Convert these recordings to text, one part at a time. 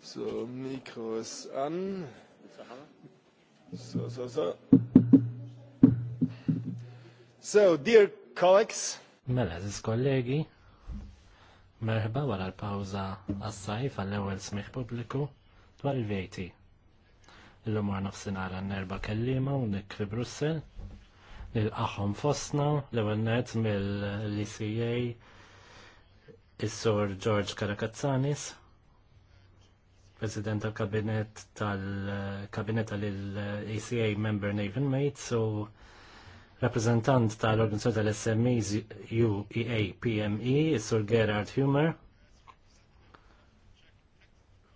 So, Mikro ist an. So, so, so. So, dear colleagues. Mela, ziz kollegi. Merħba wara l-pawza għas-sajf għall-ewwel smih pubbliku dwar il-VAT. Illum għar nofsinhar erba' kellima u nikri Brussel nil-qaħom fosna l net mill-ECA is-sur George Karakazzanis President tal-Kabinet tal-Kabinet tal aca Member Naven Mates u rappresentant tal-Organizzazzjoni tal-SMEs UEA PME, is-Sur Gerard Humer,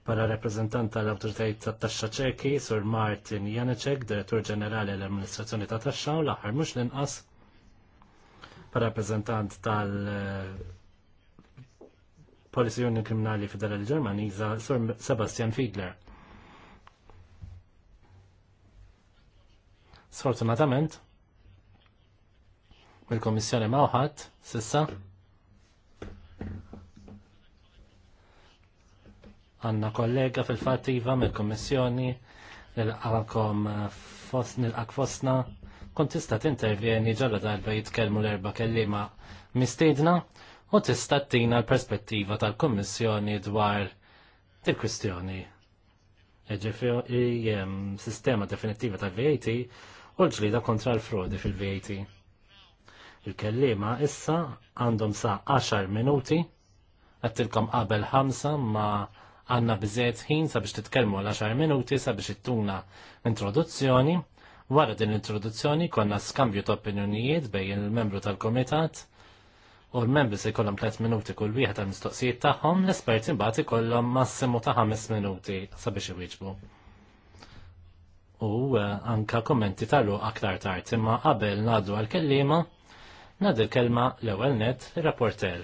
Para rappresentant tal-Awtoritajiet tat-Taxxa Ċeki, Sur Martin Janecek, Direttur Ġenerali l-Amministrazzjoni ta' Taxxa u l-aħħar mhux l-inqas para rappresentant tal- eh, Polisi Union Kriminali Federali Ġermaniża, Sur Sebastian Fiedler. Sfortunatament, mill-Komissjoni ma' sissa, Għanna kollega fil-fattiva mill-Kommissjoni eh, nil-għakom fosna kont tista' t-intervjeni ġalla darba jitkellmu l-erba' kellima mistiedna u tista' tina l-perspettiva tal-Kummissjoni dwar il-kwistjoni. Ġifieri ehm, sistema definittiva tal-VAT u l-ġlida kontra l-frodi fil-VAT. Il-kellima issa għandhom sa' 10 minuti għattilkom qabel 5 ma' għanna bżiet ħin sabiex titkellmu għal 10 minuti sabiex ittuna introduzzjoni. Wara din l-introduzzjoni konna skambju ta' opinjonijiet bejn il-membru tal-komitat u l-membri se jkollhom 3 minuti kull wieħed għal mistoqsijiet tagħhom, l-esperti mbagħad ikollhom massimu ta' 5 minuti sabiex iwieġbu. U eh, anka kommenti tal aktar tard imma qabel ngħaddu għal-kellima Nad l kelma l ewwel net ir rapporter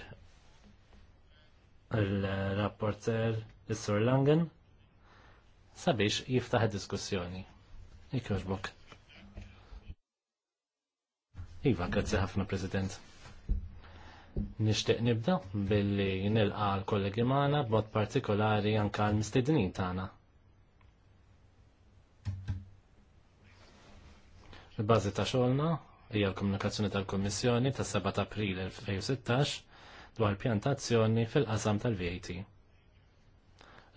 il-rapporter Is-Sur Langen sabiex jiftaħ diskussjoni. Ikjoġbok. Iva, grazzi ħafna, President. Nishtiq nibda billi nilqa l-kollegi maħna b'mod partikolari anka l-mistednin tagħna. Il-bażi ta' xogħolna hija l-komunikazzjoni tal-Kummissjoni tas-7 April 2016 dwar pjantazzjoni fil-qasam tal-VAT.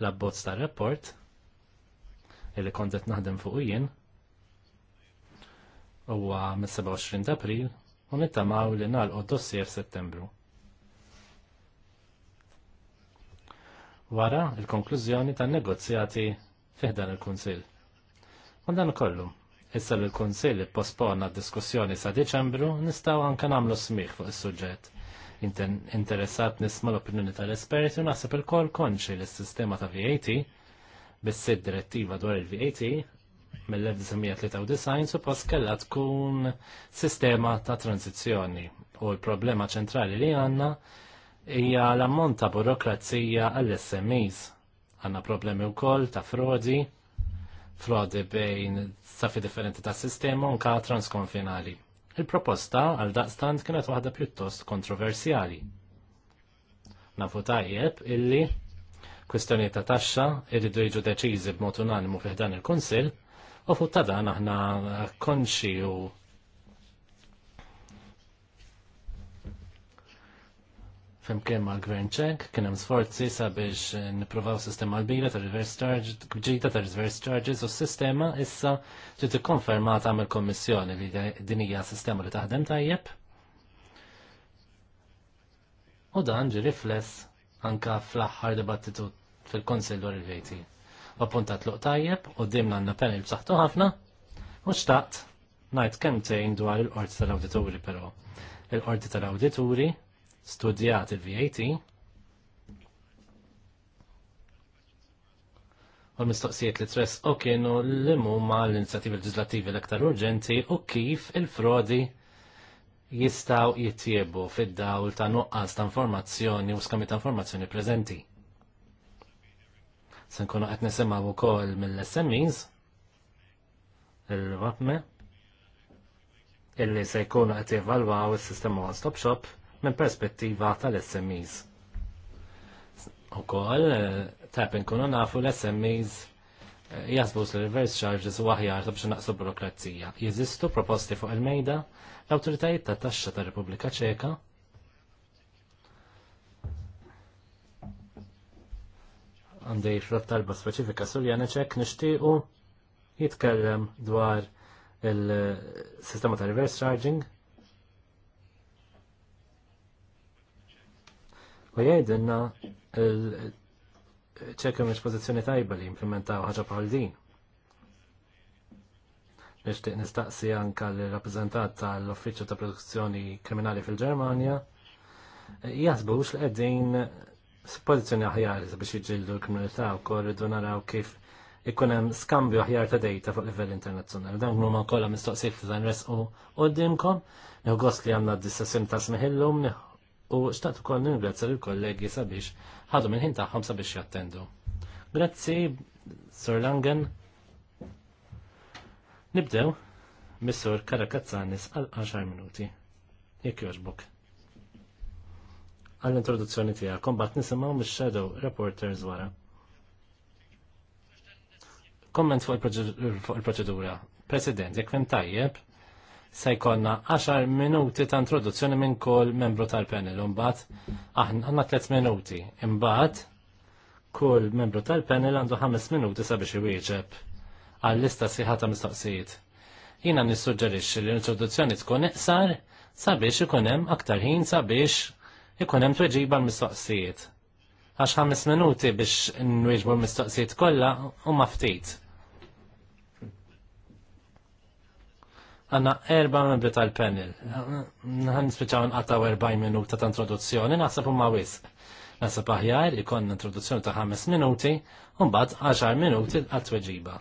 L-abbozz tal-rapport, illi kontet naħdem fuq jien, huwa mis-27 ta' April u nittamaw li nalqu dossier f'Settembru. Wara il-konklużjoni tan-negozjati fiħdan il-Kunsill. U dan kollu, issa l-Kunsill ippospona d-diskussjoni sa' Deċembru, nistgħu anke nagħmlu smigħ fuq is-suġġett interessat nisma l-opinjoni tal-esperti u naħseb il-kol konċi l sistema ta' VAT bis-sid direttiva dwar il-VAT mill-1993 suppost kella tkun sistema ta' tranzizzjoni u l-problema ċentrali li għandna hija l-ammont ta' burokrazija għall-SMEs. Għanna problemi wkoll ta' frodi, frodi bejn safi differenti ta' sistema unka transkonfinali. Il-proposta għal daqstant kienet waħda pjuttost kontroversjali. Nafu tajjeb illi kwistjoni ta' taxxa irridu jiġu deċiżi b'mod unanimu fih dan il-Kunsill u fuq ta' dan aħna konxi u Femkien ma' Gvern ċenk, kien hemm sforzi sabiex eh, nippruvaw sistema l-bira ta' reverse charge, ġita ta' reverse charges u s-sistema issa ġiet ikkonfermata mill kommissjoni li din hija sistema li taħdem tajjeb. U dan ġi rifless anka fl-aħħar dibattitu fil-Konsil dwar il-VAT. Appuntat luq tajjeb u dimna għandna panel b'saħħtu ħafna u xtaqt ngħid kemm tgħin dwar il-qorti tal-awdituri però. Il-qorti tal-awdituri studjat il-VAT. U l-mistoqsijiet li tress u kienu l-limu ma l-inizjativi legislativi l-aktar urġenti u kif il-frodi jistaw jittiebu fid-dawl ta' nuqqas ta' informazzjoni u skami ta' informazzjoni prezenti. Sen kunu qed u wkoll mill-SMEs il-wapme illi se jkunu qed jivalwaw is-sistema Stop Shop minn perspettiva tal-SMEs. U koll, eh, tap kunu nafu l-SMEs eh, jasbu s-reverse charges u għahjar ta' bċu naqsu burokrazija. Jeżistu proposti fuq il-mejda l-autoritajiet ta' taxxa ta' Repubblika Ċeka Għandi frott talba specifika surjana ċek nishtiqu jitkellem dwar il-sistema eh, ta' reverse charging U jgħidilna ċekke mħiċ pozizjoni tajba li implementaw ħaġa bħal din. Nixtieq nistaqsi anka l rappresentat tal-Uffiċċju ta' Produzzjoni Kriminali fil-Ġermanja jasbux li qegħdin pozizjoni aħjar biex jiġġieldu l-kriminalità wkoll korridu naraw kif ikun hemm skambju aħjar ta' dejta fuq livell internazzjonali. Dan huma kollha mistoqsijiet li nresqu qudiemkom. Nieħu gost li għandna d-dissessjoni ta' smiħillum, u xtaqt ukoll ningrazzja lill-kollegi sabiex ħadu minn ħin tagħhom sabiex jattendu. Grazzi, Sir Langen. Nibdew Missur Karakazzanis għal 10 minuti. Jekk jogħġbok. Għal introduzzjoni tiegħek kombat nisimgħu mix-Shadow Reporters wara. Komment fuq il-proċedura. President, jekk fem tajjeb, se jkollna 10 minuti ta' introduzzjoni minn kull membru tal-panel. Imbagħad aħna għandna 3 minuti. Imbagħad kull membru tal-panel għandu 5 minuti sabiex iwieġeb għall-lista siħa ta' mistoqsijiet. Jiena nissuġġerixxi li l-introduzzjoni tkun iqsar sabiex ikun hemm aktar ħin sabiex ikun hemm tweġiba l-mistoqsijiet. Għax ħames minuti biex nwieġbu l-mistoqsijiet kollha huma ftit Għanna erba membri tal-panel. Għan nispiċaw nqataw 40 minut ta' introduzzjoni, naħseb umma wis. Naħseb aħjar ikon introduzzjoni ta' 5 minuti, un bad 10 minuti għat tweġiba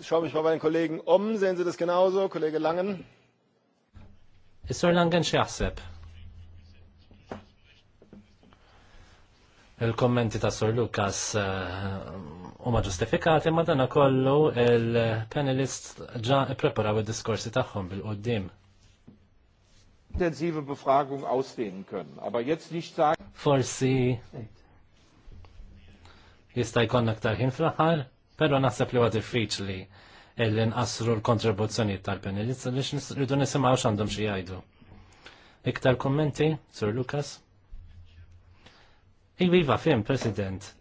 Schau mich mal bei den Kollegen um, sehen Sie das genauso, Kollege Langen? Is-sur Langen xieħseb? Il-kommenti ta' Sur Lukas uh, eh, ma ġustifikati ma dana kollu il-panelist ġa preparaw id-diskorsi tagħhom bil-qoddim. Intensive Befragung ausdehnen können, aber jetzt nicht sagen. Forsi jista' jkonna aktar ħin fl-aħħar, però naħseb li huwa diffiċli li nqassru l-kontribuzzjonijiet tal-panelist biex rridu nisimgħu x'għandhom xi jgħidu. Iktar kommenti, Sur Lukas? Iviva, fim, President.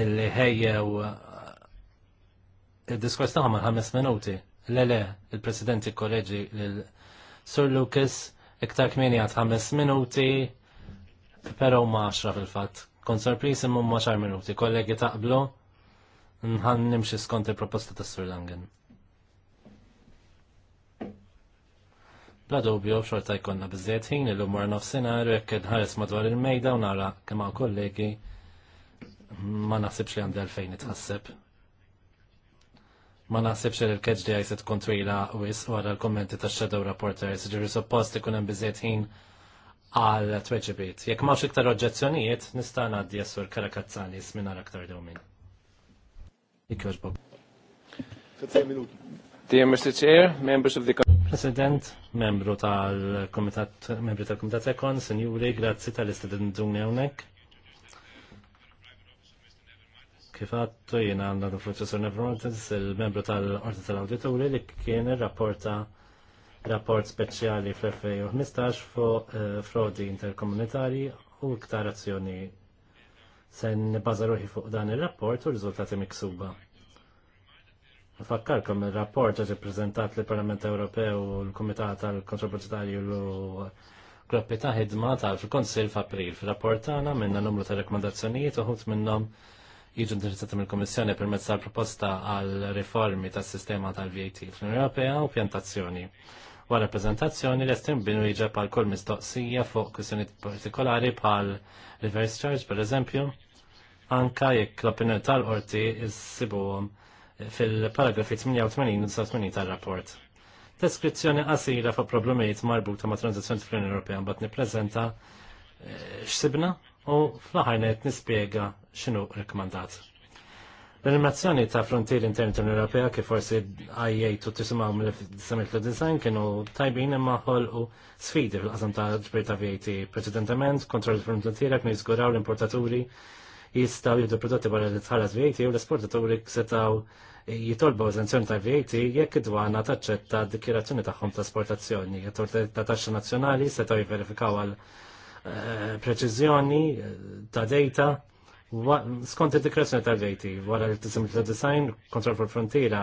illi ħejjew eh, il-diskors tagħhom ħames minuti. lele il presidenti ikkoreġi lil Sir Lucas iktar kmieni għad ħames minuti, però ma għaxra fil-fatt. Kon sorpris imma ma minuti, kollegi taqblu, nħan nimxi skont il-proposta ta' Sir Langen. Bla dubju, xorta jkonna bizzejt ħin il-umor nofsinhar u jekk nħares madwar il-mejda u nara kemm kollegi kollegi ma naħsibx li għandha għalfejn itħasseb. Ma naħsibx li l kedġ di se tkun twila wis wara l-kommenti ta' shadow reporters ġiri suppost ikun hemm biżejt ħin għal tweġibiet. Jekk m'hawnx iktar oġġezzjonijiet, nista' ngħaddi karakazzani Karakazzanis minn għal aktar Ikkjoġ Bob. Dear Mr. Chair, members of the President, membru tal-Komitat, membru tal-Komitat Ekon, Senjuri, grazzi tal-istudentuni hawnhekk kif għattu jina għanna l-Professor Nefrontis, il-membru tal-Orta tal-Auditori li kien rapporta rapport speċjali fl-2015 fuq eh, frodi interkomunitari u iktar azzjoni sen bazaruhi fuq dan il-rapport u riżultati miksuba. Fakkarkom il-rapport ġi prezentat li parlament Ewropew u l-Komitat tal-Kontrol u gruppi ta' ħidma tal fil-Konsil f'April. Fil-rapport tagħna minna numru ta' rekomendazzjonijiet uħut minnhom jiġu indirizzati mill-Kummissjoni permezz tal-proposta għal riformi tas-sistema tal-VAT fl-Unjoni Ewropea u pjantazzjoni. Wara rappresentazzjoni l-estim binu jiġa pal kull mistoqsija fuq kwestjoni partikolari pal reverse charge per eżempju, anka jekk l-opinjoni tal-qorti jissibuhom fil-paragrafi 88-89 tal-rapport. Deskrizzjoni qasira fuq problemijiet marbuta ma' tranzazzjoni fl-Unjoni Ewropea mbagħad nippreżenta eh, x'sibna u fl-aħħar nispjega xinu rekomandat. L-animazzjoni ta' frontier intern tal Ewropea kif forsi għajjejtu tisimaw mill-samilt design kienu tajbin imma u sfidi fil-qasam ta' ġbir ta' VAT. Preċedentament, kontroll frontiera kienu jizguraw l-importaturi jistaw jidu prodotti barra li tħallas VAT u l-esportaturi ksetaw jitolbu eżenzjoni ta' VAT jekk id-dwana taċċetta d-dikjerazzjoni tagħhom ta' esportazzjoni. Ta' taxxa nazzjonali setaw jiverifikaw għal eh, preċiżjoni eh, ta' data skont id-dikrazzjoni tal-vejti, wara li ta' design kontra frontiera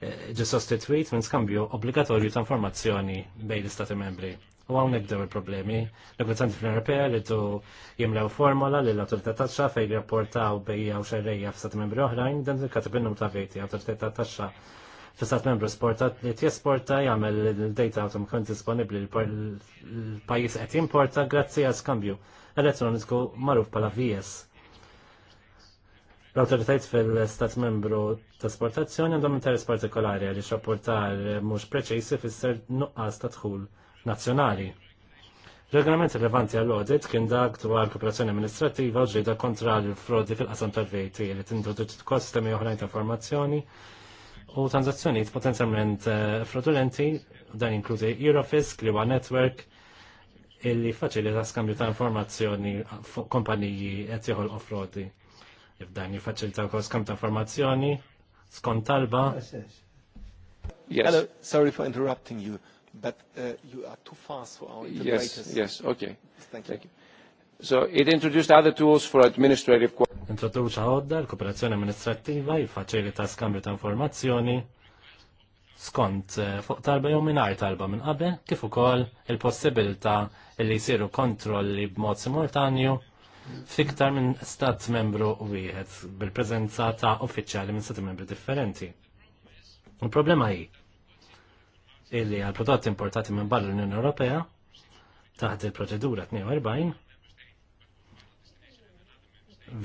eh, ġi sostituit minn skambju obbligatorju ta' informazzjoni bejn l-Istati membri. U għaw nibdew il-problemi. Negozjanti fl-Europea li tu jimlew formola li l-autorità taċċa fej rapportaw bejja u xerreja f-Stati membri oħrajn dan il-katibinum ta' vejti. Autorità taxxa stati membru sportat li t-jesporta jgħamil l data automatikament disponibli l-pajis qed jimporta grazzi għal skambju elettroniku magħruf bħala VS L-autoritajt fil-Stat membru ta' sportazzjoni għandhom interess partikolari għaliex rapportar mhux preċisi fisser nuqqas ta' dħul nazzjonali. Regolament rilevanti għall-audit kien dak dwar kooperazzjoni amministrativa u ġrida kontra l-frodi fil-qasam tal vejti li tintroduċi kostemi oħrajn ta' formazzjoni u tranzazzjonijiet potenzjalment eh, fraudulenti, dan inkludi Eurofisk li huwa network illi faċili ta' skambju ta' informazzjoni fuq kompaniji qed jieħol frodi jifacilta jifaċilita wkoll kam ta' informazzjoni skont talba. Yes. Hello, sorry for interrupting you, but uh, you are too fast for our interpreters. Yes, yes, okay. Thank you. Thank you. So it introduced other tools for administrative Introduċa għodda l-kooperazzjoni amministrattiva jiffaċilita skambju ta' informazzjoni skont eh, fuq talba jew mingħajr talba minn qabel kif ukoll il-possibilità li jsiru kontrolli b'mod simultanju fiktar minn stat membru wieħed bil prezenza ta' uffiċjali minn stat Membru differenti. U problema hi illi għal prodotti importati minn barra l-Unjoni Ewropea taħt il-proċedura 42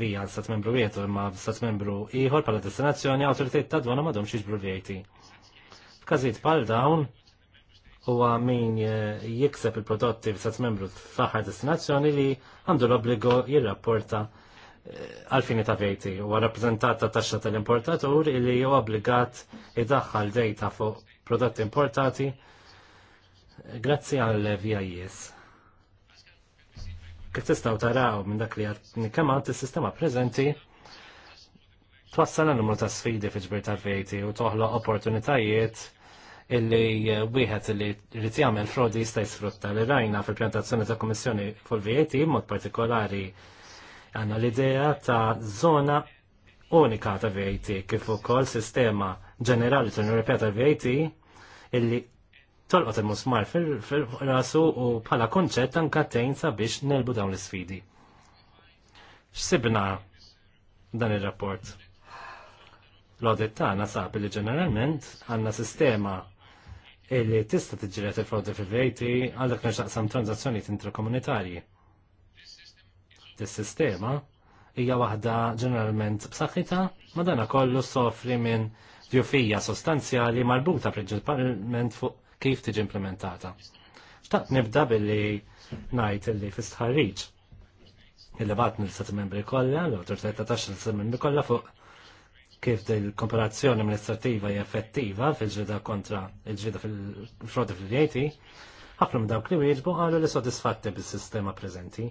vija stat membru wieħed u imma stat membru ieħor bħala destinazzjoni awtoritajiet ta' dwana m'għadhomx jiġbru l-VAT. F'każijiet bħal dawn u min eh, jikseb il-prodotti b'sat membru fl-aħħar destinazzjoni li għandu l-obbligo jirrapporta eh, għalfini ta' vejti u rappresentat ta' taxxa tal-importatur li ju obbligat id-daħħal dejta fuq prodotti importati eh, grazzi għal VIS. Kif tistaw taraw minn dak li għatni kemmat il-sistema preżenti twassal numru ta' sfidi fi ġbir ta' vejti u toħloq opportunitajiet illi eh, wieħed li rrid jagħmel frodi jista' jisfrutta li rajna fil-pjantazzjoni ta' Kummissjoni fuq vat e mod partikolari għandna l-idea ta' zona unika ta' VAT e kif ukoll sistema ġenerali tal Ewropea ta' VAT e illi tolqot il-musmar fil-rasu u bħala konċett anka sabiex nelbu dawn l-sfidi. X'sibna dan ir-rapport? L-audit tagħna sab li ġeneralment għandna sistema li tista' tiġġieled il-frodi fil-VAT għal dak nixtaqsam tranzazzjonijiet intrakomunitarji. Dis-sistema hija waħda ġeneralment b'saħħitha madana kollu soffri minn djufija sostanzjali marbuta prinċipalment fuq kif tiġi implementata. Xtaqt nibda billi ngħid illi fis-tħarriġ illi bat nil-sat membri kollha, l-awtoritet ta' tax membri kollha fuq kif il-komparazzjoni amministrativa hija effettiva fil-ġrida kontra il-ġrida fil-frodi fil-rieti, ħafna minn dawk li wieġbu qalu li sodisfatti bis-sistema preżenti.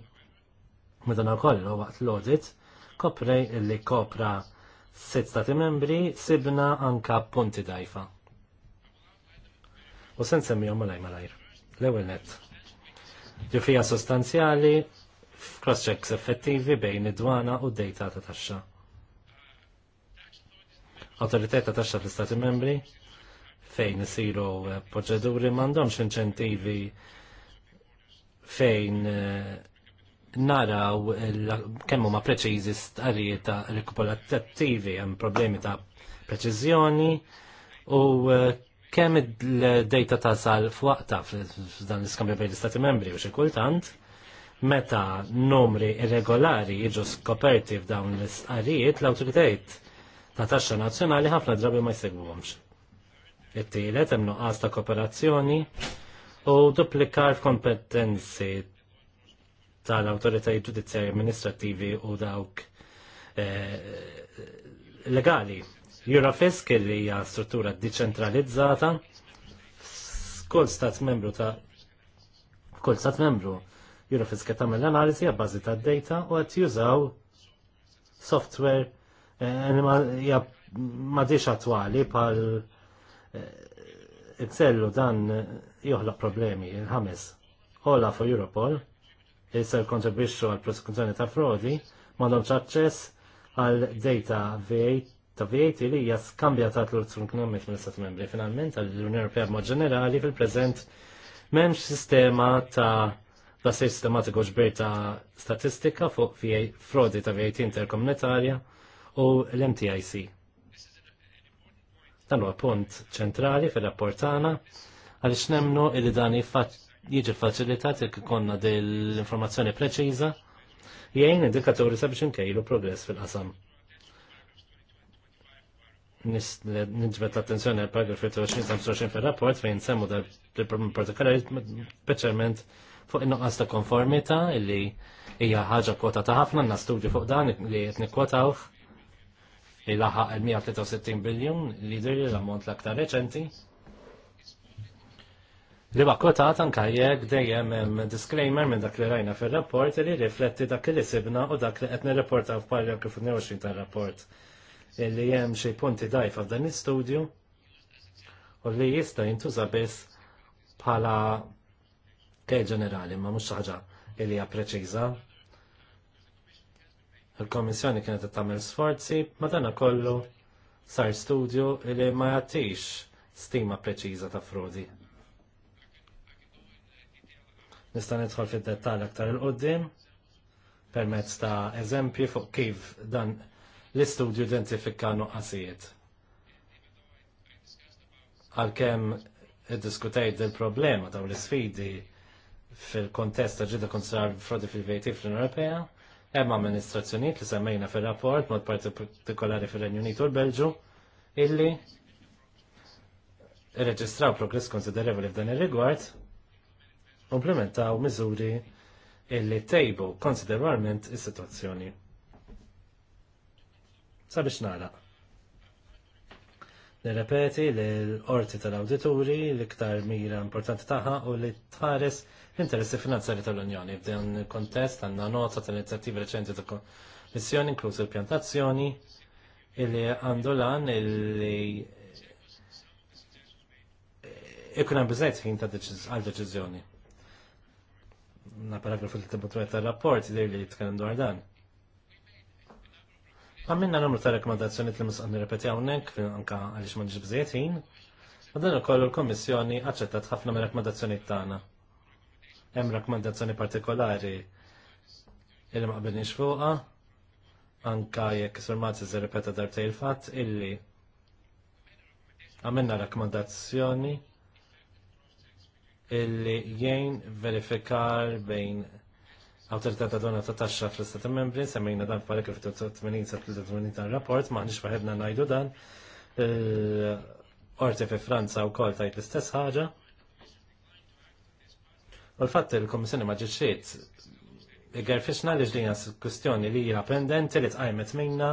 Madonna kollu waqt l-audit kopri li kopra sitt stati membri sibna anka punti dajfa. U sen semmijom malaj malajr. L-ewel net. Ġifija sostanzjali checks effettivi bejn id-dwana u d-dejta ta' taxxa autoritet ta' taxxa fl-Stati membri fejn isiru eh, proċeduri m'għandhomx inċentivi fejn eh, naraw kemm huma preċiżi stqarrijiet ta' rekupolattattivi hemm problemi ta' preċiżjoni u eh, kemm id-data sal f'waqta f'dan l-iskambju bejn l-Istati membri u xi kultant meta numri irregolari jiġu skoperti f'dawn l-istqarrijiet l-awtoritajiet ta' taxxa nazzjonali ħafna drabi ma jsegwhomx. It-tielet hemm nuqqas ta' kooperazzjoni u duplikar kompetenzi tal-awtoritajiet ġudizzjarji amministrattivi u dawk eh, legali. Eurofisk li hija struttura deċentralizzata kull stat membru ta' kull stat membru Eurofisk qed tagħmel analiżi bażi tad-data u qed jużaw software Eh, ma diċ attwali pal Itzellu eh, dan eh, joħloq problemi, il-ħames. Ola for Europol, jisser kontribuixxu għal prosekuzzjoni ta' frodi, ma domx aċċess għal data V8 ta' V8 li hija skambjata l-elektronik mill-Istat Membri. Finalment, għall-Unjoni Europea mod ġenerali fil-preżent m'hemmx sistema ta' bassir sistematiku ġbir ta' statistika fuq frodi ta' V8 interkomunitarja u l-MTIC. Dan huwa punt ċentrali fir-rapport tagħna għaliex nemnu li dan jiġi faċilitat jekk ikonna dil-informazzjoni preċiża jgħin indikaturi sabiex inkejlu progress fil-qasam. Nġbet l-attenzjoni għal paragrafi 25 fil-rapport fejn semmu dal problem partikolari, speċjalment fuq in-nuqqas ta' konformita illi hija ħaġa kwota ta' ħafna għandna studju fuq dan li qed nikkwotawh li laħaq il-163 biljun li dirri l-ammont l-aktar reċenti. Li bakkotat anka jekk dejjem hemm disclaimer minn dak li rajna fir-rapport li rifletti dak li sibna u dak li qed nirrapporta f'paragrafu 22 tar-rapport Illi hemm xi punti dajf f'dan l-istudju u li jista' jintuża biss bħala kej ġenerali ma mhux ħaġa li hija preċiża Il-Komissjoni kienet tagħmel sforzi, ma dana kollu sar studju li ma jagħtix stima preċiża ta' frodi. Nista' nidħol fid-dettall aktar il-qoddim permezz ta' eżempji fuq kif dan l-istudju identifika nuqqasijiet. Għalkemm iddiskutejt il-problema dawn l-sfidi fil-kontest ta' ġidda konsar frodi fil-vejti fl-Unjoni Ewropea, Hemm amministrazzjonijiet li semmejna fir-rapport mod partikolari fir-Renju Unit u l-Belġu illi irreġistraw progress konsiderevoli f'dan ir-rigward implementaw miżuri illi tejbu konsiderwalment is-sitwazzjoni. Sabiex nagħlaq. Nirrepeti li l-orti tal-awdituri l-iktar mira importanti taħħa u li tħares l-interessi finanzjari tal-Unjoni. F'dan il-kontest għandna nota tal-inizjattivi reċenti ta' kommissjoni, inkluż il-pjantazzjoni, illi għandu lan illi ikun hemm biżgħet ħin ta' għal deċiżjoni. Na paragrafu li tibbutwet tar rapport li li jitkellem dwar dan. Għamminna numru ta' rekomendazzjoni li musqan nirrepeti hawnhekk anka għaliex ma nġib ħin. Madan ukoll l kommissjoni aċċettat ħafna minn t tagħna. Hemm rakkomandazzjoni partikolari illi ma qbilniex fuqha, anka jekk Sur Mazzi repeta darbtej il-fatt illi għamminna rakkomandazzjoni illi jgħin verifikar bejn Autorità ta' dona ta' taxxa fl-Istati Membri semmejna dan f'paragraf 80 sa 83 tal-rapport maħniex waħedna ngħidu dan. Orti fi Franza wkoll tajt l-istess ħaġa. U l-fatt il komissjoni ma ġiċċiet iggerfixna li ġdina s-kustjoni li hija pendenti li tqajmet minna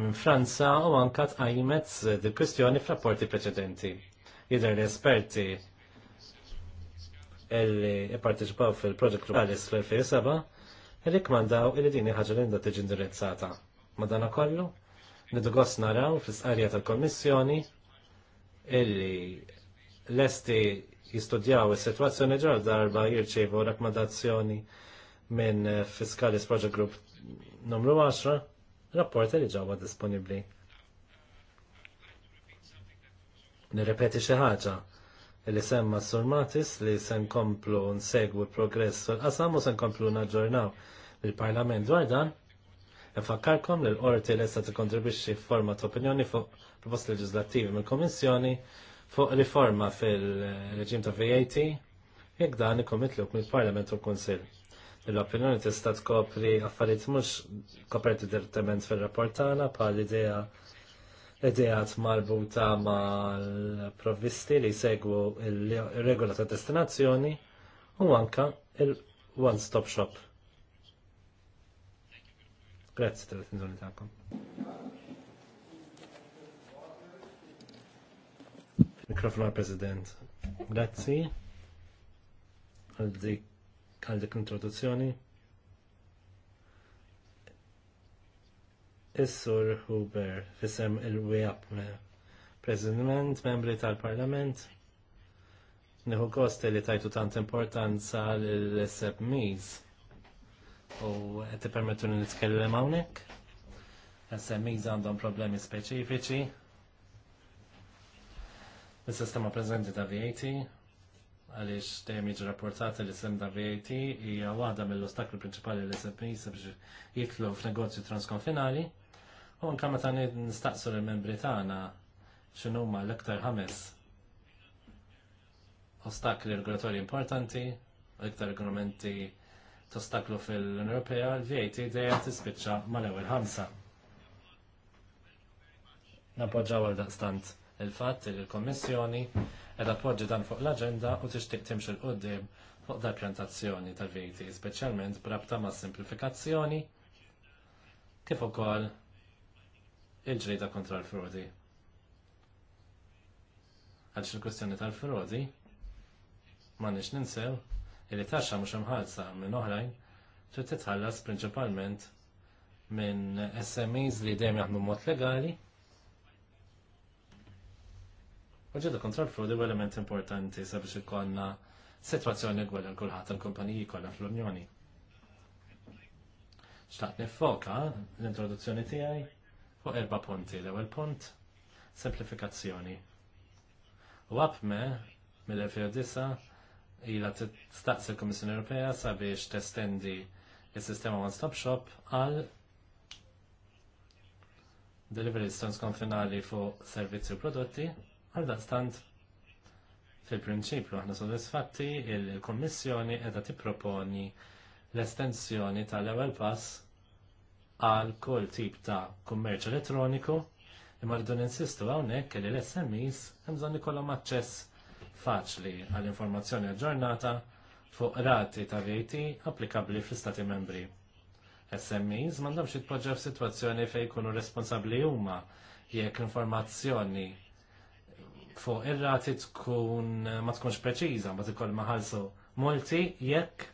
minn Franza u anka tqajmet dil-kustjoni f'rapporti preċedenti. Jidher l-esperti illi partiċipaw fil-proġett Rubalis fl-2007 illi kmandaw illi dini ħagġa l-inda tiġi indirizzata. Madana kollu, nidugos naraw fil-sqarja tal-Kommissjoni illi l-esti jistudjaw il-situazzjoni ġar darba jirċivu rakkomandazzjoni minn Fiskalis Project Group numru 10, rapport li ġawa disponibli. Nirrepeti xi ħaġa li semma Sur Matis li sen komplu n-segwi progress fil-qasam u sen komplu naġġornaw il-Parlament dwar dan. Nfakkarkom li l-qorti li sa t-kontribixi forma opinjoni fuq proposti leġislattivi mill-Komissjoni fuq riforma fil-reġim ta' VAT jek dan li mill-Parlament u l L-opinjoni tista' tkopri affarijiet mhux koperti direttament fir-rapport tagħna bħal idea idejat marbuta mal-provvisti li segwu il-regola ta' destinazzjoni u anka il-one-stop shop. Grazie tal-attenzjoni ta'kom. Mikrofon għal-President. Grazie. għal dik introduzzjoni. Is-Sur Huber fissem il wiap President, membri tal-Parlament. Nieħu kost li tajtu tant importanza l-SMEs u qed permettu li nitkellem hawnhekk. SMEs għandhom problemi speċifiċi. Is-sistema prezenti ta' VAT għaliex dejjem jiġi rapportati li sem da VAT hija waħda mill-ostakli prinċipali l-SEP SMEs biex jitlu f'negozju transkonfinali. U anka meta nistaqsu l-membri tagħna x'inhuma l-iktar ħames ostakli regolatorji importanti, l-iktar regolamenti tostaklu fil-Unjoni Ewropea, l-VAT dejjem tispiċċa mal-ewwel ħamsa. Napoġġaw għal daqstant il-fatt li l-Kommissjoni qed appoġġi dan fuq l-aġenda u tixtieq timxi l qudiem fuq dal pjantazzjoni tal-VAT, speċjalment b'rabta ma' simplifikazzjoni kif ukoll il-ġrida kontra l-frodi. Għalx il-kwestjoni tal-frodi, ma nix ninsew, il-li taxxa mux mħalsa minn oħrajn, trid titħallas prinċipalment minn SMEs li dejjem jaħdmu mod legali. U ġedda kontra l-frodi u element importanti sabiex ikonna situazzjoni gwella l-kulħat tal-kumpaniji kollha fl-Unjoni. Xtaqt foka l-introduzzjoni tiegħi fuq erba' punti. L-ewwel punt semplifikazzjoni. U għabme mill-2009 ila tistaqsi l kummissjoni Ewropea sabiex testendi il-sistema One Stop Shop għal stones konfinali fuq servizzi u prodotti għal daqstant fil-prinċipju aħna sodisfatti il-Kommissjoni qiegħda tipproponi l-estensjoni tal-ewwel pass għal kull tip ta' kummerċ elettroniku, imma rridu ninsistu hawnhekk li l-SMEs hemm bżonn ikollhom aċċess faċli għall informazzjoni aġġornata fuq rati ta' VAT applikabbli fl-Istati membri. SMEs m'għandhomx jitpoġġa f'sitwazzjoni fejn jkunu responsabbli huma jekk informazzjoni fuq ir-rati tkun ma tkunx preċiża, ma tkun maħalsu multi jekk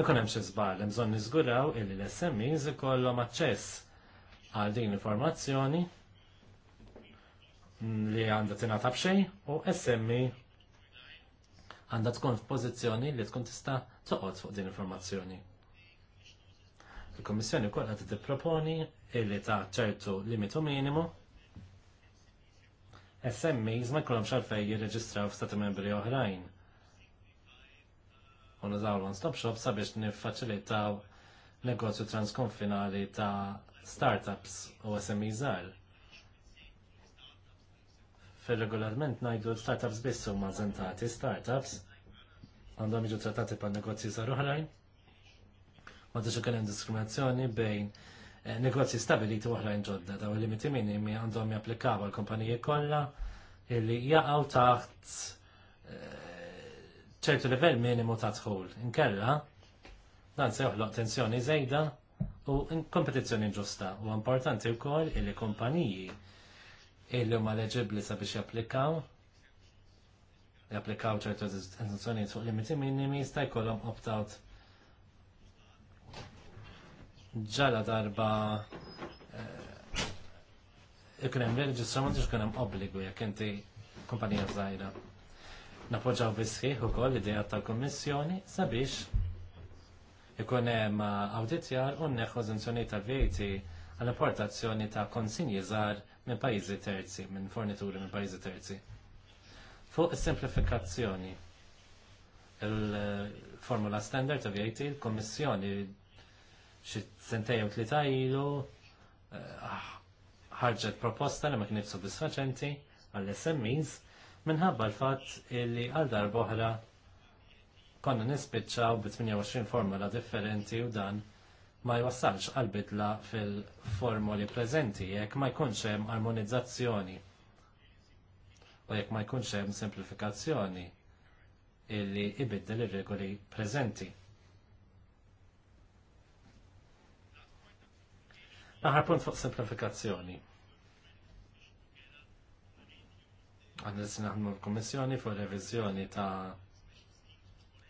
ikun hemm xi żball, hemm bżonn niżguraw illi l-SMEs ikollhom aċċess għal din l-informazzjoni li għandha tingħata b'xejn u SMI e għandha tkun f'pożizzjoni li tkun tista' toqgħod fuq din informazzjoni. Il-Kommissjoni wkoll qed tipproponi illi ta' ċertu limitu minimu SMEs ma jkollhomx għalfejn jirreġistraw f'stati membri oħrajn u nużaw l-one-stop shop sabiex niffaċilitaw negozju transkonfinali ta' startups u SMI żgħar. Fil-regolarment ngħidu startups biss huma żentati, startups għandhom jiġu trattati pa' negozji żgħar oħrajn. Ma tiġu kellhem diskriminazzjoni bejn eh, negozji stabiliti u oħrajn ġodda daw il-limiti minimi għandhom japplikaw għal kumpaniji kollha illi jaqgħu taħt eh, ċertu livell minimu ta' tħul. Inkella, dan se joħloq tensjoni zejda u kompetizzjoni ġusta. U importanti wkoll li kumpaniji illi huma sa sabiex japplikaw japplikaw ċertu tensjoni fuq limiti minimi jista' jkollhom opt-out ġala darba eh, ikun hemm reġistrament biex kunem obbligu jekk inti kumpanija żgħira. Napoġaw bisħiħ ukoll l-idea tal-Kommissjoni sabiex ikun hemm awditjar u ta' vejti għall importazzjoni ta' konsinji żgħar minn pajjiżi terzi, minn fornituri minn pajizi terzi. Fuq is-simplifikazzjoni il-formula standard ta' VAT, il-Kommissjoni xi sentejn tlita' ilu eh, ħarġet proposta li ma kienieċ soddisfaċenti għall-SMEs minħabba l-fatt illi għal darba konna nispiċċaw bi 28 formula differenti u dan ma jwassalx għal-bidla fil-formuli preżenti jekk ma jkunx hemm armonizzazzjoni u jekk ma jkunx hemm semplifikazzjoni illi ibiddel ir-regoli preżenti. Aħar punt fuq simplifikazzjoni. Għadna s l-Komissjoni fu revizjoni ta'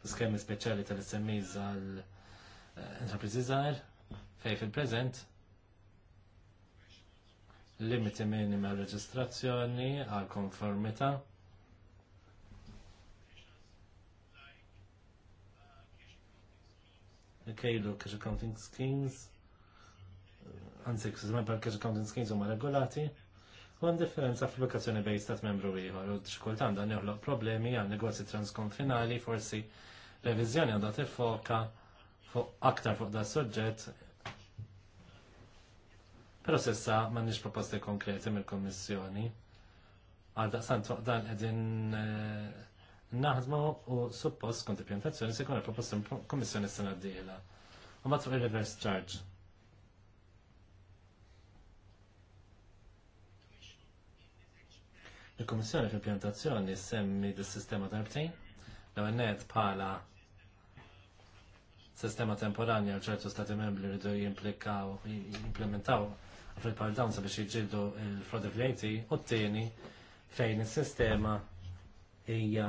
skemi speċjali tal-SMEs għal enterprise eh, żgħar fej fil prezent limiti minima reġistrazzjoni għal konformità kejlu cash accounting schemes, għanzik, eh, s cash accounting schemes ma regolati, Għan differenza fl-lokazzjoni bej stat membru ieħor u xkultant dan joħloq problemi għal negozji transkonfinali forsi reviżjoni għandha tiffoka fuq aktar fuq da suġġett. Però sissa m'għandniex proposti konkreti mill-Kummissjoni. Għal daqsant fuq dan qegħdin eh, naħdmu u suppost kont pjantazzjoni se jkun proposti mill-Kummissjoni s-sena d Ma U fuq il-reverse charge Il-Komissjoni fil impjantazzjoni semmi dis-sistema darbtejn, l net pala sistema temporanja għal ċertu stati membri rridu jimplikaw, jimplementaw għafri pal dawn sabiex jġildu il-frodi fl-ejti u t-tieni fejn il-sistema hija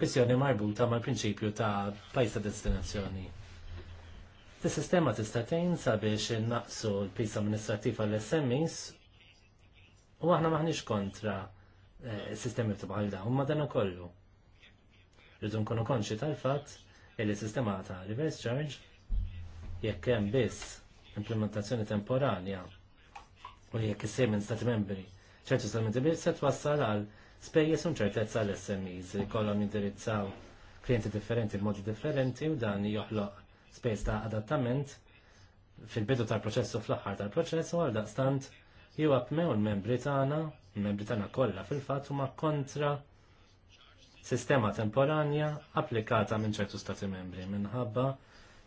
kwestjoni marbuta mal-prinċipju ta' pajsa ta' destinazzjoni. Tis-sistema tista' istatin sabiex innaqsu l pisa amministrattiv għall smis u aħna maħniex kontra Eh, sistemi bħal dawn ma dan kollu. Rridu nkunu konxi tal-fatt li sistema ta' reverse charge jekk hemm biss implementazzjoni temporanja u jekk issej minn stati membri ċertu stati biss se twassal għal spejjeż un ċertezza għal SMEs li kollhom jindirizzaw klienti differenti b'modi differenti u dan joħloq spejjeż ta' adattament fil-bidu tal-proċess u fl-aħħar tal-proċess u għal daqstant jew appmew l-membri tagħna membri tagħna kollha fil-fatt huma kontra sistema temporanja applikata minn ċertu stati membri minħabba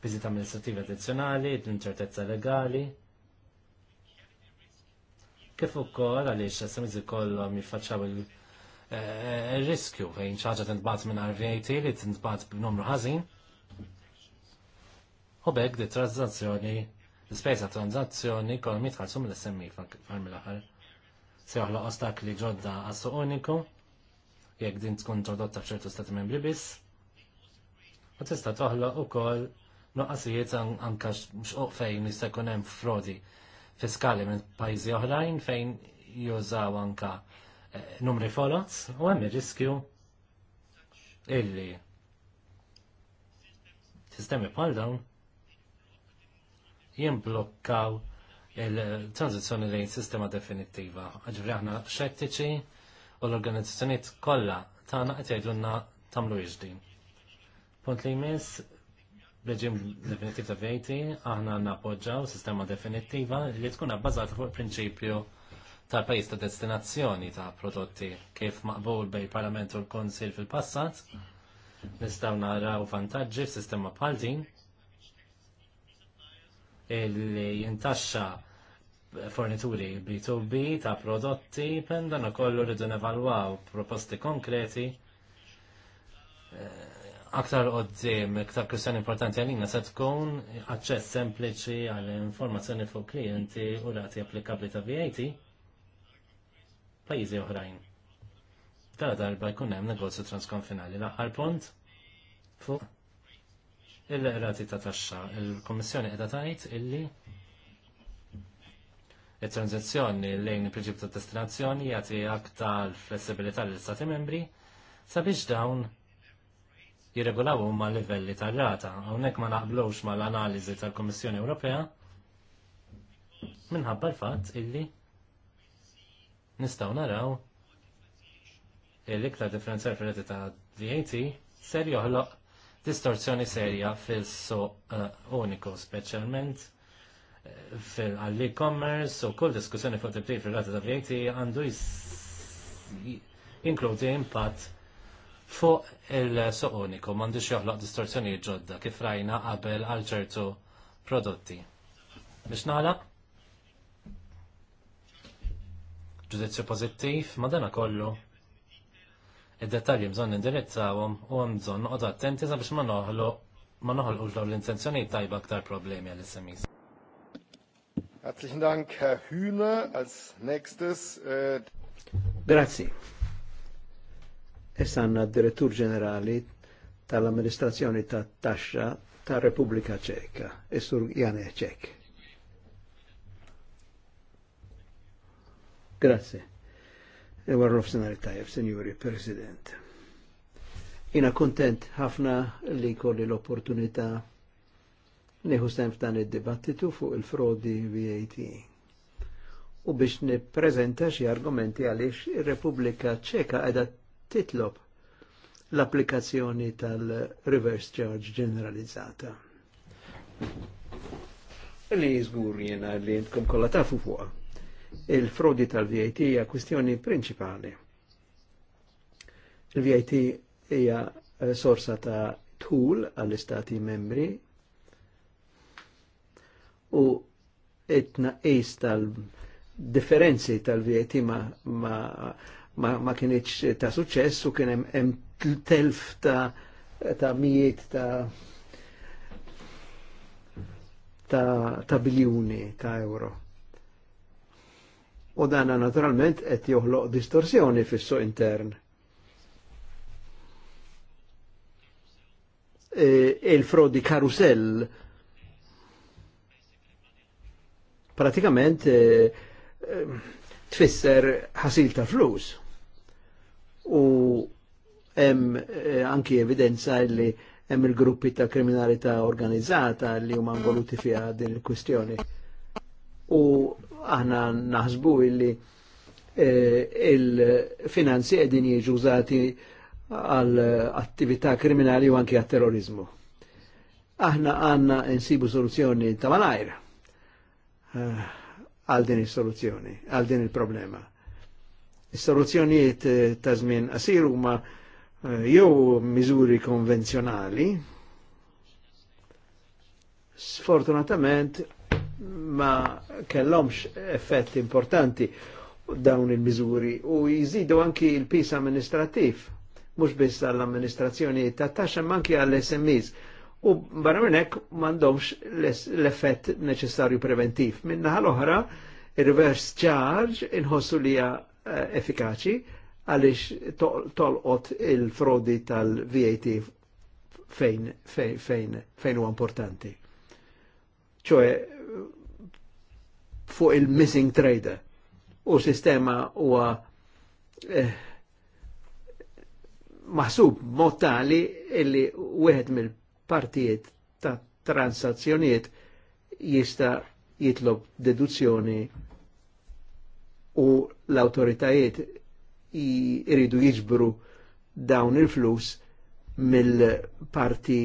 biżit amministrativi addizzjonali, l-inċertezza legali. Kif ukoll għaliex SMZ kollhom jiffaċċaw eh, il-riskju fejn ċaġa tintbagħat minn RVAT li tintbat b'numru ħażin. U bekk di tranzazzjoni l-spesa tranzazzjoni kolom jitħallsu mill-SMI fl-aħħar mill-aħħar se joħloq ostakli ġodda għassu uniku, jekk din tkun introdotta ċertu stati membri biss, u tista' toħloq ukoll noqqasijiet anka x'oq fejn jistakunem jkun hemm frodi fiskali minn pajjiżi oħrajn fejn jużaw anka eh, numri folots u hemm ir-riskju illi sistemi bħal dawn jimblokkaw il-tranzizjoni lejn sistema definittiva. Ġifri aħna xettiċi u l-organizzazzjoniet kollha tagħna qed jgħidulna tagħmlu iġdin. Punt li jmiss reġim definittiv ta' vejti, aħna nappoġġaw sistema definittiva li tkun abbażata fuq prinċipju tal pajjiż ta' destinazzjoni ta' prodotti kif maqbul bej parlament u l-Konsil fil-passat. Nistgħu naraw vantaġġi f'sistema bħal din li jintaxxa fornituri B2B ta' prodotti pendan kollu rridu nevalwaw proposti konkreti eh, aktar qoddim, iktar kwestjoni importanti għalina se tkun aċċess sempliċi għal informazzjoni fuq klijenti u rati applikabli ta' VAT pajjiżi oħrajn. Tara darba jkun hemm negozju transkonfinali. L-aħħar punt fuq il-rati ta' taxxa. Il-Kommissjoni qiegħda tgħid illi it-tranzazzjoni lejn il-prinċip ta' destinazzjoni jagħti aktar flessibilità lill istati membri sabiex dawn jirregulaw ma' livelli tar-rata. Hawnhekk ma naqblux mal-analiżi tal-Kummissjoni Ewropea minħabba l-fatt illi nistgħu naraw il iktar differenzjal fil-rati ta' VAT ser joħloq distorsjoni serja fil-suq eh, uniku, speċjalment eh, fil-e-commerce u kull diskussjoni fuq tibdil fil-rata ta' VAT għandu jinkludi impatt fuq il-suq uniku, m'għandux joħloq distorsjoni ġodda kif rajna qabel għal ċertu prodotti. Biex nala? Ġudizzju pozittiv, ma dana kollu id-detalji bżon indirizzawhom u hemm bżonn noqgħod attenti sabiex ma noħlu ma noħolqux dawn l-intenzjonijiet tajba aktar problemi għal is-semis. Herzlichen Dank, Herr Hühne. Als nächstes. Äh, Grazie. Issa għanna direttur ġenerali tal-amministrazzjoni ta' taxxa ta' Repubblika Ċeka, Essur Janeċek. Grazie. Ewar nofsenar tajf, Senjuri President. Ina kontent ħafna li kolli l-opportunità neħu f'dan id-dibattitu fuq il-frodi VAT. U biex nippreżenta xi argumenti għaliex ir-Repubblika Ċeka qiegħda titlob l-applikazzjoni tal-reverse charge ġeneralizzata. Li jizgur jena li jintkom kolla tafu fuqa il-frodi tal-VAT hija kwistjoni prinċipali. Il-VAT hija eh, sorsa ta' tul għall-istati membri u it-naqis tal-differenzi tal-VAT ma, ma, ma, ma kienieċ ta' suċċess u kien hemm telf ta' ta' mijiet ta' ta', ta biljuni ta' euro u dana naturalment qed joħloq distorsjoni fis-suq intern. E, il-frodi karusell pratikament e, e, tfisser ħasil ta' flus u hemm e, anki evidenza li hemm il-gruppi ta' kriminalità organizzata li huma involuti fiha din il-kwistjoni. U aħna naħsbu illi eh, il-finanzi għedin jieġu użati għal attività kriminali u anki għal terrorizmu. Aħna għanna insibu soluzzjoni ta' malajr eh, għal din il soluzzjoni għal din il-problema. Is-soluzzjonijiet eh, ta' żmien qasir huma jew miżuri konvenzjonali, sfortunatament ma kellhomx effetti importanti dawn il-miżuri u jizidu anki il-pis amministrativ, mhux biss għall-amministrazzjoni ta' taxxa manki għall-SMEs. U barra minn m'għandhomx l-effett neċessarju preventiv. Minna l-oħra, reverse charge inħossu li hija eh, effikaċi għaliex tolqot il-frodi tal-VAT fejn fejn fejn fejn huwa importanti. ċoħe, fuq il-missing trader u sistema huwa eh, maħsub mod tali illi wieħed mill-partijiet ta' transazzjonijiet jista' jitlob deduzzjoni u l-autoritajiet jiridu jiġbru dawn il-flus mill-parti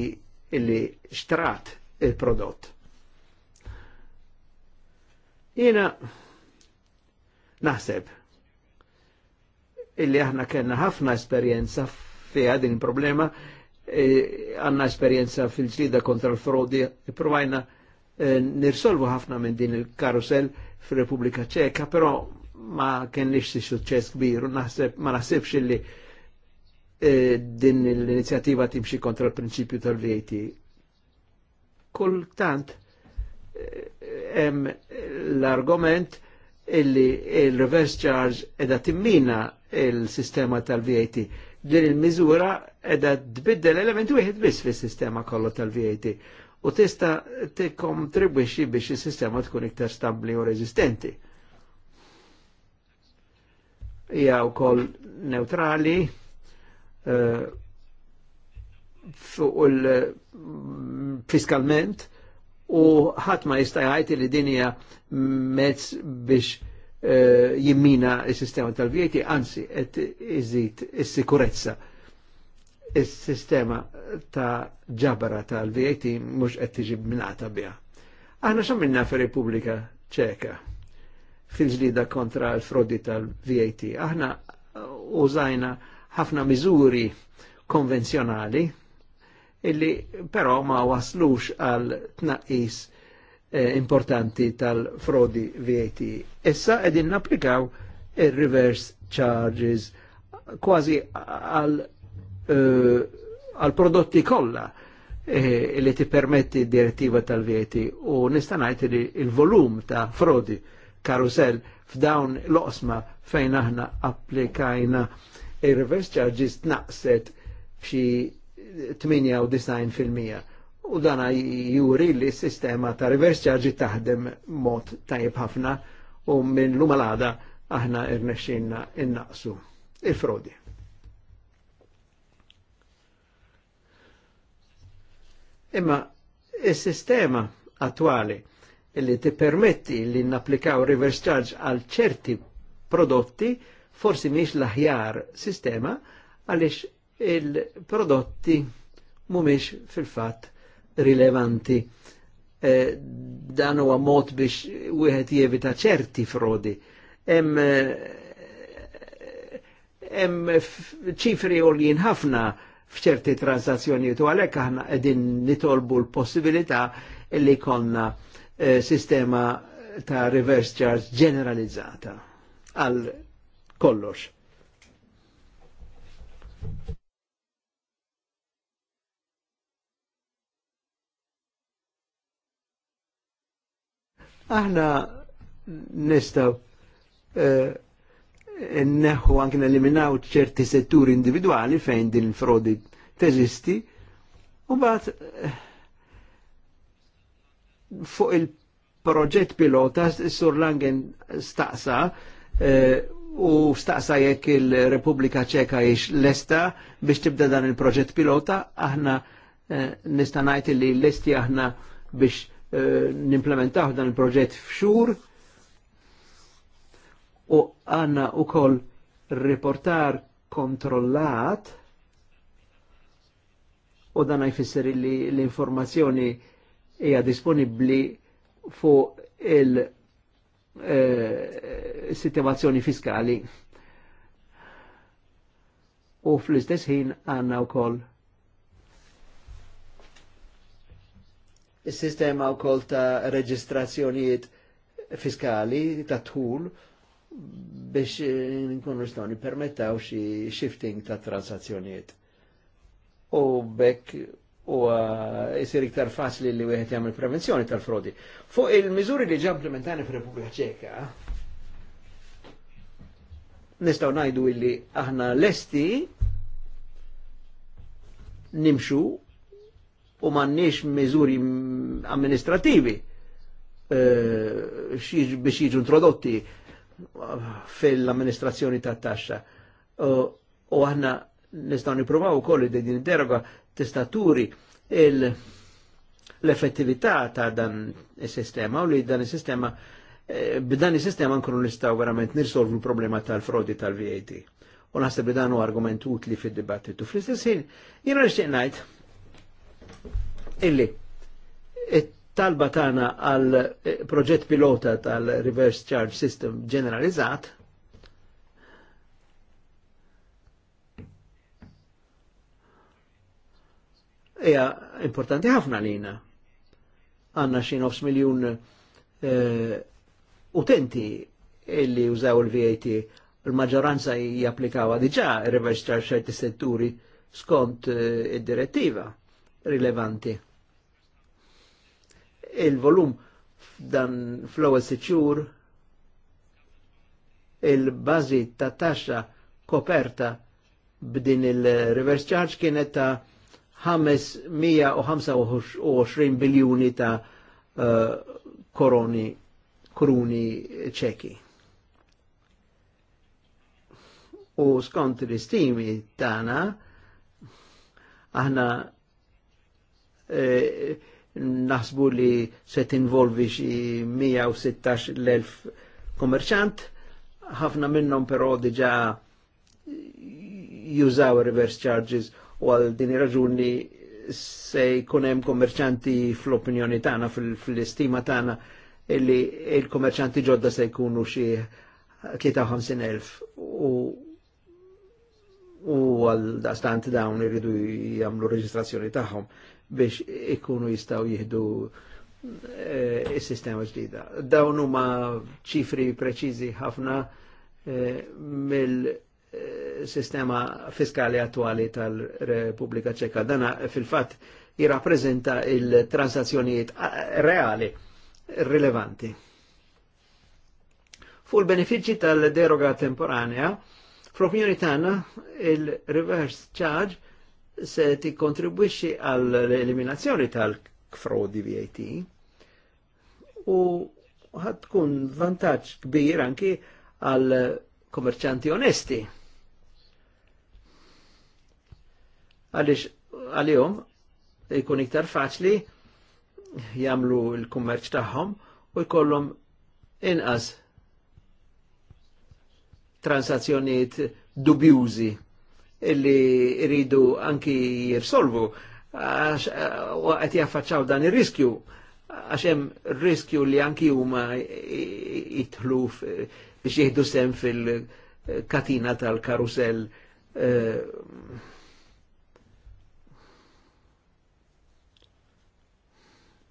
illi xtrat il-prodott. Jena naħseb illi aħna kena ħafna esperienza fiha din problema e, għanna esperienza fil-ġlida kontra l-frodi, e, provajna e, nirsolvu ħafna minn din il-karusel fil-Repubblika Ċeka, però ma nix si suċċess kbir, naħseb ma naħsebx illi din l-inizjattiva timxi kontra l-prinċipju tal-VAT. Kultant, hemm l-argument illi il-reverse charge edha timmina il-sistema tal-VAT. Din il-miżura edha tbiddel element wieħed biss fis-sistema kollha tal-VAT u tista' tikkontribwixxi biex is-sistema tkun iktar stabbli u reżistenti. Hija wkoll neutrali eh, fuq il-fiskalment u ħadd ma jista' jgħid li din hija mezz biex uh, jimmina s-sistema tal-VAT, anzi qed iżid is-sikurezza. Is-sistema ta' ġabara tal-VAT mhux qed tiġi minata biha. Aħna x'għamilna fir-Repubblika Ċeka fil-ġlida kontra l-frodi tal-VAT. Aħna użajna ħafna miżuri konvenzjonali illi però ma waslux għal tnaqqis eh, importanti tal-frodi VAT. Issa edin napplikaw il-reverse charges kważi għal eh, prodotti kollha eh, li ti permetti direttiva tal-VAT u nistanajt li il-volum ta' frodi karusell f'dawn l-osma fejn aħna applikajna il-reverse charges naqset b'xi 98% u dana juri li s-sistema ta' reverse charge taħdem mod tajib ħafna u minn l-umalada aħna irnexxinna innaqsu il-frodi. Imma il-sistema attuali li ti permetti li napplikaw reverse charge għal ċerti prodotti forsi miex l-aħjar sistema għalix il-prodotti mumiex fil-fat rilevanti. Eh, dan huwa mod biex wieħed jevita ċerti frodi. Hemm hemm ċifri għoljin ħafna f'ċerti transazzjoni u għalhekk aħna qegħdin nitolbu l-possibilità li konna eh, sistema ta' reverse charge ġeneralizzata għal kollox. Aħna nistaw eh, neħu anke neliminaw ċerti setturi individuali fejn din il-frodi teżisti u bat eh, fuq il-proġett pilota sur Langen staqsa eh, u staqsa jekk il-Repubblika ċeka jiex lesta biex tibda dan il-proġett pilota, aħna eh, nistanajt li l-esti aħna biex Eh, nimplementaw dan il-proġett fxur u għanna u koll riportar kontrollat u dan jfisser li l-informazzjoni hija disponibli fuq il-situazzjoni eh, fiskali u fl-istess ħin għanna u koll il-sistema u kol ta' reġistrazzjonijiet fiskali ta' tħul biex eh, nkunu stoni permettaw xi shifting ta' transazzjonijiet. U bekk u jisir iktar faċli li wieħed jagħmel prevenzjoni tal-frodi. Fuq il-miżuri li ġa implementani fir-Repubblika Ċeka, nistgħu ngħidu illi aħna lesti nimxu u mannix miżuri amministrativi eh, biex jiġu introdotti fil-amministrazzjoni ta' taxxa. U aħna nistgħu nipprovaw ukoll li din deroga tista' turi l-effettività ta' dan is-sistema u li dan is-sistema eh, b'dan is-sistema nkunu nistgħu verament nirsolvu l-problema tal-frodi tal-VAT. U naħseb li dan huwa argument utli fid-dibattitu. Fl-istess ħin, jiena nixtieq ngħid illi talba tana għal eh, proġett pilota tal-reverse charge system generalizzat. hija importanti ħafna lina. Għanna xi nofs miljun uh, utenti illi użaw il-VAT l maġġoranza japplikawa diġa reverse charge setturi skont eh, id-direttiva rilevanti. Il-volum dan fl-ewwel siċur il bazi ta' taxxa koperta b'din il-reverse charge kienet ta' 525 biljuni ta' uh, koroni, kruni ċeki. U skont l-istimi tana, aħna E, naħsbu li se tinvolvi xi l-elf komerċant, ħafna minnhom però diġà jużaw reverse charges u għal din raġuni se jkun hemm kommerċanti fl-opinjoni tagħna fl-istima tagħna illi il komerċanti ġodda se jkunu xi 53,000 u u għal dastant dawn irridu jagħmlu reġistrazzjoni tagħhom biex ikunu jistaw jihdu e, il-sistema ġdida. Dawn huma ċifri preċiżi ħafna e, mill-sistema fiskali attuali tal-Repubblika Ċeka. Dana fil-fatt jirrapprezenta il-transazzjonijiet eh, reali rilevanti. Fu l-benefiċi tal-deroga temporanea, fl-opinjoni tagħna il-reverse charge se ti kontribwixi għall-eliminazzjoni tal-frodi VAT u ħad tkun vantaġġ kbir anki għal komerċanti onesti. Għalix għal-jom jkun iktar faċli jamlu il-kummerċ tagħhom u jkollhom inqas transazzjonijiet dubjużi illi iridu anki jirsolvu għax eh, għet jaffaċċaw dan ir-riskju għax hemm riskju li anki huma jitħlu biex jieħdu sem fil-katina tal-karusell eh,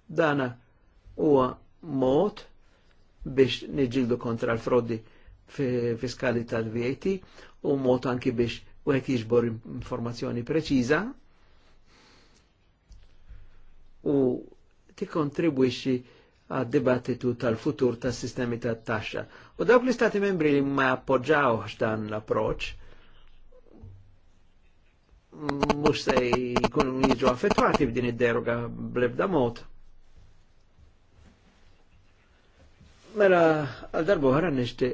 dana huwa mod biex niġildu kontra l-frodi fiskali tal-VAT u mod anki biex u hekk jiġbor informazzjoni preċiża u ti kontribwixi għad dibattitu tal-futur tas sistemi tat taxxa U dawk li stati membri li ma appoġġaw dan l-approċ mux se jkunu jiġu affettuati b'din id-deroga blebda mod. Mela, għal darbu darbohra nishti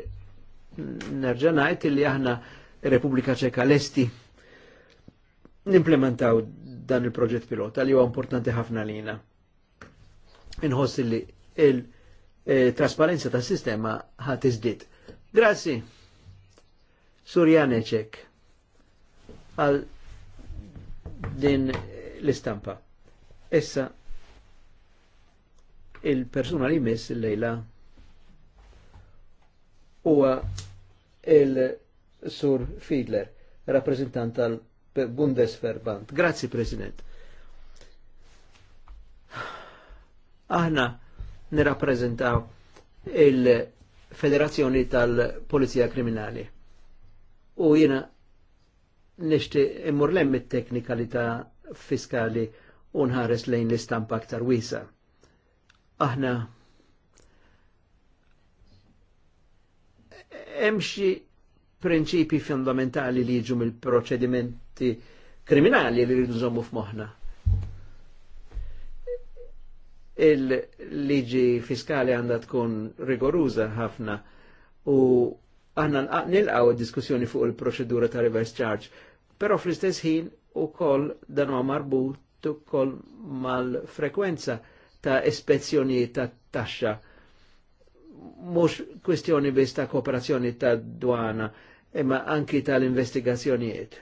nerġanajt ngħid li aħna Repubblika Ċeka l-Esti nimplementaw dan il-proġett pilota li huwa importanti ħafna lina. Inħoss li il-trasparenza eh, tas sistema ħat iżdied. Grazzi, Surjane ċek, għal din l-istampa. Essa il-persuna li miss il-lejla huwa il-, -lejla, Sur Fiedler, rappresentant tal-Bundesverband. Grazzi, President. Aħna nirrappreżentaw il-Federazzjoni tal-Polizija Kriminali. U jiena nishti immur lemm it-teknikalità fiskali u nħares lejn l-istampa aktar wisa. Aħna hemm xi prinċipi fundamentali li jiġu mill-proċedimenti kriminali li rridu nżommu f'moħna. Il-liġi fiskali għandha tkun rigoruża ħafna u aħna nilqaw diskussjoni fuq il-proċedura ta' reverse charge, però fl-istess ħin u koll dan huwa marbut ukoll mal-frekwenza ta' ispezzjoni ta' taxxa mhux kwestjoni biss ta' kooperazzjoni ta' dwana imma anki tal-investigazzjonijiet.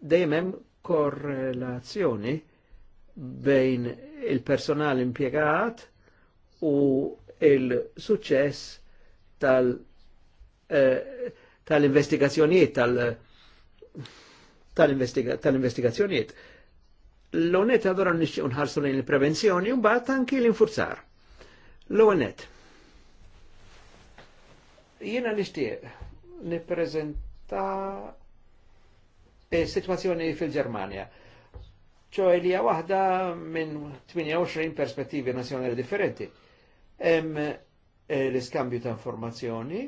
Dejjem hemm korrelazzjoni bejn il-personal impiegat u il suċess tal- eh, investigazzjonijiet tal investigazzjonijiet l onet għadora nixċu unħarsu lejn il-prevenzjoni un bat anki l-infurzar. L-onet. Jena nishtiq nipprezenta situazzjoni fil-Ġermanja. ċoħi li waħda minn 28 perspettivi nazjonali differenti. Hemm eh, l-iskambju ta' informazzjoni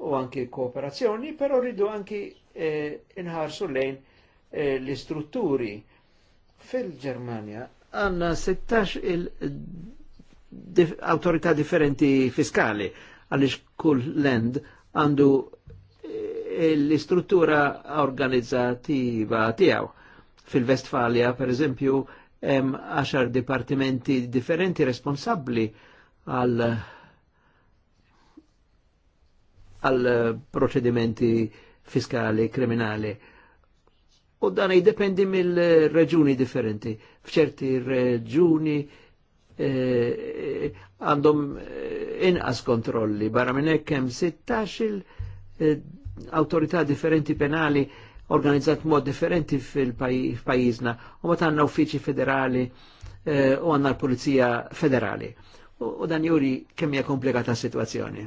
u anki kooperazzjoni, però rridu anki eh, inħarsu lejn eh, l-istrutturi. Fil-Germania għanna 16 il-autorità differenti fiskali għalix kull land għandu l-istruttura organizzativa tiegħu. Fil-Vestfalia, per eżempju, hemm għaxar dipartimenti differenti responsabbli għal għal proċedimenti fiskali, kriminali. U dan jiddependi mill-reġuni differenti. F'ċerti reġuni eh, għandhom eh, inqas kontrolli, barra minn hekk hemm 16 eh, autorità differenti penali organizzat mod differenti fil-pajizna u ma tanna uffiċi federali eh, u għanna l-Polizija federali. U, dan juri kemmija komplikata situazzjoni.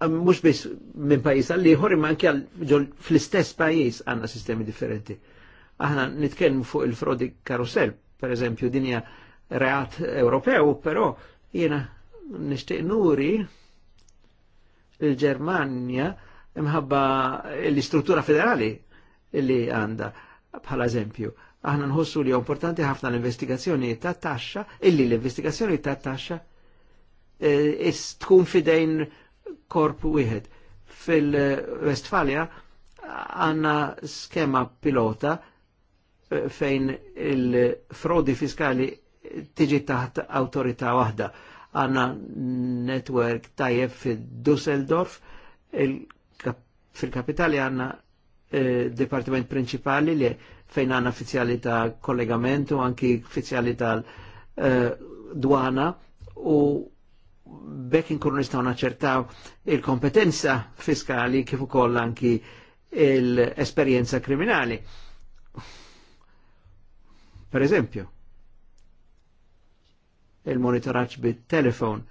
Mux Mhux biss minn pajjiż għal ma imma anke fl-istess pajjiż għanna sistemi differenti. Aħna nitkellmu fuq il-frodi karusel, per eżempju, dinja reat Ewropew, però jena nishtiq nuri il-Germania imħabba l-istruttura federali li għanda bħala eżempju. Aħna nħossu li importanti ħafna l-investigazzjoni ta' taxxa, illi l-investigazzjoni ta' taxxa e, tkun fidejn korp wieħed. Fil-Westfalia għanna skema pilota e, fejn il-frodi fiskali tiġi taħt autorità waħda għanna network tajjeb fi Düsseldorf, fil-kapitali għanna eh, departiment principali li fejn għanna uffiċjali ta' kollegamentu, anki uffiċjali ta' eh, dwana u bekk inkunu nistgħu naċċertaw il-kompetenza fiskali kif ukoll anki l-esperjenza kriminali. Per eżempju il monitoraċ bit-telefon.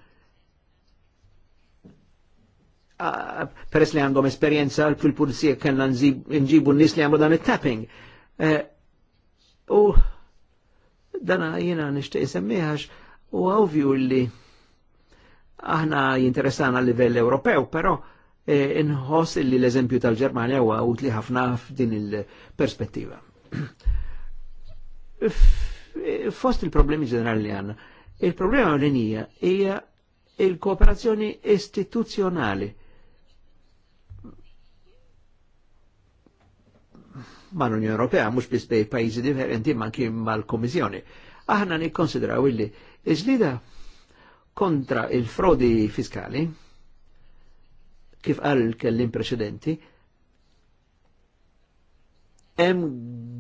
Peress li għandhom esperienza fil-pulizija kellna nġibu n nis li għamlu dan il tapping e, U dana jiena nishtiq semmiħax u għawvju li aħna jinteressana a livell Ewropew, però e, inħoss li l-eżempju tal-Ġermanja huwa utli ħafna f'din il-perspettiva. Fost il-problemi ġenerali għanna, Il-problema l-inija ija il-kooperazzjoni istituzjonali. ma' l-Unjoni Ewropea, mhux biss bej pajjiżi differenti ma' kien mal-Kummissjoni. Aħna nikkonsidraw illi iż-żlida kontra il-frodi fiskali, kif qal kellim preċedenti, hemm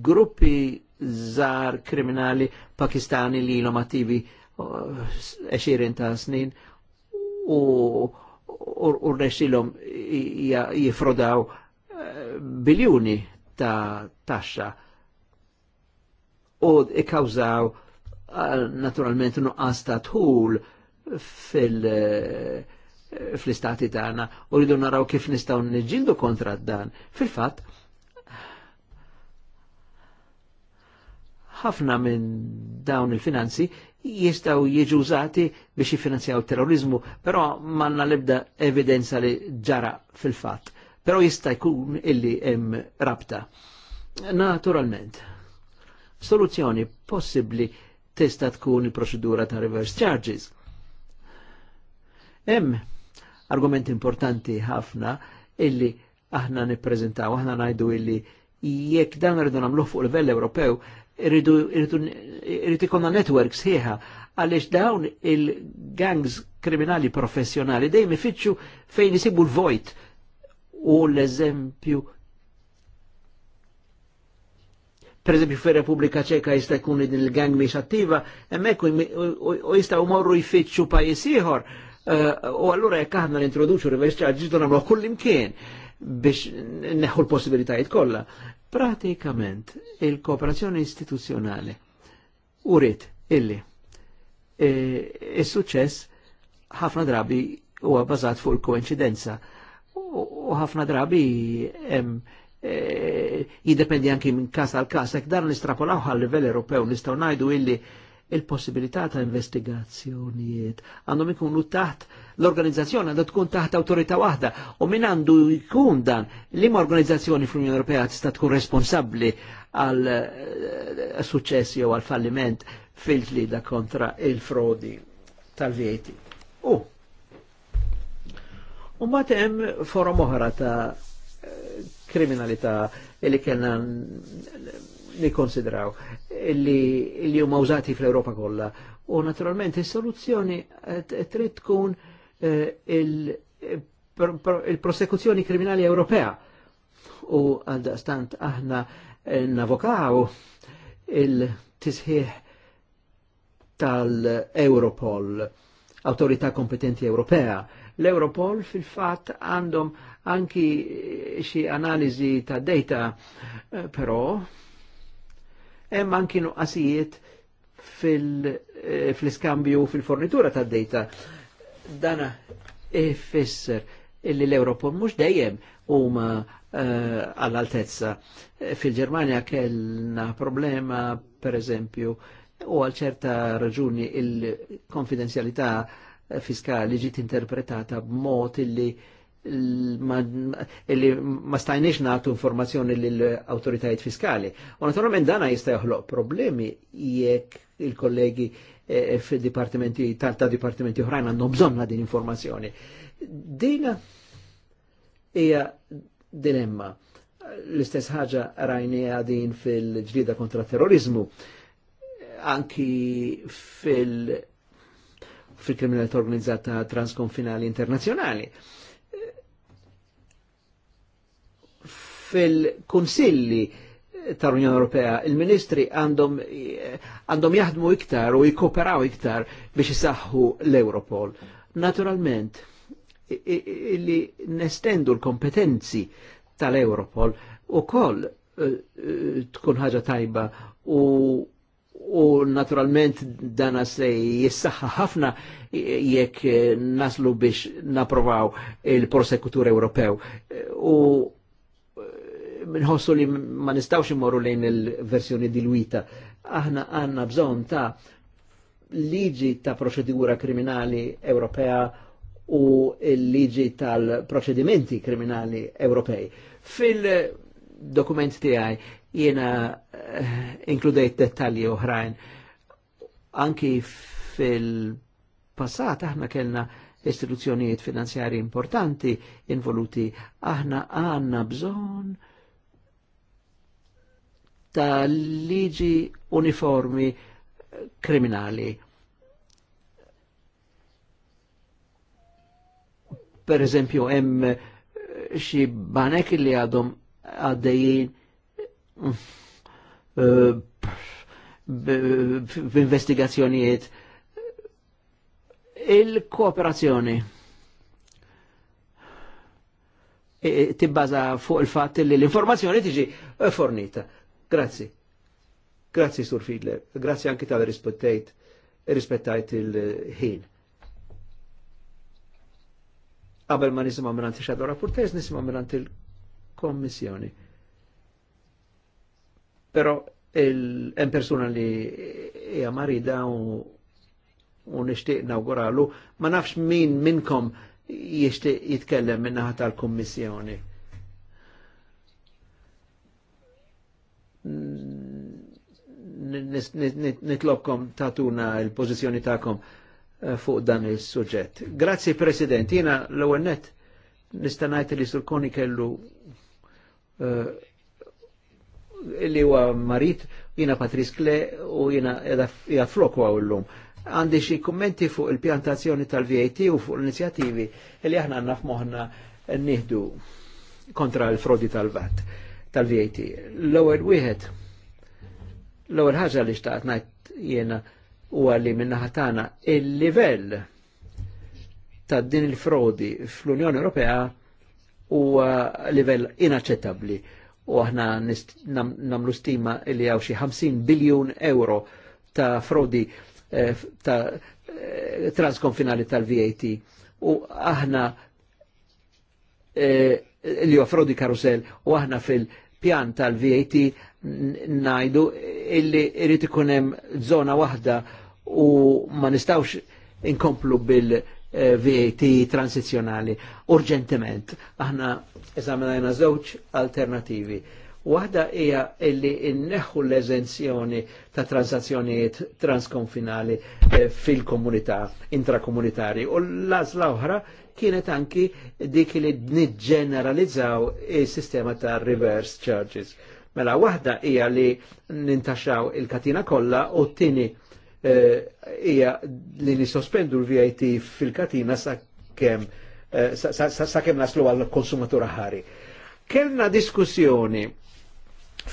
gruppi żar kriminali pakistani li l-om attivi eċirin ta' snin u r-reċilom jifrodaw eh, biljuni ta' taxxa u ikkawżaw eh, naturalment nuqqas ta' tħul fil- eh, fl-istati tagħna u rridu naraw kif nistgħu niġġieldu kontra dan. Fil-fatt, ħafna minn dawn il-finanzi jistaw jieġu użati biex jifinanzjaw terrorizmu, però manna libda evidenza li ġara fil-fat. Però jista' jkun illi hemm rabta. Naturalment, soluzzjoni possibbli testa tkun il-proċedura ta' reverse charges. Hemm argument importanti ħafna illi aħna nippreżentaw, aħna ngħidu illi jekk dan rridu namluħ fuq livell Ewropew, irridu ikonna networks sħiħa għalix dawn il-gangs kriminali professjonali dejjem ifittxu fejn isibu l-vojt u l-eżempju per eżempju fir Repubblika Ċeka jista' jkun din il-gang mhix attiva, hemmhekk u jista' jmorru jfittxu pajjiż ieħor. Eh, u allura jekk aħna nintroduċu reverse charges do nagħmlu kull imkien biex neħu l-possibilitajiet kollha. Pratikament il-kooperazzjoni istituzzjonali urit illi e, il suċċess ħafna drabi huwa bażat fuq il koincidenza u ħafna drabi hemm e, jidependi anki minn kas għal kas, ek dan l-istrapolaw għal livell Ewropew nistgħu ngħidu illi il-possibilità ta' investigazzjonijiet għandhom ikunu taħt l-organizzazzjoni għandha tkun taħt autorità waħda u min għandu jkun dan li ma' organizzazzjoni fl-Unjoni Ewropea tista' tkun responsabbli għal eh, suċċess jew għal falliment fil-ġlida kontra il-frodi tal vieti U U mbagħad hemm forom oħra ta' eh, kriminalità li kellna nikkonsidraw li li huma użati fl-Ewropa kollha. U naturalment is-soluzzjoni eh, trid tkun eh, il-prosekuzzjoni kriminali Ewropea. U għaldaqstant aħna eh, navokaw il-tisħiħ tal-Europol, autorità kompetenti Ewropea. L-Europol fil-fat għandhom anki xi analizi ta' data, però hemm anki nuqqasijiet fil-iskambju fil eh, fil-fornitura ta' data Dana ifisser illi l-Europol mhux dejjem huma eh, għall-altezza. Fil-Ġermanja kellna problema, per eżempju, u għal ċerta raġuni il-konfidenzjalità fiskali ġiet interpretata b'mod illi uh, li ma stajniex nagħtu informazzjoni lill-awtoritajiet fiskali. U naturalment dana jista' joħloq problemi jekk il-kollegi eh, fil-dipartimenti tal-ta' dipartimenti oħrajn għandhom bżonna din informazzjoni. Dina hija dilemma. L-istess ħaġa rajnija din fil-ġlida kontra terrorizmu, anki fil- fil-kriminalità organizzata transkonfinali internazjonali. fil-Kunsilli tal-Unjoni Ewropea, il-Ministri għandhom jaħdmu iktar u jikoperaw iktar biex isaħħu l-Europol. Naturalment, illi nestendu l-kompetenzi tal-Europol u koll eh, eh, tkun ħaġa tajba u u naturalment dana se jissaħħa ħafna jekk naslu biex naprovaw il-prosekutur Ewropew. Eh, u minħossu li ma nistawx immorru lejn il-versjoni dilwita. Aħna għanna bżon ta' liġi ta' proċedura kriminali Ewropea u l-liġi tal-proċedimenti kriminali Ewropej. Fil-dokument tiegħi jiena eh, inkludejt dettalji oħrajn. Anki fil-passat aħna kellna istituzzjonijiet finanzjari importanti involuti, aħna għanna bżon ta' liġi uniformi kriminali. Per eżempju, hemm eh, xi banek li għadhom għaddejjin uh, b'investigazzjonijiet il-kooperazzjoni eh, tibbaza fuq il-fatt li l-informazzjoni tiġi fornita. Grazzi. Grazzi, Sur Fidler. Grazzi anki tal-rispettajt rispettajt il-ħin. Qabel ma nisma il xadu rapportez, nisma minn il-kommissjoni. Pero il-em persuna li hija marida u, u nishtiq nawguralu, ma nafx min minnkom jishtiq jitkellem minnaħa tal-kommissjoni. nitlobkom tatuna il-pozizjoni ta'kom eh, fuq dan il-suġġett. Grazzi President, jena l-ewwel net nistanajt li Koni kellu eh, li huwa marit, jiena Patris Kle u jiena jgħat flok għawillum. Għandi xi kummenti fuq il-pjantazzjoni tal-VAT u fuq l-inizjattivi li aħna għandna f'moħħna nieħdu kontra l-frodi tal-VAT tal-VAT. L-ewwel wieħed l-ewwel ħaġa li xtaqt ngħid jiena huwa li minnaħa tagħna il-livell ta' din il-frodi fl-Unjoni Ewropea huwa livell inaċċettabbli u aħna namlu stima li hawn xi 50 biljun euro ta' frodi eh, ta' eh, transkonfinali tal-VAT u aħna eh, li huwa frodi karusel u aħna fil- pjan tal-VAT najdu illi irrit ikunem zona wahda u ma nistawx inkomplu bil-VAT transizjonali urġentiment. Aħna eżaminajna żewġ alternativi Waħda hija illi inneħħu l-eżenzjoni ta' transazzjonijiet transkonfinali eh, fil-komunità intrakomunitari u l-għażla oħra kienet anki dik li nġeneralizzaw is-sistema ta' reverse charges. Mela waħda hija li nintaxxaw il-katina kollha u t-tieni eh, hija li nisospendu l-VIT fil-katina sakemm eh, sakemm naslu għall-konsumatur ħari. Kellna diskussjoni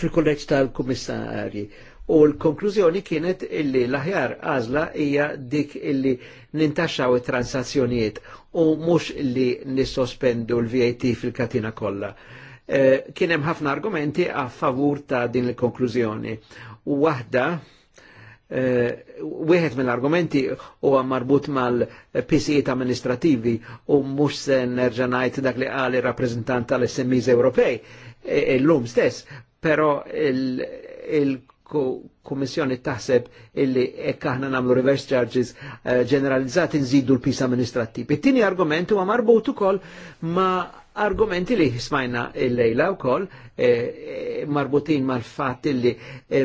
fil-kolleġġ tal-kummissarji. U l-konklużjoni kienet illi l-aħjar għażla hija dik illi nintaxxaw it-transazzjonijiet u mhux illi nissospendu l-VAT fil-katina kollha. E, Kien hemm ħafna argumenti a favur ta' din il-konklużjoni. U waħda eh, wieħed mill-argumenti huwa marbut mal-pisijiet amministrativi u mhux se nerġa' ngħid dak li qal ir-rappreżentant tal-SMEs Ewropej eh, illum stess pero il il taħseb illi ekk aħna namlu reverse charges ġeneralizzati eh, nżidu l-pis Amministrativ. It-tieni e argument huwa marbut ukoll ma' argumenti li smajna il-lejla u koll eh, eh, marbutin mal-fat illi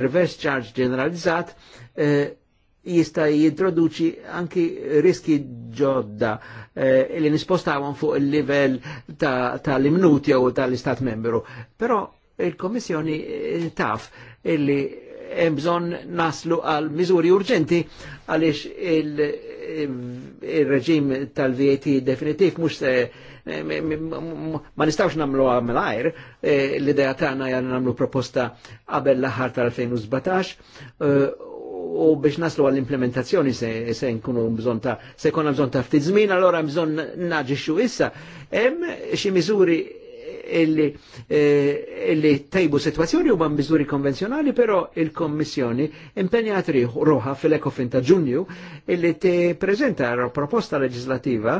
reverse charge ġeneralizzat eh, jista jintroduċi anki riski ġodda eh, li nispostawon fuq il-level tal-imnuti u tal-istat membru. Però il-Komissjoni taf illi hemm bżonn naslu għal miżuri urġenti għaliex il-reġim il reġim tal vat definitiv mhux se ma nistawx namlu għamlajr e, l-ideja tagħna għal namlu proposta qabel l-aħħar tal-2017 e, u biex naslu għall-implementazzjoni se nkunu bżon ta' se jkollna bżonn ta' ftit żmien, allora bżonn naġixxu issa. Hemm xi miżuri illi, eh, li tajbu situazzjoni huma miżuri konvenzjonali, però il-Kommissjoni impenjat ruħa fil-Ekofin ta' Ġunju illi ti prezenta proposta leġislativa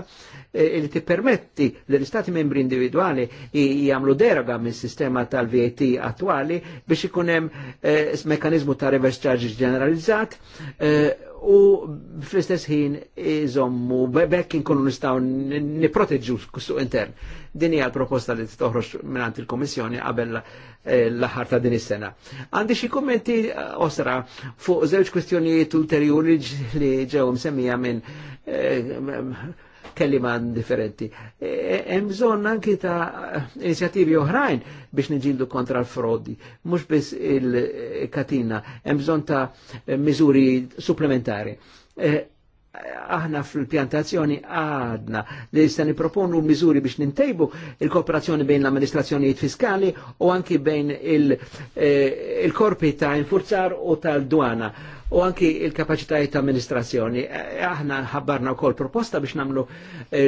eh, illi ti permetti l-Istati membri individuali jagħmlu deroga mis sistema tal-VAT attuali biex ikun hemm eh, mekanizmu ta' reverse charges generalizzat u fl-istess ħin iżommu bekk inkunu nistgħu niprotegġu suq intern. Din hija l-proposta li toħroġ mingħand il kommissjoni qabel eh, l-aħħar ta' din is-sena. Għandi xi kummenti eh, osra fuq żewġ kwistjonijiet ulterjuri li ġew msemmija minn eh, kelliman differenti. E, hemm bżonn anki ta' inizjattivi oħrajn biex niġildu kontra l-frodi, mhux biss il-katina, hemm bżonn ta' miżuri supplementari. E, aħna fil-pjantazzjoni għadna li jista' niproponu miżuri biex nintejbu il-kooperazzjoni bejn l-amministrazzjonijiet fiskali u anki bejn e, il-korpi ta' infurzar u tal-dwana u anki il-kapacitajiet ta' amministrazzjoni. E, e, aħna ħabbarna wkoll proposta biex namlu e,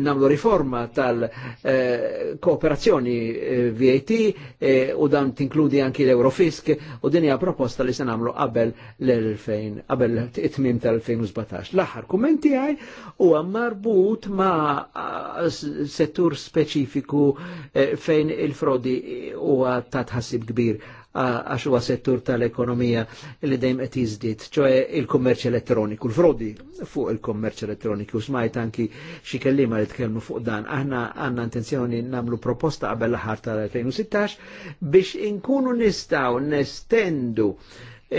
namlu riforma tal-kooperazzjoni VAT u dan tinkludi anki l-Eurofisk u din hija proposta li se namlu qabel l-2000 qabel it-tmim tal-2017. L-aħħar kummenti għaj u marbut ma' settur speċifiku fejn il-frodi huwa ta' tħassib kbir għax huwa settur tal-ekonomija li dejjem qed jiżdied, ċoe il-kummerċ elettroniku, l-frodi fuq il-kummerċ elettroniku. Smajt anki xi kellima li tkellmu fuq dan. Aħna għandna intenzjoni nagħmlu proposta qabel l-aħħar tal-2016 biex inkunu nistgħu nestendu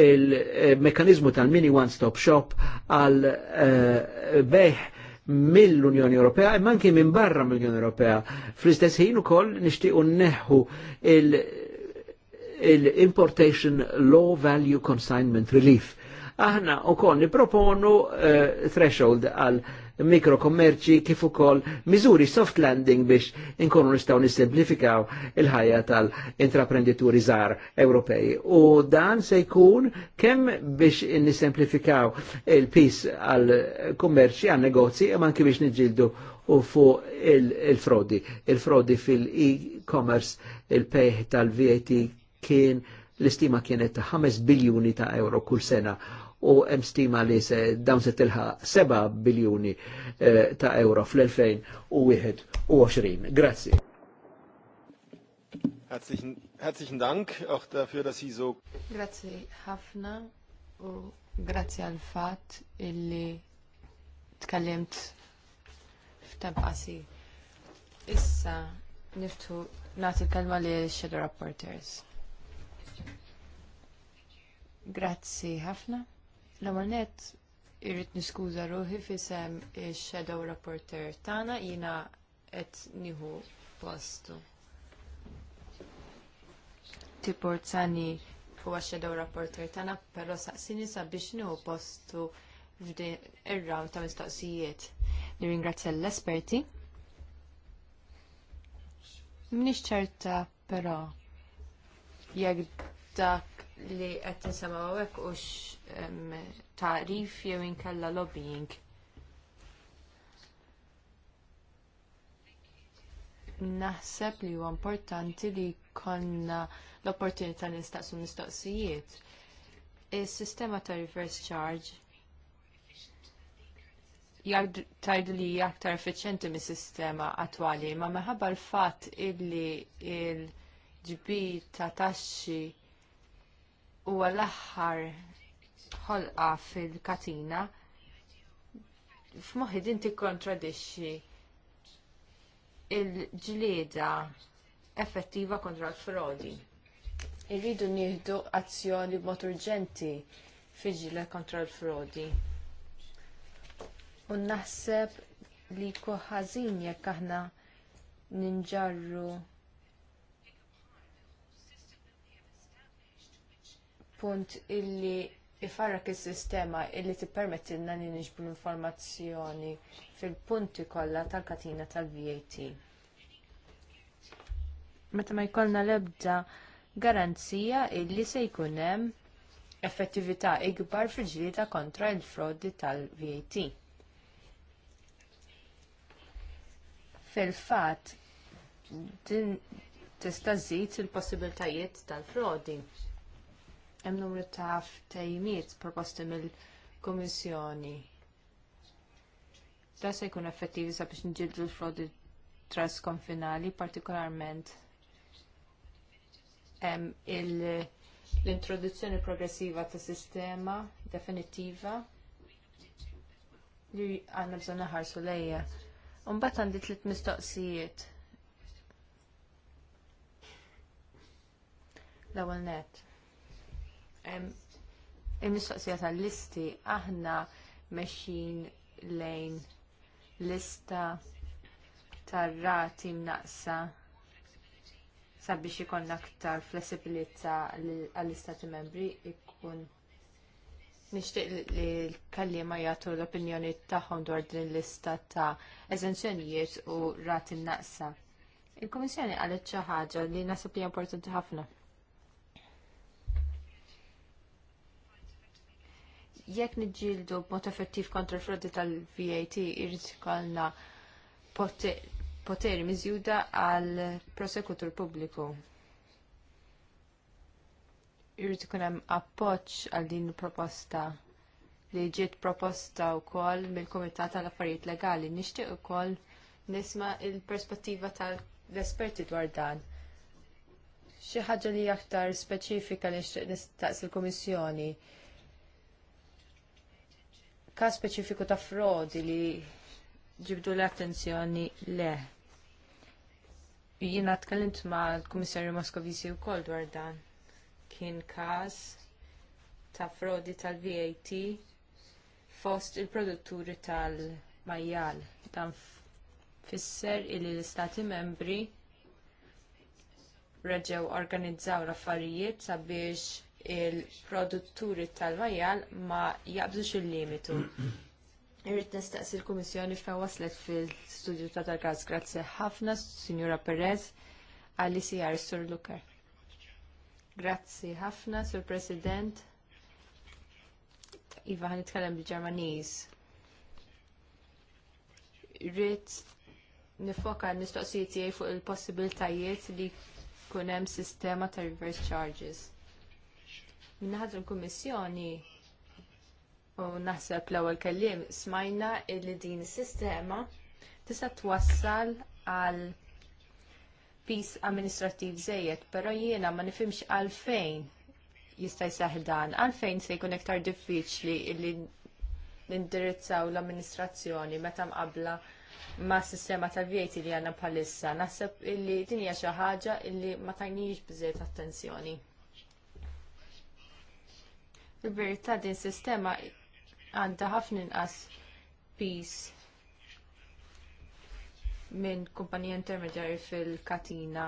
il-mekanizmu tal-mini one-stop shop għal eh, beħ mill-Unjoni Ewropea imma anke minn barra mill-Unjoni Ewropea. Fl-istess ħin ukoll nixtiequ neħħu il- il-Importation Low Value Consignment Relief. Aħna u kol niproponu uh, threshold għal mikrokommerċi kif ukoll miżuri soft landing biex inkunu nistgħu nisimplifikaw il-ħajja tal-intraprendituri żgħar Ewropej. U dan se jkun kemm biex nisimplifikaw il-pis għal kummerċi għal negozji imma anke biex niġġieldu u fuq il-frodi. Il-frodi fil-e-commerce il-pejħ tal-VAT kien l-istima kienet 5 biljuni ta' euro kull sena u hemm stima li se dawn se tilħa 7 biljuni eh, ta' euro fl-2021. Grazzi. Herzlichen, herzlichen Dank auch dafür, dass Sie so. Grazie Hafna. u grazie għal fat illi tkallimt f'tabqasi. Issa niftu nagħti l-kalma li shadow reporters. Grazzi ħafna. L-ewwel nett irrid niskuża ruħi fisem ix-shadow rapporter tagħna jiena qed nieħu postu. Tiporzani huwa shadow rapporter tagħna, però saqsini sabiex nieħu postu f'din ir-round ta' mistoqsijiet. Nirringrazzja l-esperti. Mnix ċerta però jekk dak li qed nisimgħu hawnhekk hux tarif jew inkella lobbying. Naħseb li huwa importanti li jkollna l-opportunità li nistaqsu mistoqsijiet. Is-sistema ta' reverse charge tajdu li aktar effiċenti mis sistema attwali, ma meħabba l-fat illi il-ġbi ta' taxxi huwa l-aħħar ħolqa fil-katina f'moħħid inti kontradixxi il-ġlieda effettiva kontra l-frodi. Irridu nieħdu azzjoni b'mod urġenti fiġile kontra l-frodi. U naħseb li ħażin jekk aħna ninġarru punt illi ifarrak is-sistema illi tippermettilna li niġbu l-informazzjoni fil-punti kollha tal-katina tal-VAT. Meta ma jkollna l-ebda garanzija illi se jkun hemm effettività ikbar fil-ġlieda kontra l frodi tal-VAT. Fil-fatt, din tista' żżid il-possibiltajiet tal-frodi hemm numru ta' ftejmiet proposti mill-Kummissjoni. Da se jkun effettivi sabiex nġildu l-frodi transkonfinali, partikolarment hemm l-introduzzjoni progressiva ta' sistema definittiva li għanna bżonna ħarsu lejja. Umbat għandi tliet mistoqsijiet. L-ewwel net. Il-mistoqsija tal-listi aħna meċin lejn lista tar-rati mnaqsa sabiex ikon aktar flessibilità għall-istati membri ikun nixtieq li l-kallima jagħtu l-opinjoni tagħhom dwar din lista ta' eżenzjonijiet u rati mnaqsa. Il-Kummissjoni qalet xi ħaġa li nasib li importanti ħafna. jekk niġġieldu b'mod effettiv kontra frodi tal-VAT irid ikollna poteri miżjuda għal prosekutur pubbliku. Irid ikun hemm appoġġ għal din il-proposta li ġiet proposta wkoll mill-Kumitat tal-Affarijiet Legali. Nixtieq ukoll nisma' il-perspettiva tal-esperti dwar dan. Xi ħaġa li aktar speċifika li nixtieq nistaqs il-Kummissjoni. il kummissjoni każ speċifiku ta' frodi li ġibdu l-attenzjoni le. Jiena tkellimt ma' l-Kummissarju Moscovici wkoll dwar dan. Kien każ ta' frodi tal-VAT fost il-produtturi tal-majjal. Dan fisser il l-istati membri reġew organizzaw l-affarijiet sabiex il-produtturi tal-majjal ma jaqbżux il-limitu. Irrid nistaqsi l-Kummissjoni fejn waslet fil-studju ta' tal-każ. Grazzi ħafna, Signora Perez, għalli sijar Sur Lukar. Grazzi ħafna, Sur President. Iva ħan nitkellem bil-Ġermaniż. Irrit nifoka nistaqsi tijaj tiegħi fuq il-possibiltajiet li jkun hemm sistema ta' reverse charges. Minnaħat l-Kummissjoni u naħseb l-ewwel kelliem smajna li din is-sistema tista' twassal għal pis amministrattiv żejjed, però jiena ma nifimx għalfejn jista' jseħħ dan, għalfejn se jkun iktar diffiċli illi nindirizzaw l-amministrazzjoni meta mqabbla ma' sistema ta' vjeti li għanna bħalissa. Naħseb illi din hija xi ħaġa illi ma tajniex biżejjed attenzjoni. Il-verità din sistema għandha ħafna inqas pis minn kumpanija intermedjari fil-katina.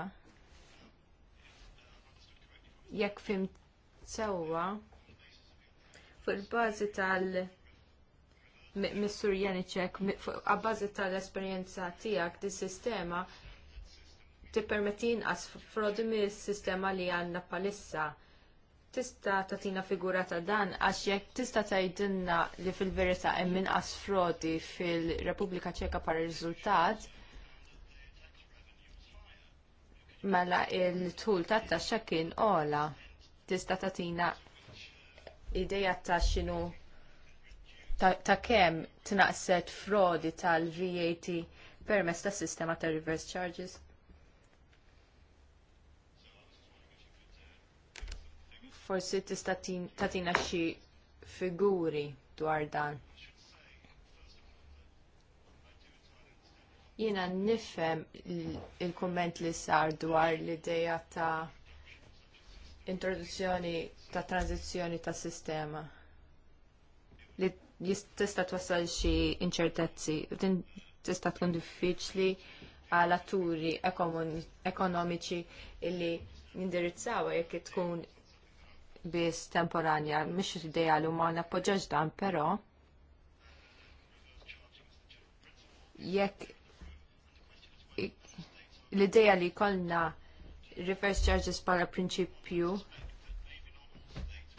Jekk fim sewwa fuq il-bażi tal- Mr. Janicek, bażi tal-esperienza tijak, di sistema tippermetin għas frodi mis sistema li għandna bħalissa tista' tatina figura ta' dan għax jekk tista' tgħidilna li fil-verità hemm inqas frodi fil-Repubblika Ċeka par riżultat mela il-tul tat-taxxa kien ola. Tista' tatina ideja ta' x'inhu ta', kemm tnaqset frodi tal-VAT permezz tas sistema ta' reverse charges? forsi tista' tatina xi figuri dwar dan. Jiena nifhem il-kumment li sar dwar l-idea ta' introduzzjoni ta' tranzizzjoni ta' sistema li tista' twassal xi inċertezzi u tista' tkun diffiċli għal atturi ekonomiċi li jindirizzawa jekk tkun biss temporanja, mhix ideja li ma nappoġġaġ dan, però jekk l-ideja li kollna reverse charges bħala prinċipju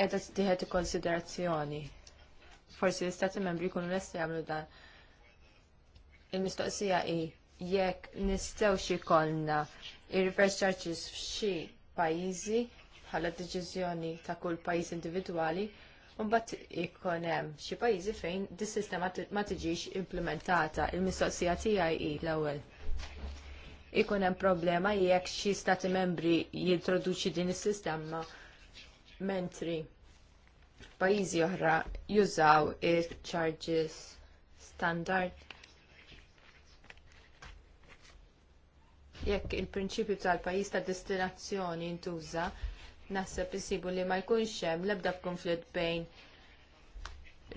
edha tiħed konsiderazzjoni. Forsi l-istati membri jkunu lesti jagħmlu dan. Il-mistoqsija hi jekk nistgħu xi jkollna i reverse charges f'xi pajjiżi bħala deċiżjoni ta' kull pajjiż individwali u mbagħad ikun hemm xi pajjiżi fejn dis sistema ma tiġix implementata. Il-mistoqsija tiegħi hi l-ewwel. Ikun hemm problema jekk xi stati membri jintroduċi din is-sistema mentri pajjiżi oħra jużaw il-charges standard. Jekk il-prinċipju tal-pajjiż ta' destinazzjoni ntuża, naħseb isibu li ma jkunx hemm l-ebda konflitt bejn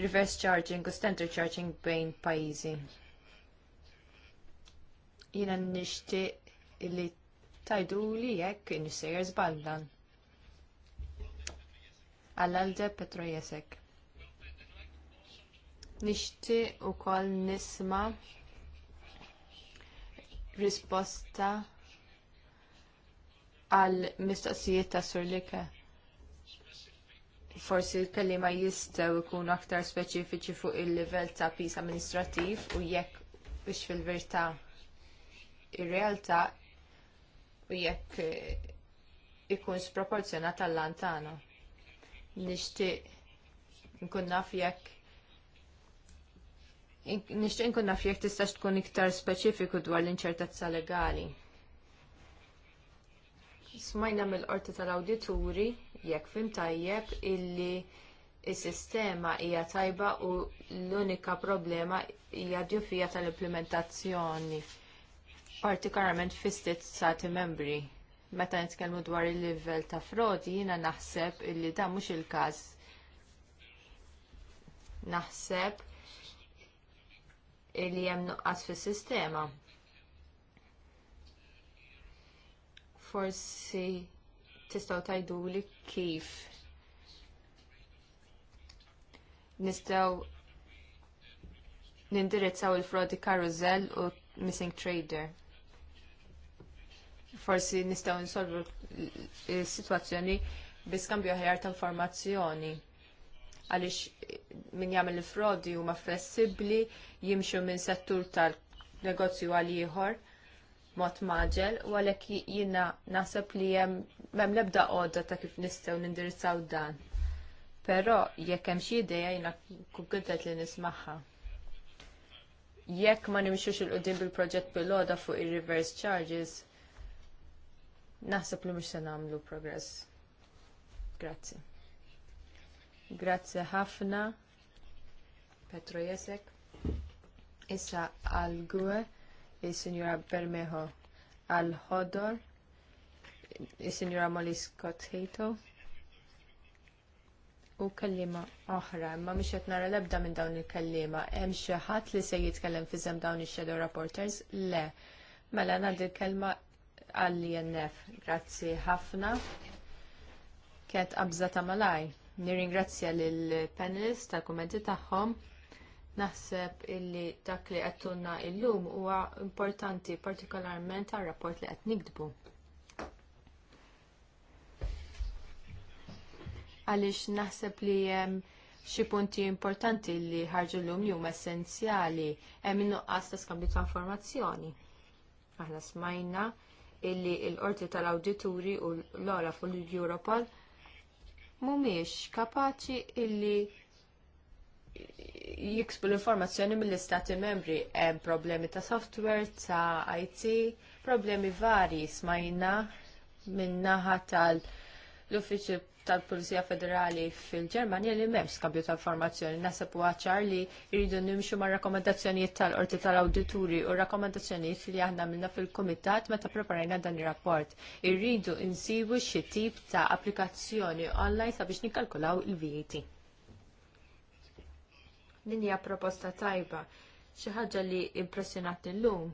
reverse charging u standard charging bejn pajjiżi. Jiena nixtieq li tajdu li jekk nisejjer żballan. Għall-għalde Petro Jesek. Nixtieq ukoll nisma' risposta għal mistoqsijiet ta' surlika. Forsi l kelima jistgħu jkunu aktar speċifiċi fuq il-livell ta' pis amministrattiv u jekk biex fil-verità ir-realtà u jekk eh, ikun sproporzjonat għall lantana Nixtieq nkun naf jekk nixtieq nkun naf jekk tistax tkun iktar speċifiku dwar l-inċertezza legali smajna mill-qorti tal-awdituri jekk fim tajjeb illi s sistema hija tajba u l-unika problema hija djufija tal-implementazzjoni partikolarment fistit stati membri. Meta nitkellmu dwar il-livell ta' frodi jiena naħseb illi dan mhux il-każ. Naħseb illi hemm nuqqas fis-sistema. forsi tistgħu li kif nistgħu nindirizzaw il-frodi karusell u missing trader. Forsi nistgħu nsolvu s-sitwazzjoni bi skambju ħjar ta' informazzjoni għaliex min jagħmel il-frodi huma flessibbli jimxu minn settur tal-negozju għal ieħor mod maġel u għalhekk jiena naħseb li hemm m'hemm l-ebda għodda ta' kif nistgħu nindirizzaw dan. Però jekk hemm xi idea jiena kuntet li nismagħha. Jekk ma nimxux il-qudiem bil-proġett pilota fuq ir-reverse charges, naħseb li mhux se nagħmlu progress. Grazzi. Grazzi ħafna. Petro Jesek. Issa għal-gwe il-Sinjura Bermejo għal-ħodor, il-Sinjura Molly Scott Hato u kelliema oħra, ma mhix qed nara l-ebda minn dawn il-kellima. Hemm xi ħadd li se jitkellem fi żemm dawn ix-shadow reporters? Le. Mela ngħaddi l-kelma għall-INF. Grazzi ħafna. Kienet qabża ta' malaj. Nirringrazzja lill panelist tal-kummenti tagħhom. Naħseb illi dak li għattunna illum huwa importanti partikolarment għal rapport li qed nikdbu. Għaliex naħseb li xi punti importanti li ħarġu llum li huma essenzjali hemm in-nuqqas ta' skambju ta' informazzjoni. Aħna smajna illi l-Qorti tal-Awdituri u l-Olaf u l-Europol mhumiex kapaċi illi jiksbu l-informazzjoni mill-istati membri, hemm problemi ta' software, ta' IT, problemi vari smajna minnaħa tal uffiċċju tal-Pulizija Federali fil-Ġermanja li m'hemmx skambju ta' informazzjoni. Nasab u ċar li jridu nimxu ma' rakkomandazzjonijiet tal-Qorti tal-Awdituri u rakkomandazzjonijiet li aħna għamilna fil-Kumitat meta preparajna dan ir-rapport. Irridu insibu xi tip ta' applikazzjoni online sabiex nikkalkulaw il-VAT. Din hija proposta tajba, xi ħaġa li impressjonat illum.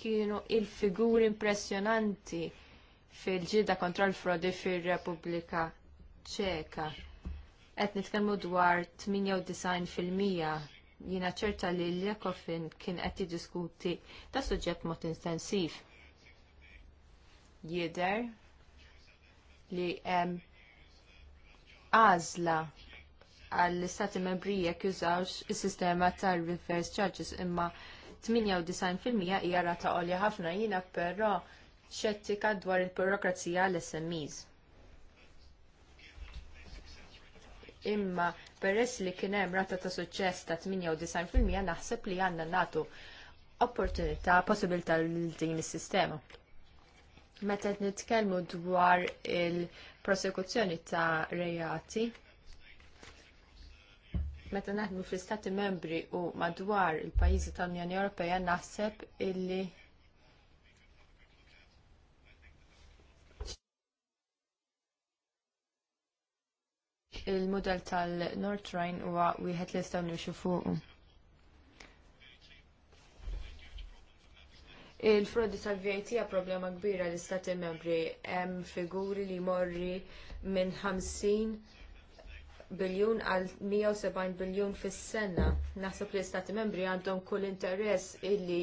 Kienu il-figuri impressjonanti fil-ġida kontra l-frodi fir-Repubblika Ċeka. Qed nitkellmu dwar 98% jina ċerta li l-Ekofin kien qed jiddiskuti ta' suġġett mod intensiv. Jider li hemm għażla għall-istati membri jekk jużawx is-sistema tar reverse charges imma 98% hija rata għolja ħafna jina però xettika dwar il-burokrazija għall smes Imma peress li kien hemm rata ta' suċċess ta' 98% naħseb li għandna nagħtu opportunità possibilità lil din is-sistema. Meta nitkellmu dwar il-prosekuzzjoni ta' reati, meta naħdmu fl-Istati membri u madwar il-pajjiżi tal-Unjoni Ewropea naħseb illi il mudell tal-North Rhine huwa wieħed li nistgħu nimxu fuqu. Il-frodi tal-VAT hija problema kbira l-Istati membri hemm figuri li morri minn 50 biljun għal 170 biljun fis-sena. Naħseb li l-Istati membri għandhom kull interess illi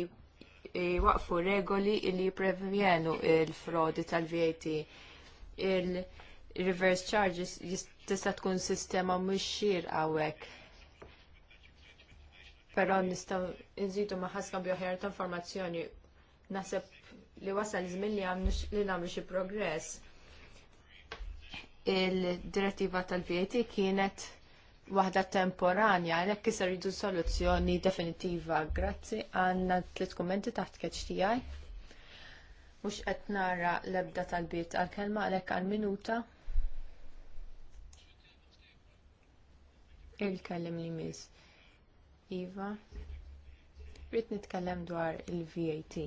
waqfu regoli illi jipprevjenu l frodi tal-VAT. Il-reverse charges tista' tkun sistema mhux xir hawnhekk. Però nistgħu nżidu ma' ħaskan bioħjar ta' informazzjoni. Naħseb li wasal żmien li għamlu li xi progress il-direttiva tal-VAT kienet waħda temporanja, għalhekk kisar ridu soluzzjoni definitiva. Grazzi, għandna tliet kommenti taħt keċ tiegħi. Mhux qed nara l-ebda tal-bit għal-kelma għalhekk għal-minuta. Il-kellem li miss. Iva. Rrid nitkellem dwar il-VAT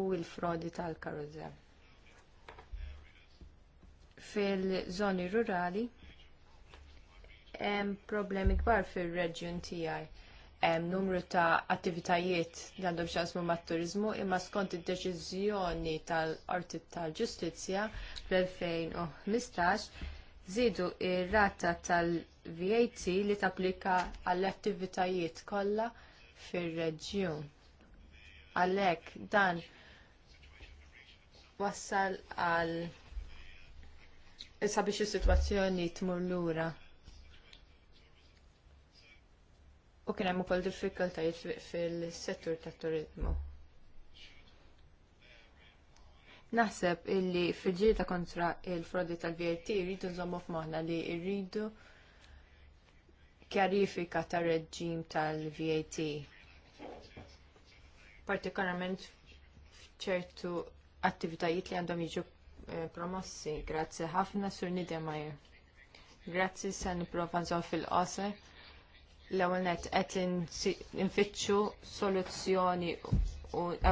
u l-frodi tal-karużel fil-żoni rurali hemm problemi kbar fir-reġjun tiegħi. Hemm numru ta' attivitajiet li għandhom xansmu mat-turiżmu imma skont id-deċiżjoni tal-Qorti tal-Ġustizzja fl-2015 żiedu r rata tal-VAT li tapplika għall-attivitajiet kollha fir-reġjun. Għalhekk dan wassal għal Issa biex is-sitwazzjoni tmur lura. U kien hemm ukoll diffikultajiet fil-settur tat turizmu Naħseb illi fil-ġiri ta' kontra il-frodi tal-VAT rridu nżommu f'moħna li rridu kjarifika ta' reġim tal-VAT. Partikolarment f'ċertu attivitajiet li għandhom jiġu Eh, promossi. Grazzi ħafna sur Nidja Majer. Grazzi se nipprova fil qase L-ewwel nett qed infittxu soluzzjoni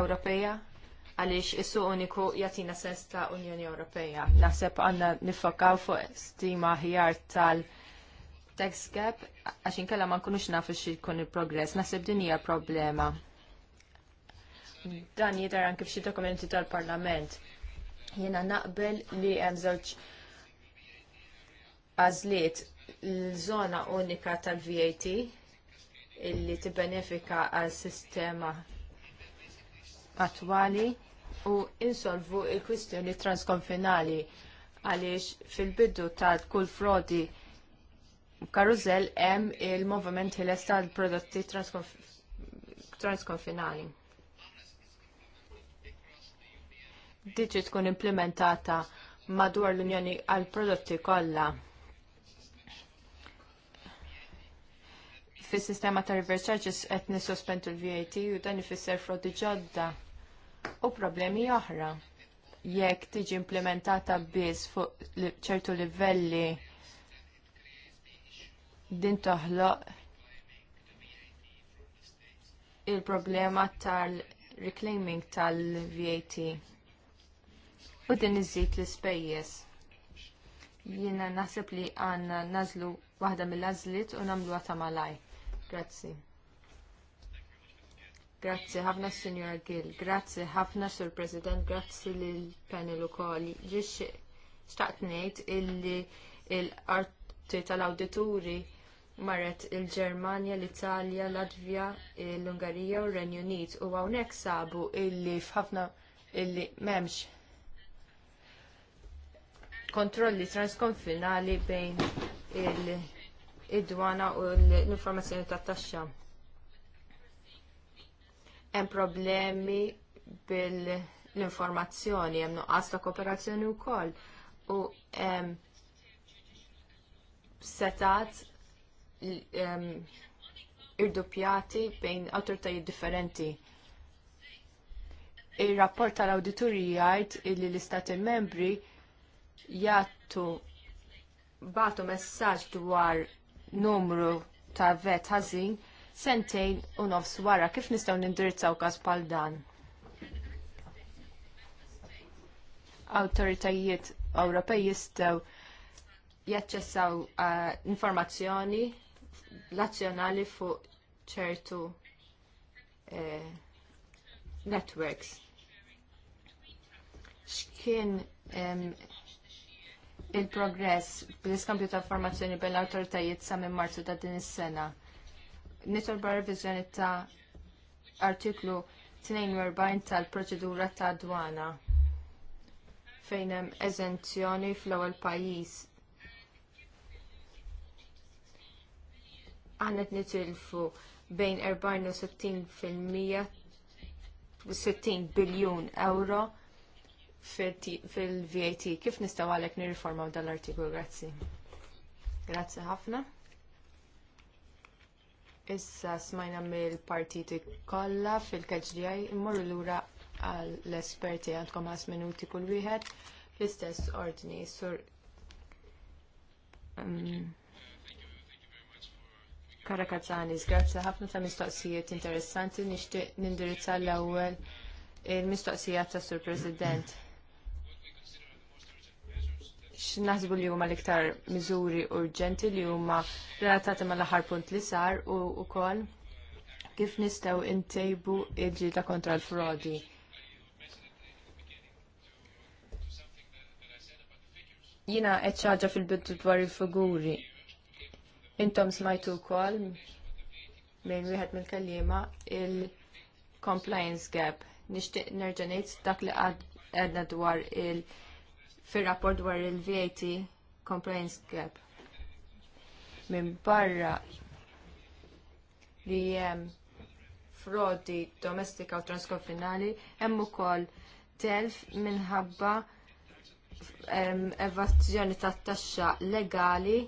Ewropeja għaliex issu uniku jagħtina sens ta' Unjoni Ewropea. Naħseb għandna nifokaw fuq stima ħjar tal- tax gap, għax inkella ma nkunux nafu kun il-progress, nasib din hija problema. Dan jidher anki f'xi dokumenti tal-Parlament. Jiena naqbel li hemm żewġ għażliet l-żona unika tal-VAT illi tibbenefika għal sistema attwali u insolvu l kwistjoni transkonfinali għaliex fil-biddu ta' kull frodi karuzel hemm il-moviment ħiles tal-prodotti transkonfinali. diġi tkun implementata madwar l-Unjoni għal prodotti kollha. Fis-sistema ta' reverse charges qed nisospendu l-VAT u dan ifisser frodi ġodda u problemi oħra. Jekk tiġi implementata biss fuq ċertu livelli din toħloq il-problema tal-reclaiming tal-VAT u din iżid l-ispejjeż. Jiena naħseb li għandna nażlu waħda mill-għażliet u nagħmluha ta' malaj. Grazzi. Grazzi ħafna Signor Gill, grazzi ħafna Sur President, grazzi lil panel ukoll. Ġiex xtaqt ngħid illi l-arti tal-awdituri marret il-Ġermanja, l-Italja, l-Latvja, l-Ungarija u r-Renju Unit u hawnhekk sabu illi f'ħafna illi m'hemmx kontrolli transkonfinali bejn id-dwana u l-informazzjoni tat taxxa. Hemm problemi bil-informazzjoni, hemm nuqqas ta' kooperazzjoni wkoll u hemm setat ehm, irdupjati bejn awtoritajiet differenti. Ir-rapport tal-awditurji jgħid li l-istati membri jattu batu messaġġ dwar numru ta' vet ħażin sentejn u nofs wara kif nistgħu nindirizzaw każ bħal dan. Awtoritajiet Ewropej jistgħu jaċċessaw uh, informazzjoni nazzjonali fuq ċertu uh, networks. X'kien um, il-progress bl-iskambju ta' informazzjoni bel awtoritajiet sa' minn marzu ta' din is-sena. Nitolba revizjoni ta' artiklu 42 tal-proċedura ta' dwana fejn hemm eżenzjoni fl-ewwel pajjiż. Għandet nitilfu bejn 40 u 60 60 biljun euro fil-VAT. Kif nistaw għalek nirriformaw dal-artiklu? Grazzi. Grazzi ħafna. Issa smajna mill-partiti kollha fil-KGI immorru lura għall-esperti għandkom għas minuti kull wieħed fl-istess ordni sur um, Karakazzani, grazzi ħafna ta' mistoqsijiet interessanti nixtieq nindirizza l-ewwel il-mistoqsija ta' Sur President x'naħsbu li huma l-iktar miżuri urġenti li huma relatati mal-aħħar punt li sar u wkoll kif nistgħu ntejbu l ġita kontra l-frodi. Jiena qed ħaġa fil-bidu dwar il-figuri. Intom smajtu wkoll minn wieħed mill-kelliema il-compliance gap. Nixtieq nerġa' ngħid dak li għadna dwar il- fir-rapport dwar il-VAT compliance gap minn barra li hemm frodi domestika u transkonfinali hemm ukoll telf minħabba evazzjoni ta' taxxa legali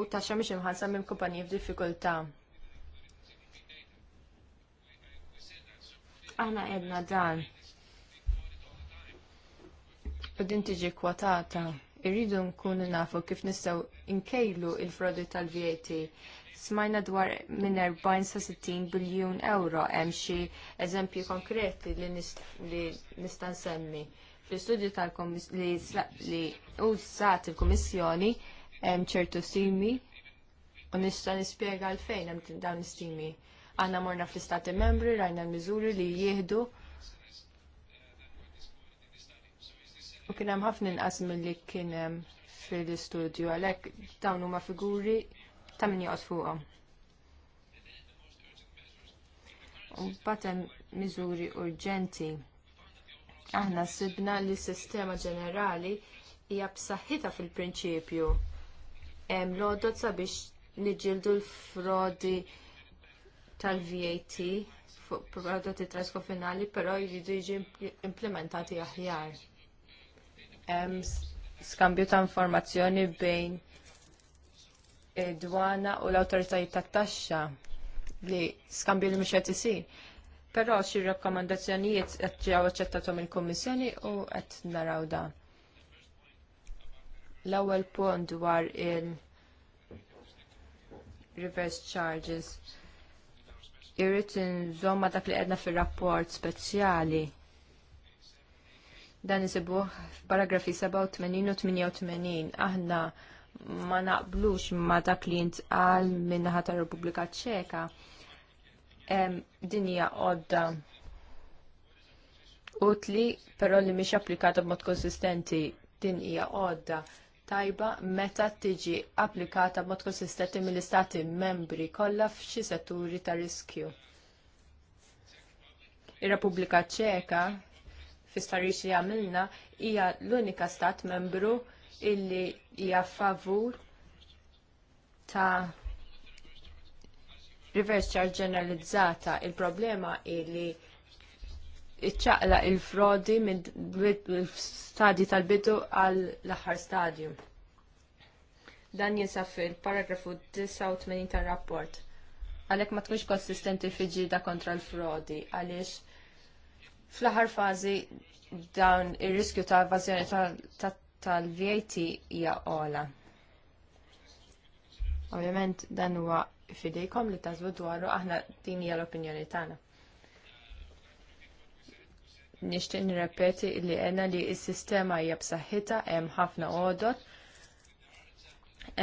u taxxa mhix imħallsa minn kumpanji f'diffikultà. Aħna edna dan u din tiġi kwatata. Irridu nkunu nafu kif nistgħu nkejlu l frodi tal-VAT. Smajna dwar minn 40 sa 60 biljun euro hemm xi eżempji konkreti li, nista' nsemmi. Fl-istudju li sat il-Kummissjoni hemm ċertu stimi u nista' nispjega għalfejn hemm dawn l-istimi. Għandna morna fl-Istati Membri rajna l-miżuri li jieħdu U kien hemm ħafna inqas milli kien hemm fil-istudju għalhekk dawn huma figuri ta' min joqgħod fuqhom. U mbagħad hemm miżuri urġenti. Aħna sibna li s-sistema ġenerali hija b'saħħitha fil-prinċipju. Hemm l-għodod sabiex niġildu l-frodi tal-VAT fuq prodotti trascofinali, però jridu jiġi implementati aħjar hemm skambju ta' informazzjoni bejn id-dwana u l-awtoritajiet tat-taxxa li skambju li mhux qed isir. Però xi rakkomandazzjonijiet qed ġew aċċettatom il-Kummissjoni u qed naraw dan. L-ewwel punt dwar il- reverse charges. Irrid nżomma dak li qedna fir-rapport speċjali Dan isibuh f'paragrafi 87 u 88. Aħna ma naqblux ma dak li ntqal minnaħa tar Repubblika Ċeka. Dinja għodda utli, però li mhix applikata b'mod konsistenti din hija għodda tajba meta tiġi applikata b'mod konsistenti mill-istati membri kollha f'xi setturi ta' riskju. Ir-Repubblika Ċeka fi starriċ li għamilna hija l-unika stat membru illi hija favur ta' reverse charge ġeneralizzata. Il-problema illi iċċaqla il-frodi minn stadji tal-bidu għal l-aħħar stadju. Dan jinsaf fil-paragrafu 89 tar rapport Għalhekk ma tkunx konsistenti ġieda kontra l-frodi għaliex Fl-aħħar fażi dawn ir-riskju ta' evażjoni tal-VAT hija ola. Ovvjament dan huwa fidejkom li tażbu dwaru aħna din hija l-opinjoni tagħna. Nixtieq nirrepeti li għenna li s-sistema hija b'saħħitha hemm ħafna għodot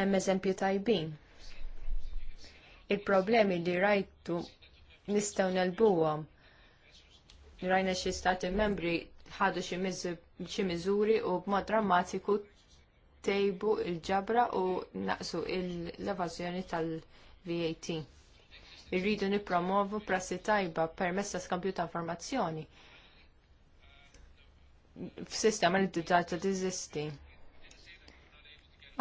hemm eżempju tajbin. Il-problemi li rajtu nistgħu nelbuhom rajna xie stati membri ħadu xi miżuri u b'mod drammatiku tejbu il-ġabra u naqsu l-evażjoni tal-VAT. Irridu nippromovu prassi tajba permezz ta' skambju ta' informazzjoni f'sistema li d-data tiżisti.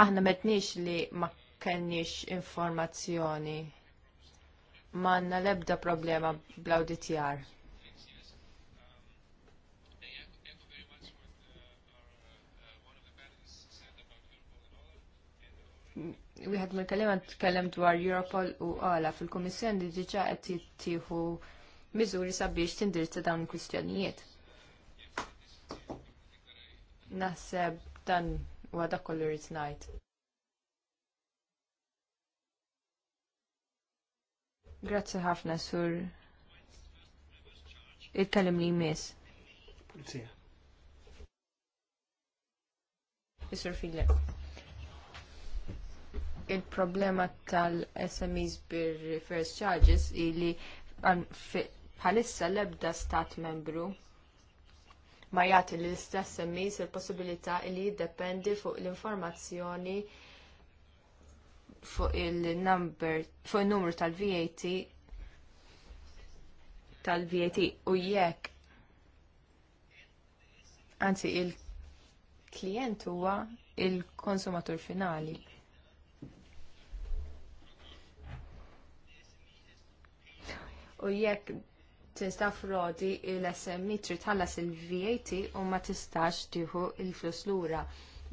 Aħna metnix li ma kenniex informazzjoni l lebda problema bl-auditjar. wieħed mill-kelima tkellem dwar Europol u għala fil-Kummissjoni diġà qed jittieħu miżuri sabiex tindirizza dawn il-kwistjonijiet. Naħseb dan huwa dak kollu rrid ngħid. Grazzi ħafna sur il-kellim li jmiss. Pulizija. Isur Filip il-problema tal-SMEs bir reverse charges ili bħalissa l-ebda stat membru ma jagħti lill istess SMEs il-possibilità li jiddependi fuq l-informazzjoni fuq il-number fuq il-numru tal-VAT tal-VAT u jekk anzi il-klient huwa il-konsumatur finali. u jekk tista' frodi l-SMI trid tħallas il-VAT u ma tistax tieħu l flus lura.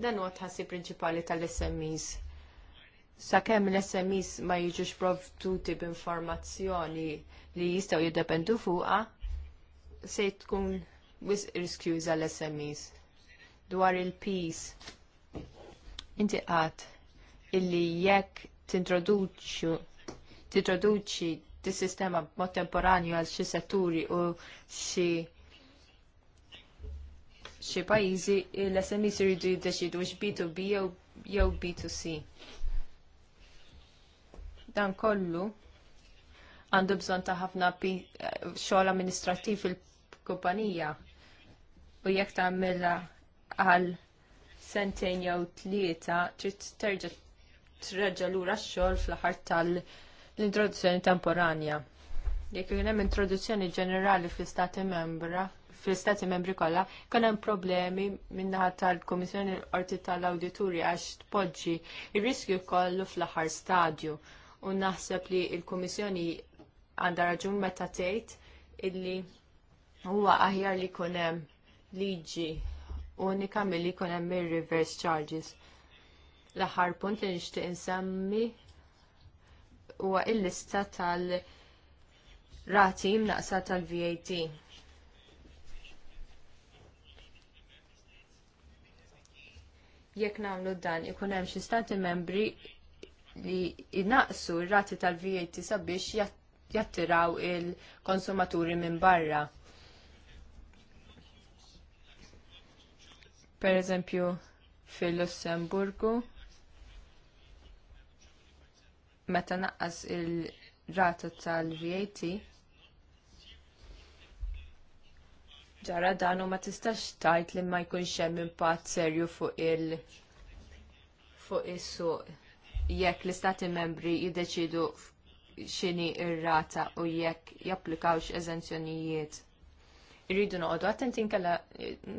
Dan huwa tħassi prinċipali tal-SMEs. Sakemm l-SMEs ma jiġux provtuti b'informazzjoni li jistgħu jiddependu fuqha, se tkun wisq riskjuża l-SMEs dwar il-peace. Inti qatt illi jekk tintroduċi tis-sistema b'mod temporanju għal xi setturi u xi xi pajjiżi l-SMEs iridu jiddeċidu x B2B jew B2C. Dan kollu għandu bżonn ta' ħafna xogħol amministrattiv fil-kumpanija u jekk tagħmilha għal sentejn jew tlieta trid terġa' treġa' lura x-xogħol fl-aħħar tal- l-introduzzjoni temporanja. Jekk kien hemm introduzzjoni ġenerali fl-Istati membra, fl-Istati membri kollha, kien hemm problemi min-naħa tal-Kummissjoni Qorti tal-Awditurji għax tpoġġi ir-riskju kollu fl-aħħar stadju. U naħseb li l-Kummissjoni għandha raġun meta tgħid illi huwa aħjar li jkun hemm liġi unika milli jkun hemm ir-reverse charges. L-aħħar punt li nixtieq insemmi huwa il-lista tal-rati mnaqsa tal-VAT. Jekk nagħmlu dan ikun hemm xi stati membri li jnaqsu r-rati tal-VAT sabiex jattiraw il-konsumaturi minn barra. Per eżempju, fil-Lussemburgu, meta naqqas il-rata tal-VAT ġara dan u ma tistax tajt li ma jkunx hemm impatt serju fuq il fuq is-suq jekk l-istati membri jiddeċidu x'inhi ir-rata u jekk japplikawx eżenzjonijiet. Irridu noqogħdu attenti nkella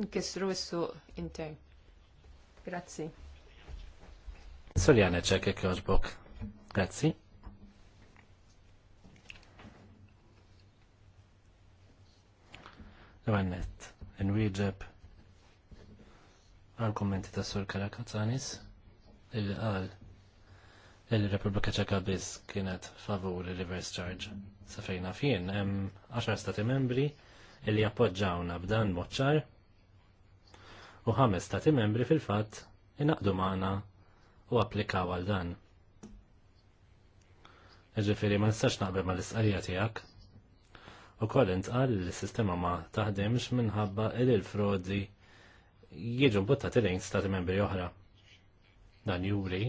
nkissru s-suq intern. Grazzi. Soljana ċekek joġbok. Grazzi. Għannet, n-wieġeb għal-kommenti ta' Sur Karakazzanis, il qal il-Repubblika ċeka biss kienet favur il-reverse charge. Sa fejna fien, hemm 10 stati membri illi appoġġawna b'dan moċċar u ħames stati membri fil-fatt inaqdu maħna u applikaw għal dan. Ġifiri, ma nistax naqbel ma l-istqarrija tijak. U koll għal li s-sistema ma taħdimx minħabba il frodi jieġu butta tilejn stati membri oħra. Dan juri,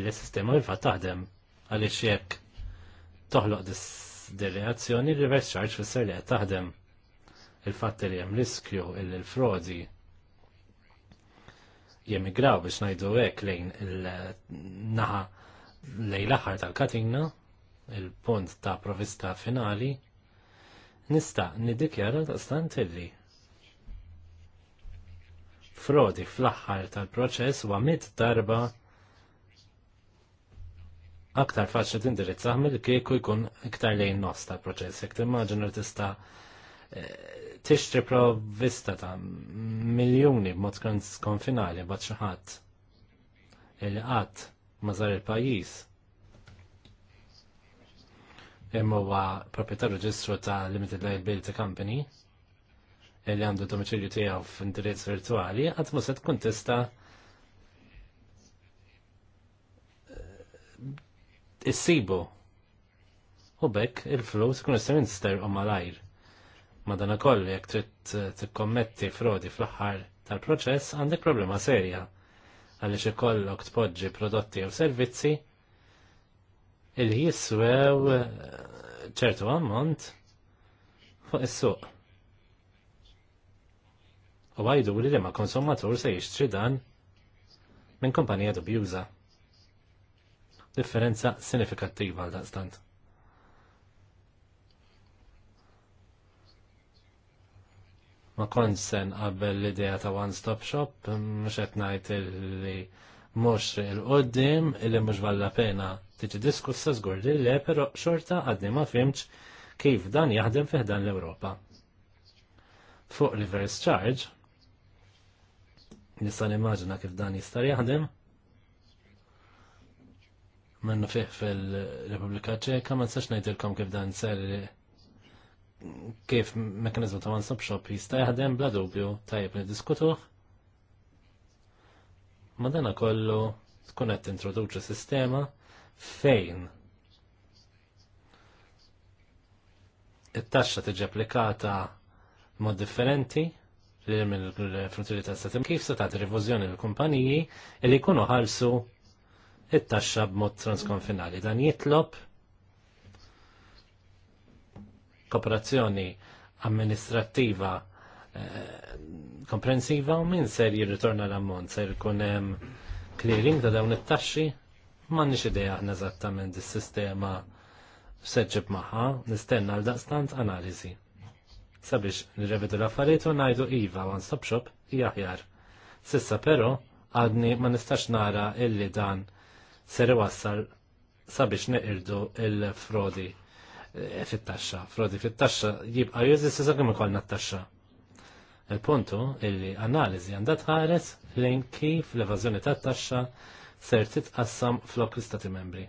il-sistema jifa taħdem għalix jekk toħloq dis-delegazzjoni reverse charge fisser li taħdem il-fatt li jem riskju il-frodi jemigraw biex najdu għek lejn il-naħa lejn l-axar tal-katina il-punt ta' provista finali, nista' nidikjara daqstant illi frodi fl-aħħar tal-proċess wa mit darba aktar faċli tindirizzah mill-kieku jkun iktar lejn nos tal-proċess. Jek timmaġinu tista' eh, tixtri provvista ta' miljoni b'mod konfinali bad xi ħadd li mażar ma żar il-pajjiż imma huwa proprjetar reġistru ta' Limited Liability Company li għandu domiċilju tiegħu f'indirizz virtuali, qatt mhux se tkun tista' eh, issibu. U bekk il-flus kun jistgħu jinster u malajr. Madana jekk trid eh, tikkommetti frodi fl-aħħar tal-proċess għandek problema serja għaliex ikollok tpoġġi prodotti jew servizzi il jiswew eh, ċertu ammont fuq is-suq. U għajdu li li ma konsumatur se jixtri dan minn kumpanija dubjuża. Differenza sinifikattiva għal daqstant. Ma konsen qabel l-idea ta' one-stop shop, mux etnajt li mux il-qoddim illi mux valla pena tiġi diskussa zgur li le, pero xorta għadni ma fimx kif dan jaħdem fiħdan l-Europa. Fuq reverse charge, nistan immaġina kif dan jistar jaħdem, minnu fiħ fil-Republika ċeka, ma nsax najdilkom kif dan ser kif mekanizmu ta' one-stop shop jista' jaħdem bla dubju tajjeb li diskutuħ dana kollu tkun qed introduċi sistema fejn it-taxxa tiġi applikata mod differenti li mill-frontieri ta' satim kif se tagħti rivużjoni l-kumpaniji li jkunu ħalsu it-taxxa b'mod transkonfinali. Dan jitlob kooperazzjoni amministrattiva eh, komprensiva u min ser jirritorna l-ammont, ser kunem hemm clearing ta' dawn it-taxxi, m'għandniex idea aħna eżattament is-sistema seġib magħha, nistenna għal daqstant analizi. Sabiex nirrevedu l-affarijiet u ngħidu iva one stop shop hija aħjar. Sissa però għadni ma nistax nara illi dan ser wassal sabiex neqirdu il-frodi eh, fit-taxxa. Frodi fit-taxxa jibqa' jużi s-sissa kemm ikollna t-taxxa. Il-puntu illi analiżi għandha tħares lejn kif l-evażjoni tat-taxxa ser titqassam flok l-Istati membri.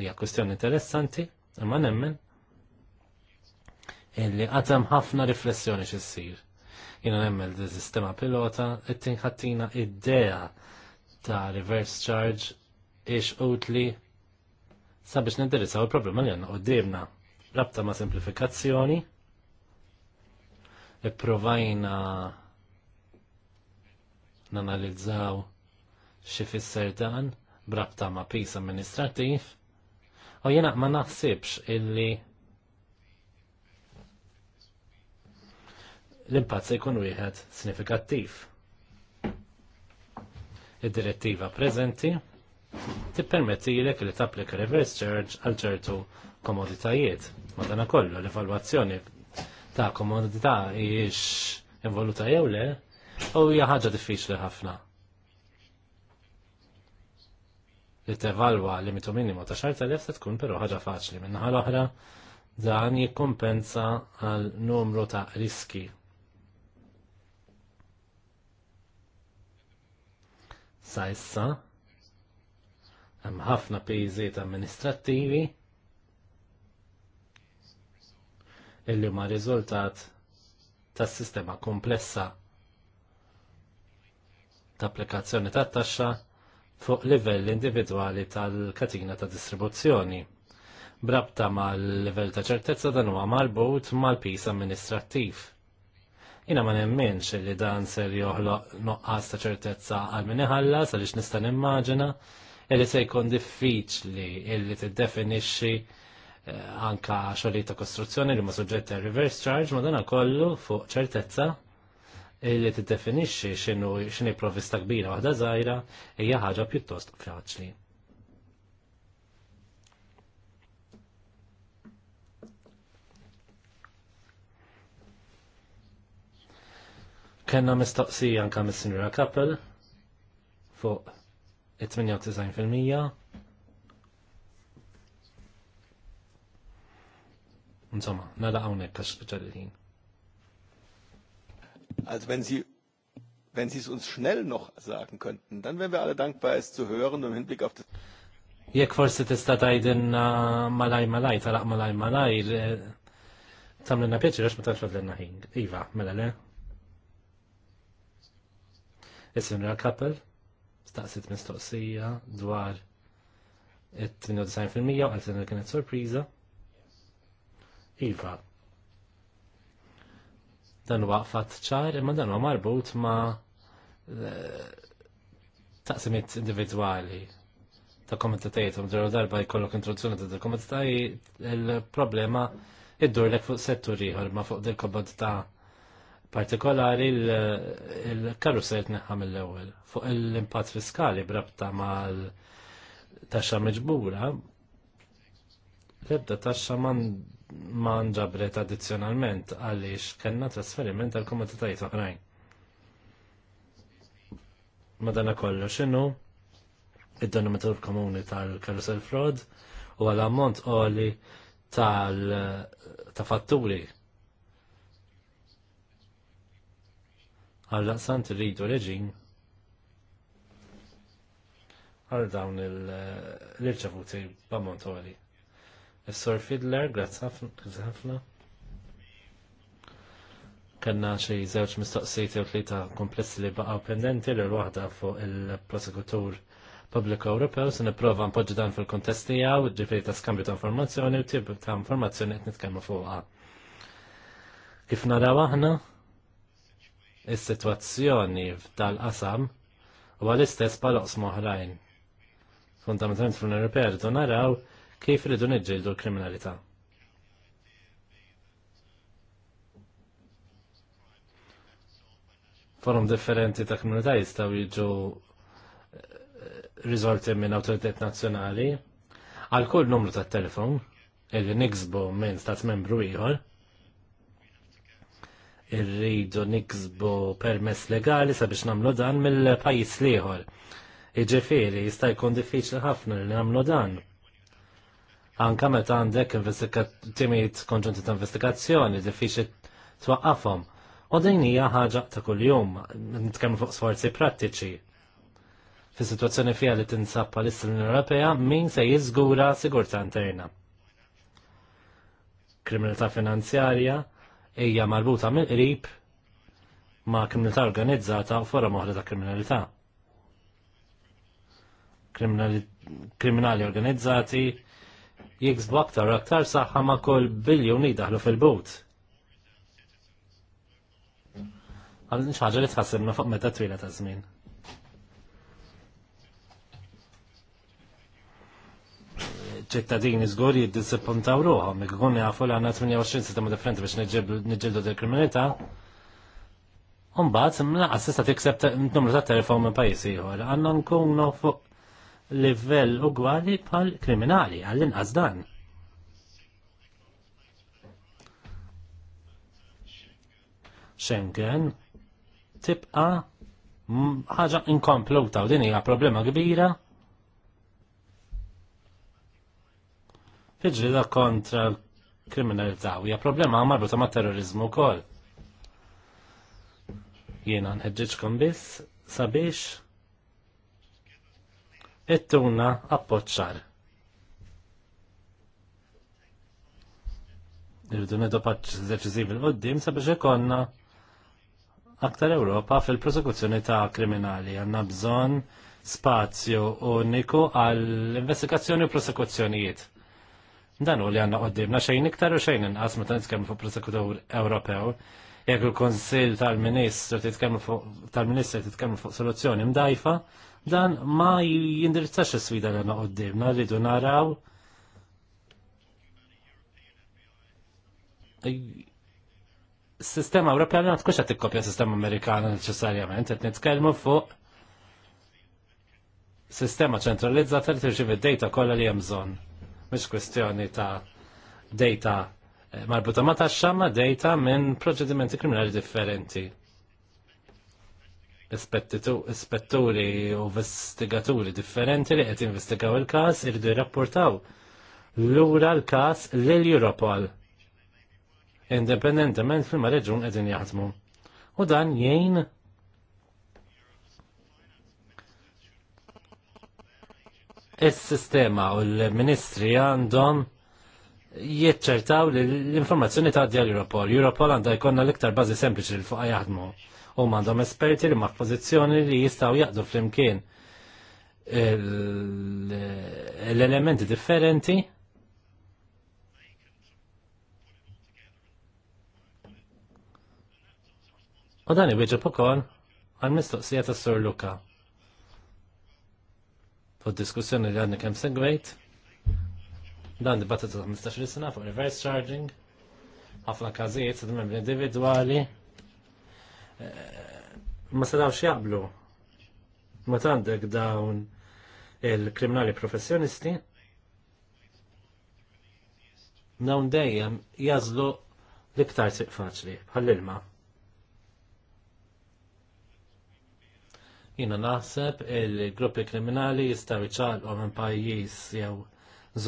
Hija kwestjoni interessanti, imma nemmen illi għatem ħafna riflessjoni xissir. Jina nemmel di sistema pilota, it-tinħattina id-dea ta' reverse charge ix utli sabiex nindirizzaw il-problema li għanna u rabta ma' simplifikazzjoni Ipprovajna nanalizzaw xi fisser dan brabta ma' pis amministrattiv u jiena ma naħsibx illi l impat se jkun wieħed sinifikattiv. Id-direttiva preżenti tippermettilek li tapplika reverse charge għal ċertu komoditajiet. Madana kollu l-evalwazzjoni ta' komodità hijiex involuta jew le, u hija ħaġa diffiċli ħafna. Li tevalwa limitu minimu ta' xar tal se tkun però ħaġa faċli. Minna l-oħra dan jikkompensa għal numru ta' riski sa issa hemm ħafna pejżiet amministrattivi illi ma riżultat tas sistema komplessa ta' applikazzjoni ta' taxxa fuq livell individwali tal-katina ta' distribuzzjoni. Brabta mal-livell ta' ċertezza dan huwa marbut mal-pis amministrattiv. Jina ma nemmenx li dan ser joħloq noqqas ta' ċertezza għal min iħalla għaliex nista' nimmaġina illi se jkun diffiċli illi tiddefinixxi Eh, anka xogħli ta' kostruzzjoni li ma suġġetti għal reverse charge ma dana kollu fuq ċertezza li tiddefinixxi x'inhu x'inhi provvista kbira waħda żgħira hija ħaġa pjuttost faċli. Kenna mistoqsija anka mis-Sinjura Kappel fuq 98 Insomma, nara mela hawnhekk għax-speċjalitin. Also wenn Sie, wenn Sie es uns schnell noch sagen könnten, dann wären wir alle dankbar, es zu hören im Hinblick auf das. Jek forse tista' tajden malaj malaj, talaq malaj malaj, tamlilna pieċi, għax ma tantx fadlilna ħing. Iva, mela le. is ra Kappel staqsit mistoqsija dwar it-98% u għaltin li kienet sorpriza. Iva. Dan huwa fatt ċar imma dan huwa marbut ma' eh, taqsimiet individwali ta' komitetajiet, u mdru darba jkollok introduzzjoni ta' komitetajiet, il-problema iddur lek fuq settur ieħor ma' fuq dil-kobod ta' partikolari il-karusel tneħħa mill-ewwel fuq l-impatt fiskali brabta mal taxxa miġbura l-ebda taxxa man ma nġabret addizzjonalment għaliex kellna trasferiment għal komunitajiet oħrajn. Madana kollu xinu id-denominatur komuni tal-carousel fraud u għal ammont oli tal-fatturi Għalla sant rridu reġin għal dawn l irċavuti b'ammont oli. Is-Sor Fidler, grazzi ħafna. Kanna xi żewġ mistoqsijiet jew tlieta komplessi li baqgħu pendenti l waħda fuq il-Prosekutur Pubbliku Ewropew se nipprova npoġġi dan fil kuntest tiegħu, ġifieri ta' skambju ta' informazzjoni u tib ta' informazzjoni qed nitkellmu fuqha. Kif naraw aħna, is-sitwazzjoni f'dal-qasam huwa l-istess bħal moħrajn. oħrajn. Fundamentalment fl-Ewropea rridu naraw kif rridu niġġieldu l-kriminalità. Forum differenti ta' kriminalità jistgħu jiġu eh, rizolti minn autoritet nazzjonali għal kull numru ta' telefon illi niksbu minn stat membru ieħor irridu niksbu permess legali sabiex namlu dan mill-pajis liħor. Iġifiri, jista' jkun diffiċli ħafna li namlu dan. Anka meta għandek timijiet konġunti ta' investigazzjoni, diffiċi twaqqafhom. U din hija ħaġa ta' kuljum, nitkellmu fuq sforzi prattiċi. Fi situazzjoni fija li tinsab palissa l-Unjoni Ewropea, min se jiżgura sigurtà interna. Kriminalità finanzjarja hija marbuta mill-qrib ma' kriminalità organizzata u forom oħra ta' kriminalità. Kriminali organizzati jiksbu aktar aktar saħħa ma' kol biljoni daħlu fil bot Għal ħaġa li tħassibna fuq meta twila ta' żmien. ċittadini zgur jiddisappuntaw ruħom, ikun jafu li għanna 28 sistema differenti biex nġildu del kriminalità. Umbat, mlaqas tista tikseb numru ta' telefon minn pajis ieħor, għandna nkunu fuq livell ugwali pal kriminali għall-inqas dan. Schengen tibqa ħaġa inkompluta u din hija problema kbira. da kontra l-kriminalità u hija problema marbuta ma' terrorizmu wkoll. Jiena nħeġġiġkom biss sabiex it appoċċar. Irridu nidu paċ il-qoddim sabiex ikonna aktar Ewropa fil-prosekuzzjoni ta' kriminali. Għanna bżon spazju uniku għall-investigazzjoni u prosekuzzjonijiet. Dan u li għanna qoddimna xejn iktar u xejn inqas meta nitkellmu fuq prosekutur Ewropew. Jekk il-Konsil tal-Ministru titkellmu tal-Ministru titkellmu fuq soluzzjoni mdajfa, dan ma jindirizzax is-sfida li għandna qoddimna rridu naraw sistema Ewropea ma tkunx qed tikkopja sistema Amerikana neċessarjament, qed nitkellmu fuq sistema ċentralizzata li tirċivi d-data kollha li hemm bżonn. Mhix kwestjoni ta' data marbuta ma taxxa ma data minn proċedimenti kriminali differenti ispetturi u investigaturi differenti li qed investigaw il-każ irdu jirrapportaw lura l-każ lill Europol. Indipendentement fil-ma reġun qegħdin jaħdmu. U dan jgħin is sistema u l-ministri għandhom jiċċertaw l-informazzjoni ta' l-Europol. Europol għandha jkollna l-iktar bażi sempliċi l fuqha jaħdmu u mandom esperti li ma' pozizjoni li jistaw jaqdu flimkien l-elementi differenti U dan iwieġeb ukoll għal-mistoqsija ta' Sur Luka. Fu diskussjoni li għadni kem segwejt, dan dibattitu ta' 15 sena fuq reverse charging, ħafna każijiet sedmem individuali, individwali ma setawx jaqblu. Ma tandek dawn il-kriminali professjonisti dawn dejjem jazlu l-iktar siq faċli bħall-ilma. Jina naħseb il-gruppi kriminali jistaw u minn pajjiż jew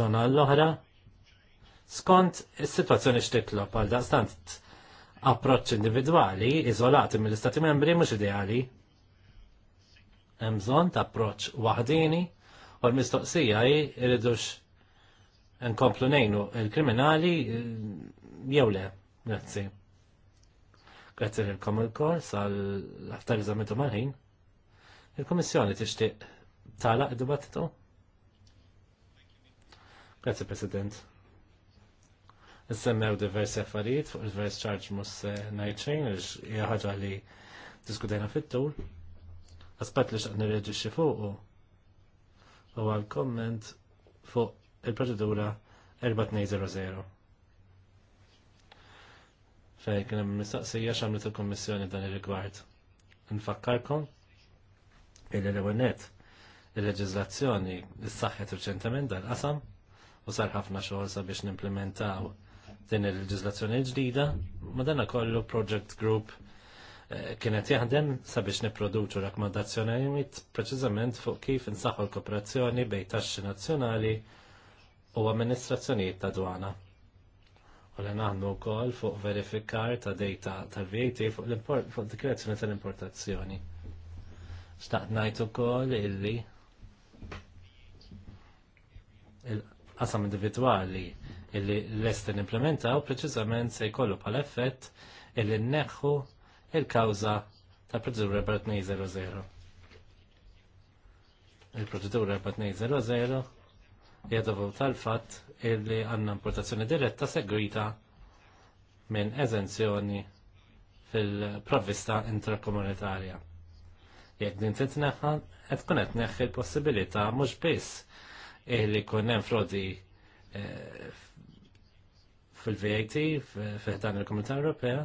zona l-oħra skont is-sitwazzjoni x'titlob għal daqstant approċċ individwali iżolati mill-Istati membri mhux ideali. Hemm bżonn ta' approċċ waħdini u l-mistoqsija hi jridux nkomplu ngħinu il-kriminali eh, jew le. Grazzi. Grazzi lilkom il-kor sal-aftar eżamitu mal-ħin. Il-Kummissjoni tixtieq tagħlaq id-dibattitu? Grazie President. Semmew diversi affarijiet fuq il-verse charge mus najċejn, hija ħaġa li diskutajna fit-tul. Aspet li xaq nirreġixxi fuq u għal komment fuq il-proċedura 4200. Fej, kien hemm mistaqsija xamlet il kommissjoni dan ir-rigward. Nfakkarkom il-ewwel net il-leġiżlazzjoni s-saħħet riċentement dal-qasam u sar ħafna xogħol sabiex nimplementaw din il leġislazzjoni ġdida, danna kollu Project Group eh, kienet jaħdem sabiex niproduċu rakkomandazzjonijiet preċiżament fuq kif insaħħu l-kooperazzjoni bejn taxxi nazzjonali u amministrazzjonijiet ta' dwana. U li naħdmu wkoll fuq verifikar ta' data tal-VAT fuq l-dikrazzjoni tal-importazzjoni. Xtaqt ngħid ukoll illi il-qasam individwali illi l estin implementaw preċiżament se jkollu bħala effett illi nneħħu il-kawża ta' proċedura 4200. Il-proċedura 4200 jadovu tal-fatt illi għanna importazzjoni diretta segwita minn eżenzjoni fil-provvista intrakomunitarja. Jekk din titneħħan, qed tkun qed neħħi l-possibilità mhux biss illi jkun hemm frodi eh, fil-VAT, fil-ħetan il-Komunità Ewropea,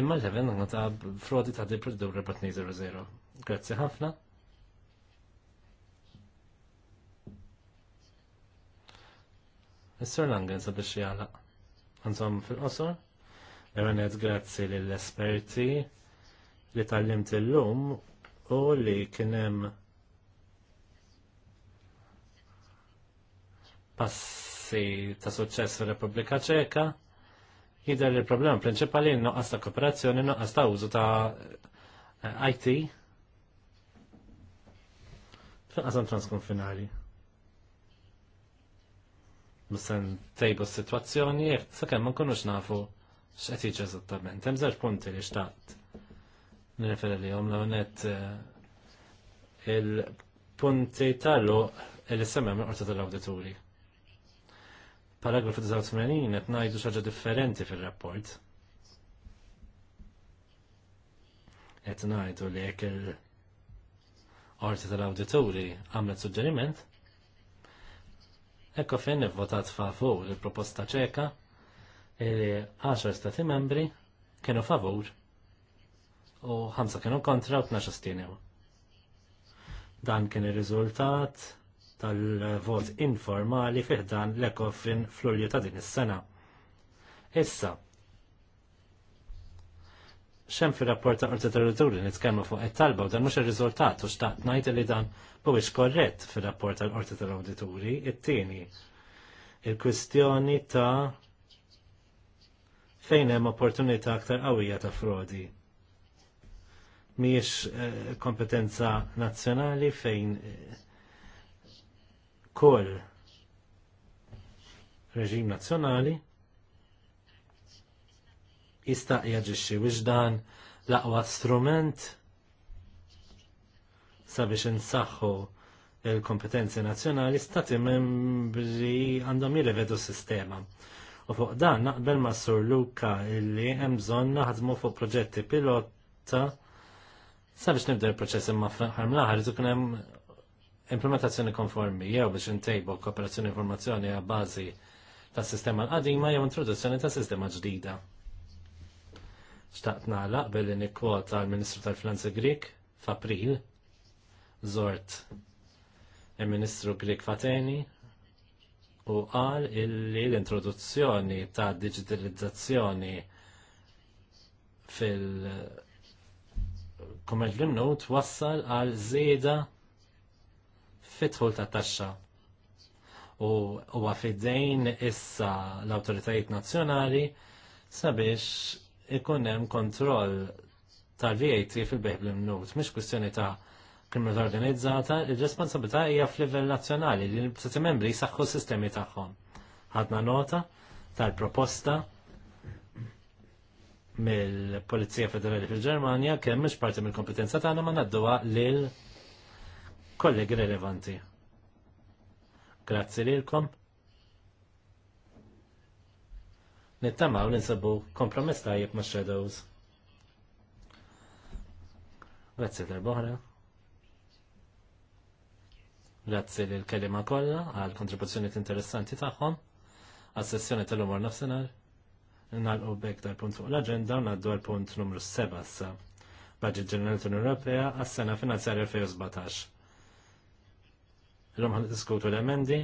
imma l-ħeven għanna ta' frodi ta' di proċedura batni 00. Grazzi ħafna. Mr sur Langen sabiex jala. Għanżom fil-qosor. Emanet grazzi l-esperti li tal lim lum u li kienem pass prassi ta' suċċess fir-Repubblika Ċeka, jidher li l-problema prinċipali noqqas ta' kooperazzjoni, noqqas ta' użu ta' eh, IT fil-qasam transkonfinari. Musen tejbu s-situazzjoni, jek sakemm ma nkunux nafu x'qed jiġi eżattament. Hemm żewġ punti li xtaqt nirreferi eh, li jom l-għonet il-punti tal luq il-semmem qorta tal-awdituri. Paragraf 89 qed ngħidu xi ħaġa differenti fir-rapport. Qed ngħidu li jekk il-qorti tal-awdituri għamlet suġġeriment, ekko fejn votat favur il-proposta ċeka li 10 stati membri kienu favur u 5 kienu kontra u 12 stienew. Dan kien ir-riżultat tal-vot informali fiħdan l-ekofin fl-ulju ta' din is-sena. Issa, xem fir rapport ta' qorti territorju nitkellmu fuq it-talba u dan mhux ir-riżultat u xtaqt ngħid li dan mhuwiex korrett fir rapport tal qorti tal-awdituri, it-tieni il-kwistjoni ta' fejn hemm opportunità aktar qawwija ta' frodi miex eh, kompetenza nazzjonali fejn eh, kol reġim nazzjonali jista' jaġixxi biex dan l-aqwa strument sabiex insaħħu il-kompetenzi nazzjonali timmem membri għandhom jirrevedu s-sistema. U fuq dan naqbel ma' Sur Luka illi hemm bżonn naħdmu fuq proġetti pilota sabiex nibda il proċess imma fl-ħar mlaħar ikun hemm implementazzjoni konformi jew biex intejbu kooperazzjoni informazzjoni għal bazi ta' sistema l-qadima jew introduzzjoni ta' sistema ġdida. Xtaqt nagħlaq billi nikkwota l-Ministru tal-Finanzi Grik f'April zort il-Ministru Grik Fateni u qal illi l-introduzzjoni ta' digitalizzazzjoni fil-kommerċ l-imnut wassal għal zeda fitħul ta' taxxa. U huwa fidejn issa l-awtoritajiet nazzjonali sabiex ikun hemm kontroll tal-VAT fil-beħ bl-imnut, mhix kwistjoni ta' kriminalità organizzata, ir-responsabilità hija f'livell nazzjonali li l-Stati membri jsaħħu s-sistemi tagħhom. Ħadna nota tal-proposta mill-Polizija Federali fil-Ġermanja kemm mhux parti mill-kompetenza tagħna ma naddua lil kollegi rilevanti. Grazzi lilkom. Nittamaw li nsabu kompromess tajjeb ma' Shadows. Grazzi boħra. Grazzi l kelima kollha għal kontribuzzjoni interessanti tagħhom għal sessjoni tal-umor nafsinhar. u bek dal-punt fuq l-agenda u naddu għal-punt numru 7 sa. Budget Ġenerali Europea għas-sena finanzjarja 2017. Illum ħan diskutu l-emendi.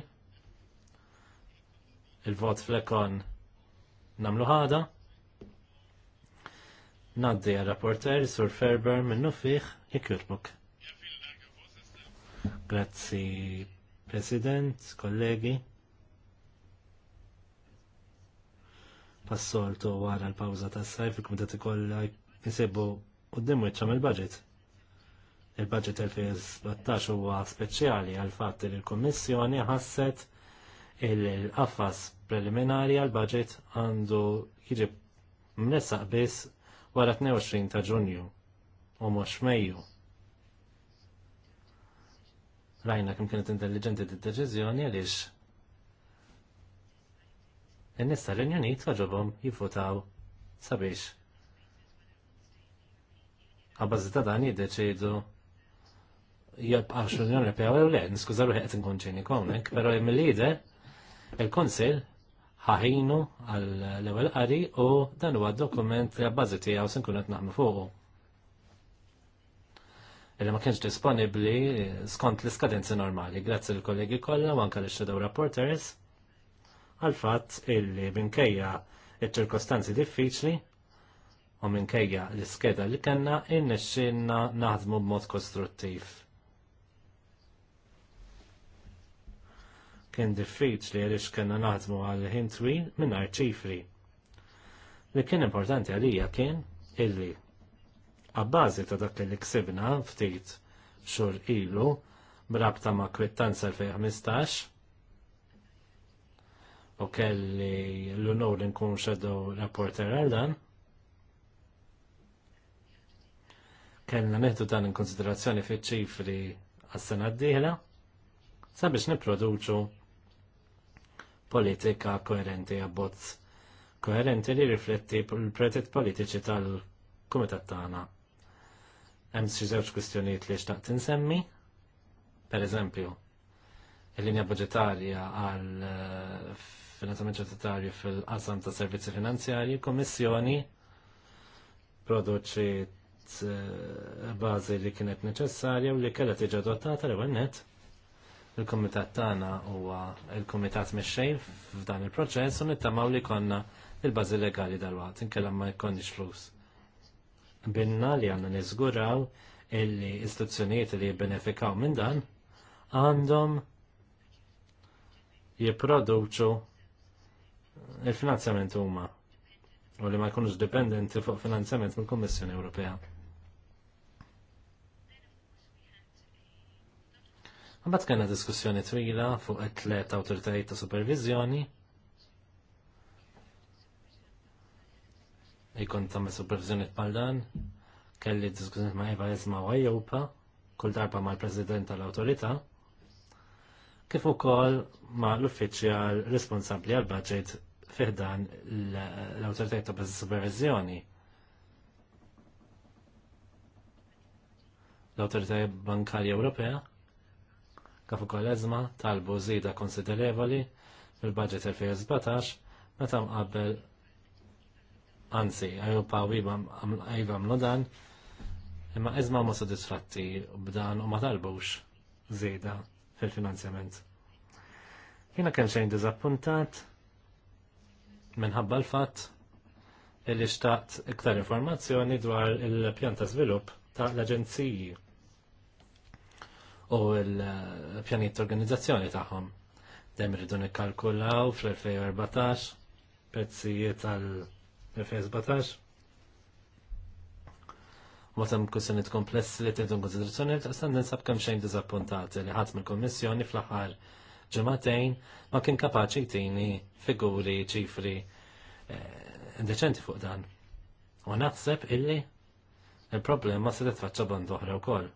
Il-vot flekon namlu ħada. Naddi għal-rapporter Sur Ferber minnu fiħ jekjurbuk. Grazzi, President, kollegi. Passoltu wara l-pawza tas sajf il-komitet ikollha jisibu u d-dimmu il-budget Il-budget 2017 huwa speċjali għal fatt li l-Kummissjoni ħasset il-qafas preliminari għal budget għandu jiġi mnessaq biss wara 22 ta' Ġunju u mhux Mejju. Rajna kemm kienet intelligenti d-deċiżjoni għaliex in-nisa l Unit għaġobhom jifutaw sabiex. ta' dan jiddeċidu jibqax l-Unjoni u le, niskużaru ħeqet nkun ċini konek, pero jem l-lider, il-Konsil ħaħinu għall-ewel qari u dan huwa dokument li għabbażi tiegħu se nkun qed naħmu fuqu. Illi ma kienx disponibbli skont l-iskadenzi normali, grazzi l-kollegi kollha u anke l-Shadow Reporters għal fatt illi minkejja iċ-ċirkostanzi diffiċli u minkejja l-iskeda li kellna innexxinna naħdmu b'mod kostruttiv. kien diffiċli għaliex kellna naħdmu għal ħin twil mingħajr ċifri. Li kien importanti għalija kien illi għabbażi ta' dak li ksibna ftit xhur ilu brabta ma' kwittanza 2015 u kelli l-unur li nkun xeddu rapporter għal dan. kellna neħdu dan in konsiderazzjoni fiċ ċifri għas-sena d-dieħla sabiex nipproduċu politika koerenti abbozz koerenti li rifletti l pretet politiċi tal-kumitat tagħna. Hemm xi żewġ kwistjonijiet li xtaqt insemmi, per eżempju, il-linja budġetarja għal eh, finanzjament ġudizzjarju fil-qasam ta' servizzi finanzjarji, kommissjoni produċi eh, bażi li kienet neċessarja u li kellha tiġi adottata l-ewwel nett. Il-komitat tagħna huwa il-komitat mexxejn f'dan il-proċess u nittamaw li konna il-bażi legali dal-waqt inkella ma jkollniex flus. Binna li għandna niżguraw illi istituzzjonijiet li jibbenefikaw minn dan għandhom jipproduċu il-finanzjament huma u li ma jkunux dipendenti fuq finanzjament mill-Kummissjoni Ewropea. Għabat kena diskussjoni twila fuq etlet tliet ta' supervizjoni. Ikon ta' supervizjoni bħal dan, kelli diskussjoni ma' Eva Esma u Ejupa, kull darba mal-President tal-Awtorità, kif ukoll ma' l-uffiċjal responsabbli għall budget fiħdan l-awtoritajiet ta' supervizjoni. L-Awtorità Bankarja Ewropea, kif ukoll eżma talbu żieda konsiderevoli fil-budget 2017 meta mqabbel anzi Ewropa iva mlu dan imma eżma ma sodisfatti b'dan u ma talbux żieda fil-finanzjament. Jiena kemm xejn diżappuntat minħabba l-fatt li xtaqt iktar informazzjoni dwar il-pjan ta' svilupp ta' l-aġenziji u l pjanit organizzazzjoni tagħhom. Dem irridu nikkalkulaw fl-2014 prezzijiet tal Motem matam it komplessi li tidun konsiderazzjoni, għastan ninsab kem xejn dizappuntati li ħatm il-Kommissjoni fl-aħħar ġematejn ma kien kapaċi tini figuri, ċifri eh, indeċenti fuq dan. U naħseb illi il-problema se titfaċċa band oħra wkoll.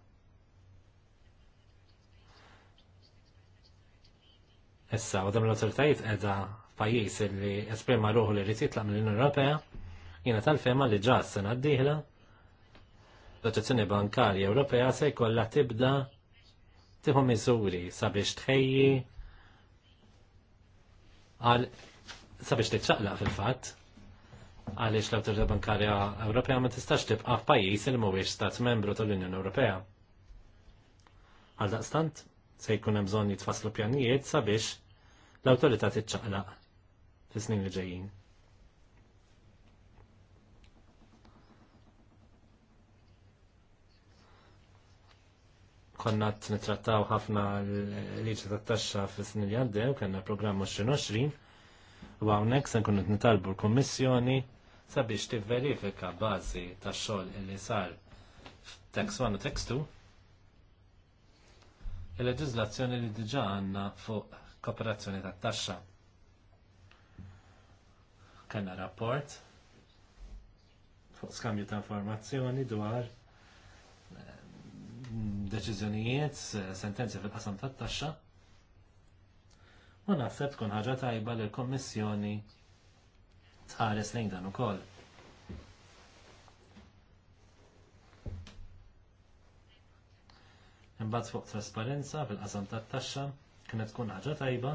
Issa, u dam l-autoritajiet edha pajis li esprema ruħu li rritit jitlaq mill-Unjoni Ewropea, jiena tal-fema li ġa s-sena d-dieħla l-Oġġezzjoni Bankarja Ewropea se jkollha tibda tieħu miżuri sabiex tħejji għal sabiex tiċċaqlaq fil-fatt għaliex l autorità Bankarja Ewropea ma tistax tibqa' f'pajjiż il mhuwiex stat membru tal-Unjoni Ewropea. Għal daqstant, se jkun hemm bżonn jitfasslu pjanijiet sabiex l-awtorità tiċċaqlaq fis-snin li ġejjin. Konna nitrattaw ħafna l-liġi tat-taxxa fis-snin li għaddew, kellna programm 2020 u hawnhekk se nkunu nitalbu l-Kummissjoni sabiex tivverifika bażi tax-xogħol li sar f'Tex 1 u Tex 2 il-leġizlazzjoni li diġa għanna fuq kooperazzjoni ta' taxxa. Kellna rapport fuq skambju ta' informazzjoni dwar eh, deċiżjonijiet, eh, sentenzi fil-qasam ta' taxxa. U naħseb tkun ħaġa tajba l kommissjoni tħares lejn dan ukoll. Imbagħad fuq trasparenza fil-qasam tat-taxxa kienet tkun ħaġa tajba.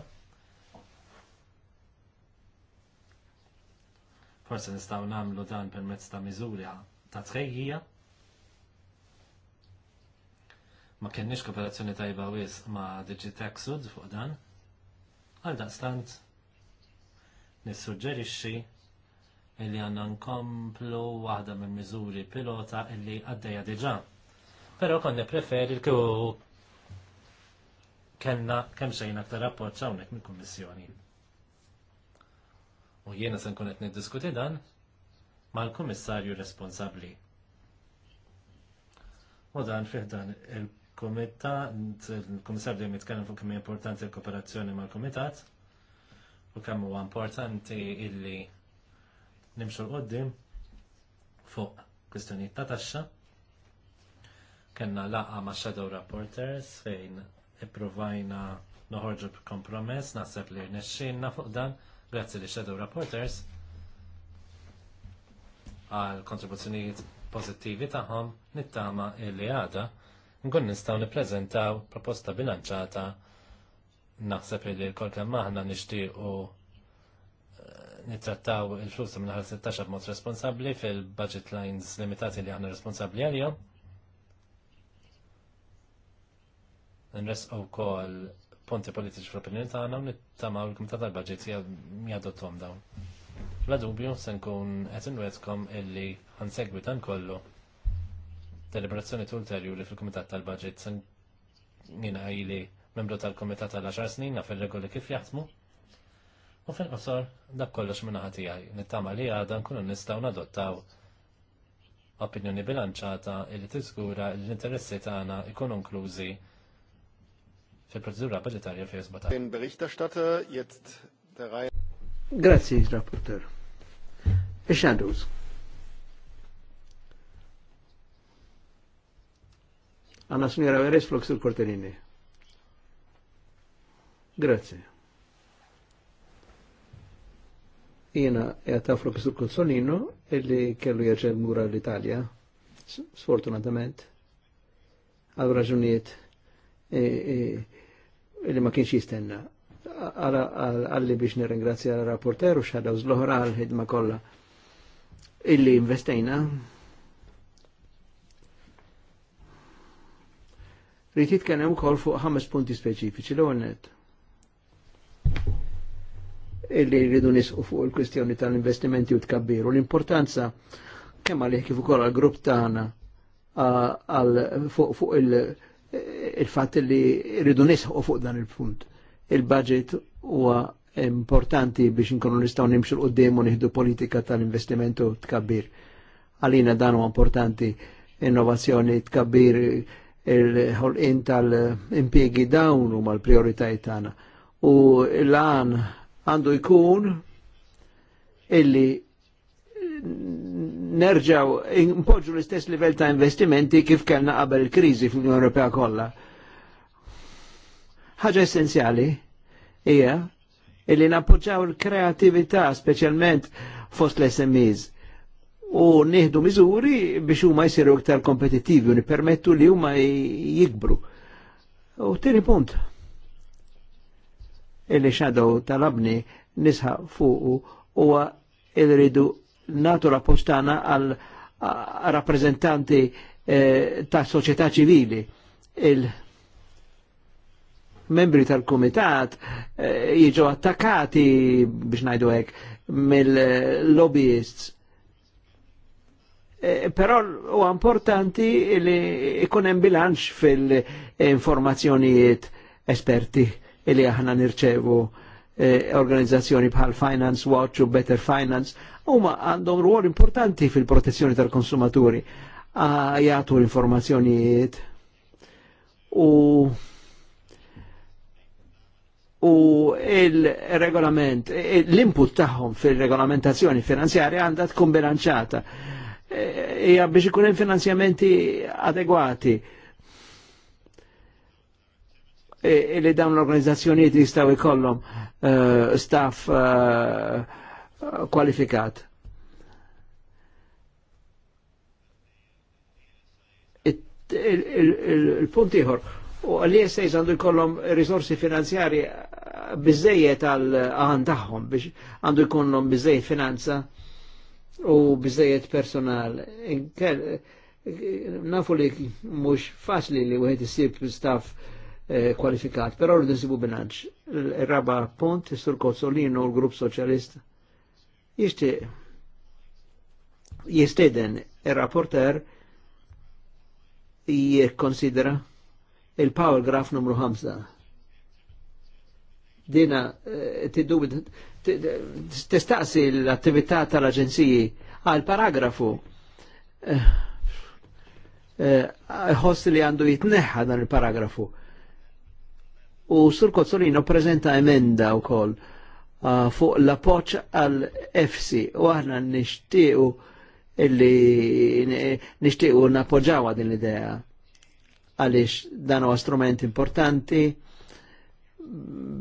Forse nistgħu nagħmlu dan permezz ta' miżuri ta' tħejjija. Ma kienniex kooperazzjoni tajba wis ma' Digitaxud fuq dan. Għal daqstant nissuġġerixxi illi għanna nkomplu waħda minn miżuri pilota illi għaddejja diġa' Pero konne preferi l-kju kellna kemm xejn aktar rapport hawnhekk mill-Kummissjoni. U jiena se nkun qed niddiskuti dan mal-Kummissarju responsabbli. U dan fih dan il-Kumitat, il-Kummissarju dejjem jitkellem fuq kemm importanti l-kooperazzjoni mal-Kumitat u kemm huwa importanti illi nimxu l-qoddim fuq kwistjonijiet ta' taxxa kena laqa ma' Shadow Rapporters fejn ipprovajna noħorġu b'kompromess, naħseb li nesċinna fuq dan, grazzi li Shadow Rapporters għal kontribuzzjonijiet pożittivi tagħhom nittama illi għada nkun nistgħu nippreżentaw proposta bilanċata naħseb li l-kol kemm aħna nixtiequ eh, nittrattaw il-flus minn ħal 16 b'mod responsabbli fil-budget lines limitati li aħna responsabbli għal-jom nresqaw kol ponti politiċi fl-opinjoni tagħna u l il-Kumitat tal-Baġġett jadottom dawn. Bla dubju se nkun qed inwedkom illi ħansegwi dan kollu deliberazzjoni ulterjuri fil-Kumitat tal-Baġġett se jiena ili membru tal-Kumitat tal-10 snin naf ir-regoli kif jaħdmu. U fil-qosor dak kollox minn ħati għaj. Nittama li għadan nkunu nistgħu nadottaw opinjoni bilanċata illi tiżgura l-interessi tagħna ikunu inklużi fil-proċedura budgetarja fi 17. Den Berichterstatter jetzt der Reihe. Grazie, Rapporteur. ix signora Veres Flux il Grazie. Jena jgħata Flux il-Korterini illi kellu jaġel mura l-Italja, sfortunatamente. għal raġunijiet E, e, li ma kienx jistenna. Għalli biex nirringrazzja l-rapporter u xadaw zloħra għal-ħidma kollha illi investejna. Rrit jitkellem ukoll fuq ħames punti speċifiċi l net illi rridu nisqu fuq il-kwistjoni tal-investimenti u tkabbiru l-importanza kemm għalih kif ukoll għall-grupp tagħna fuq il- il-fat li rridu nisħu fuq dan il-punt. Il-budget huwa importanti biex nkunu nistgħu nimxu l-qudiem u nieħdu politika tal-investimentu tkabbir. Għalina dan huwa importanti innovazzjoni tkabbir il ħolqien tal-impjegi dawn huma l-prijoritajiet tagħna. U l-għan għandu jkun illi nerġaw impoġġu l-istess livell ta' investimenti kif kellna qabel il-kriżi fl-Unjoni Ewropea kollha. Ħaġa essenzjali hija illi nappoġġaw il-kreatività speċjalment fost l-SMEs u nieħdu miżuri biex huma jsiru iktar kompetittivi u nippermettu li huma jikbru. U tieni punt illi xadow tal-abni nisħaq fuq huwa irridu natu rappostana għal rappresentanti eh, ta' soċjetà ċivili. Il-membri tal-komitat eh, jiġu attakati biex najdu hekk mill-lobbyists. Eh, però u importanti li ikun hemm bilanċ fil-informazzjonijiet esperti li aħna nirċevu organizzazzjoni bħal Finance Watch u Better Finance huma għandhom ruol importanti fil-protezzjoni tal-konsumaturi jagħtu l-informazzjonijiet u u il-regolament, l-input tagħhom fil-regolamentazzjoni finanzjarja għandha tkun bilanċata. E, hija biex ikun hemm finanzjamenti adegwati e, li dawn l-organizzazzjonijiet jistgħu jkollhom e, staff uh, kwalifikat. Il-punt ieħor, u l-ISAs għandu jkollom risorsi finanzjari uh, bizzejiet għal uh, għan biex għandu jkollom bizzejiet finanza u bizzejiet personal. Nafu li mux faċli li wieħed jisib staff uh, kwalifikat, pero l nsibu bilanċ. Il-raba punt, is-sur Kozzolino l grup Soċjalista jishtiq jisteden il-rapporter jikonsidera il-power graph numru 5. Dina eh, tiddu testaqsi l-attività tal-aġenziji għal paragrafu eh, eh, ħoss li għandu jitneħħa dan il-paragrafu. U sur Kozzolino prezenta emenda u koll Uh, fuq l-appoċ għal FC. u għahna nishtiqu illi nishtiqu napoġawa din l-idea għalix dan huwa strument importanti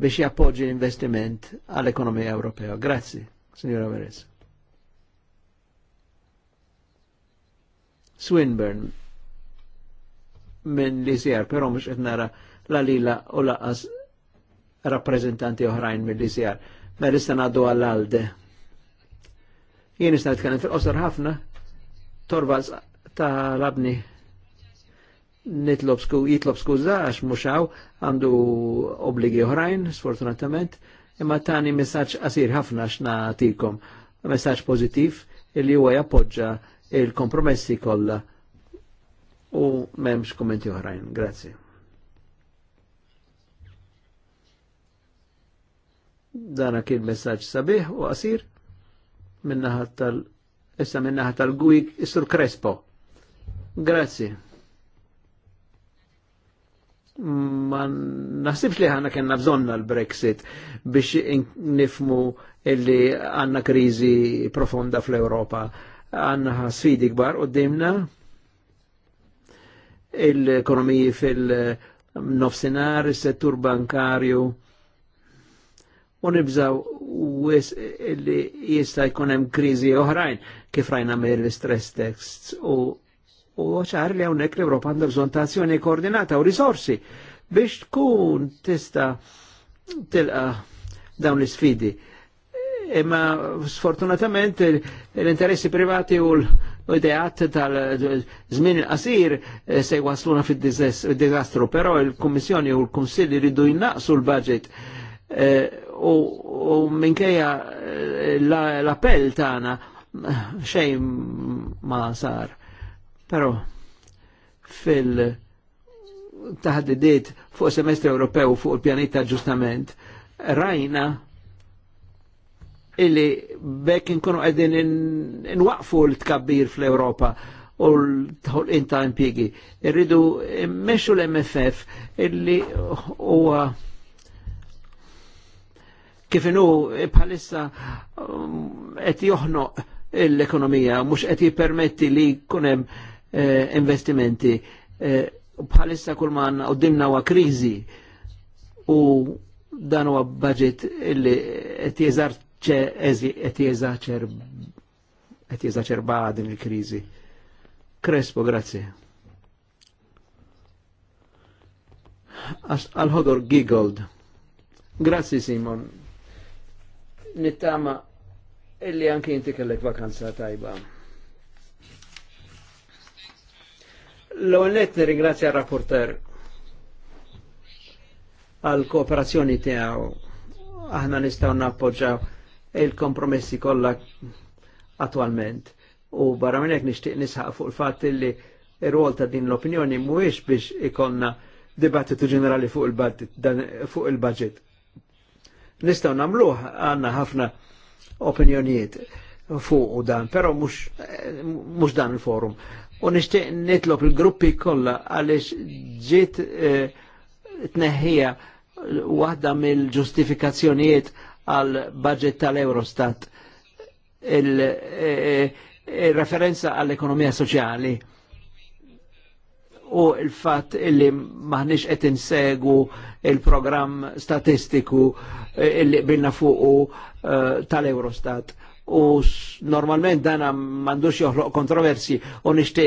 biex jappoġġi l-investiment għall-ekonomija Ewropea. Grazzi, signora Veres. Swinburne minn li sjar, pero mux etnara la lila u laqas rappresentanti oħrajn minn li sjar Mela issa ngħaddu għall-alde. Jien nista' nitkellem fil-qosor ħafna, torbaz ta' labni nitlob sku, jitlob għax muxaw, għandu obligi uħrajn, sfortunatament, imma tani messaċ għasir ħafna x'nagħtikom, messaġġ pożittiv illi huwa jappoġġa il-kompromessi kollha u m'hemmx kommenti oħrajn. Grazie. Dana kien messaċ sabiħ u qasir minnaħat tal- issa minnaħat tal gwik Sur Crespo. Grazzi. Ma naħsibx li ħana kena bżonna l-Brexit biex nifmu illi għanna krizi profonda fl-Europa. Għanna sfidi gbar u dimna l-ekonomiji fil-nofsinar, il-settur bankarju, u nibżaw wis li jista' jkun hemm kriżi oħrajn kif rajna mir l-stress texts u u ċar li hawnhekk l-Ewropa għandha bżonn ta' azzjoni koordinata u risorsi biex tkun tista' tilqa dawn l-sfidi. Imma sfortunatament l-interessi privati u l-ideat tal-żmien il-qasir eh, se jwasluna fil dizastru pero il kommissjoni u l-Kunsilli ridu jnaqsu l-budget Eh, u minkejja eh, l-appell tana xej ma sar. Pero fil- taħdidiet fuq semestru Ewropew fuq il-pjanita ġustament, rajna illi bekk nkunu għedin nwaqfu l-tkabbir fl-Europa u l-tħolqin ta' impiegi. Irridu immexu l-MFF illi huwa uh, kif inhu bħalissa um, qed joħnoq l-ekonomija mhux qed jippermetti li jkun hemm eh, investimenti. Eh, bħalissa kull ma għoddimna huwa kriżi u dan huwa budget illi qed jeżarċe qed jeżaċer qed din il-kriżi. Crespo, grazie. Al-ħodor Gigold. Grazzi Simon nittama illi anki inti kellek vakanza tajba. L-għonet ringrazja rapporter għal kooperazzjoni tiegħu. Aħna nistgħu nappoġġaw il-kompromessi kollha attualment. U barra minnek nishtiq nixtieq nisħaq fuq il-fatt illi il rol ta' din l-opinjoni mhuwiex biex ikollna dibattitu ġenerali fuq il-budget. Nistaw namluħ għanna ħafna opinjonijiet fuq u dan, pero mux, mux dan il-forum. U nishtiq nitlob il-gruppi kolla għalix ġiet eh, tneħħija waħda mill-ġustifikazzjonijiet għal budget tal-Eurostat il-referenza eh, eh, għall-ekonomija soċjali u il-fat illi maħniex qed insegu il-programm statistiku eh, illi binna fuqu eh, tal-Eurostat. U normalment dana mandux joħloq kontroversi u nishti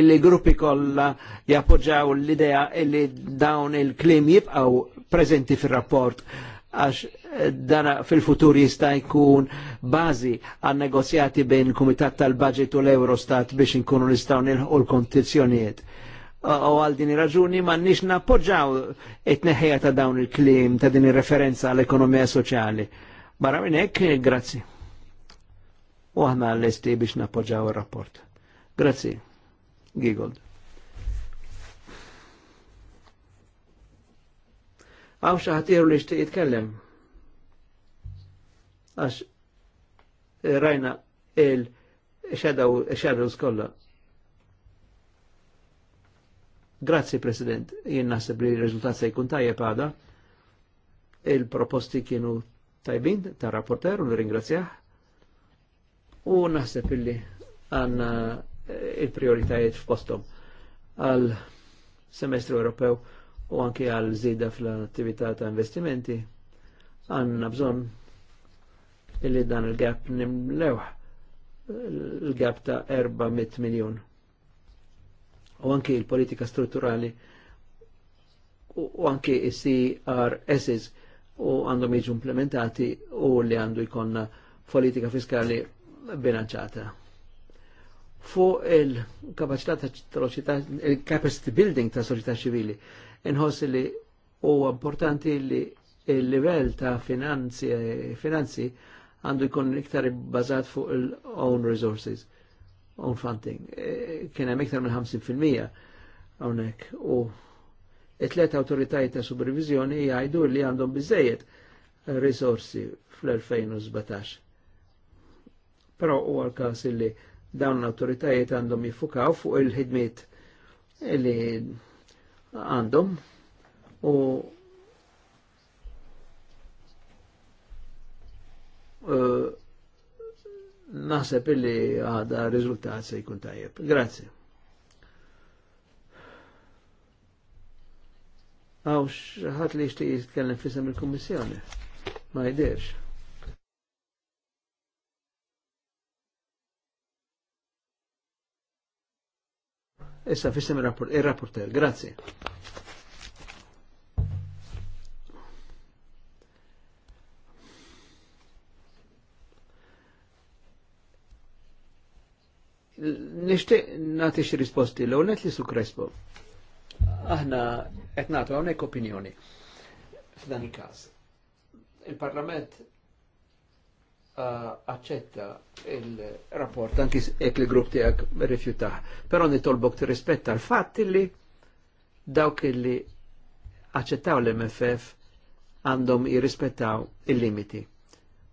il gruppi kollha jappoġġaw l-idea illi dawn il-klim jibqgħu prezenti fir-rapport għax eh, dana fil-futur jista' jkun bażi għan negozjati bejn il-Kumitat tal-Budget u l-Eurostat biex inkunu nistgħu nilħu l-kondizzjonijiet u għal din raġuni ma nix nappoġġaw etneħeja ta' dawn il-klim ta' din il-referenza għall-ekonomija soċjali. Barra minn hekk, grazzi. U għahna l-esti biex nappoġġaw il-rapport. Grazzi. Gigold. Għaw xaħatiru li xtiq jitkellem. Għax eh, rajna il xadaw skolla. Grazzi, President. Jien nasib li r-riżultat se jkun tajjeb għada. Il-proposti kienu tajbin ta' rapporter u nirringrazzjah. U naħseb illi għanna eh, il-prioritajiet f'postom għal semestru Ewropew u anke għal zida fl-attività ta' investimenti għanna bżon illi dan il-gap nimlewħ il-gap ta' 400 miljon u anki il-politika strutturali u anki CRSs u għandhom jiġu implementati u li għandu jkonna politika fiskali bilanċata. Fuq il-kapacità ta' soċjetà, il-capacity building ta' soċjetà ċivili, inħoss li u importanti li il-livell ta' finanzi, finanzi għandu jkun iktar bazat fuq il-own resources own funding e, Kien hemm iktar minn 50% hawnhekk u it-tlet awtoritajiet ta' supervizjoni jgħidu li għandhom biżejjed risorsi fl-2017. Però u għal-każ li dawn l-awtoritajiet għandhom jiffukaw fuq il-ħidmiet li għandhom u uh, naħseb illi għada riżultat se jkun tajjeb. Grazzi. Għaw xaħat li xti jitkellem fissam il-Kommissjoni. Ma jidirx. Issa fissem il-rapporter. Grazie. Nishtiq nati xi risposti l net li su Krespo. Aħna qed nagħtu hawnhekk opinjoni f'dan il-każ. Il-Parlament uh, aċċetta il-rapport anki jekk il-grupp tiegħek rifjutah. Però nitolbok tirrispetta l-fatt li dawk li aċċettaw l-MFF għandhom jirrispettaw il-limiti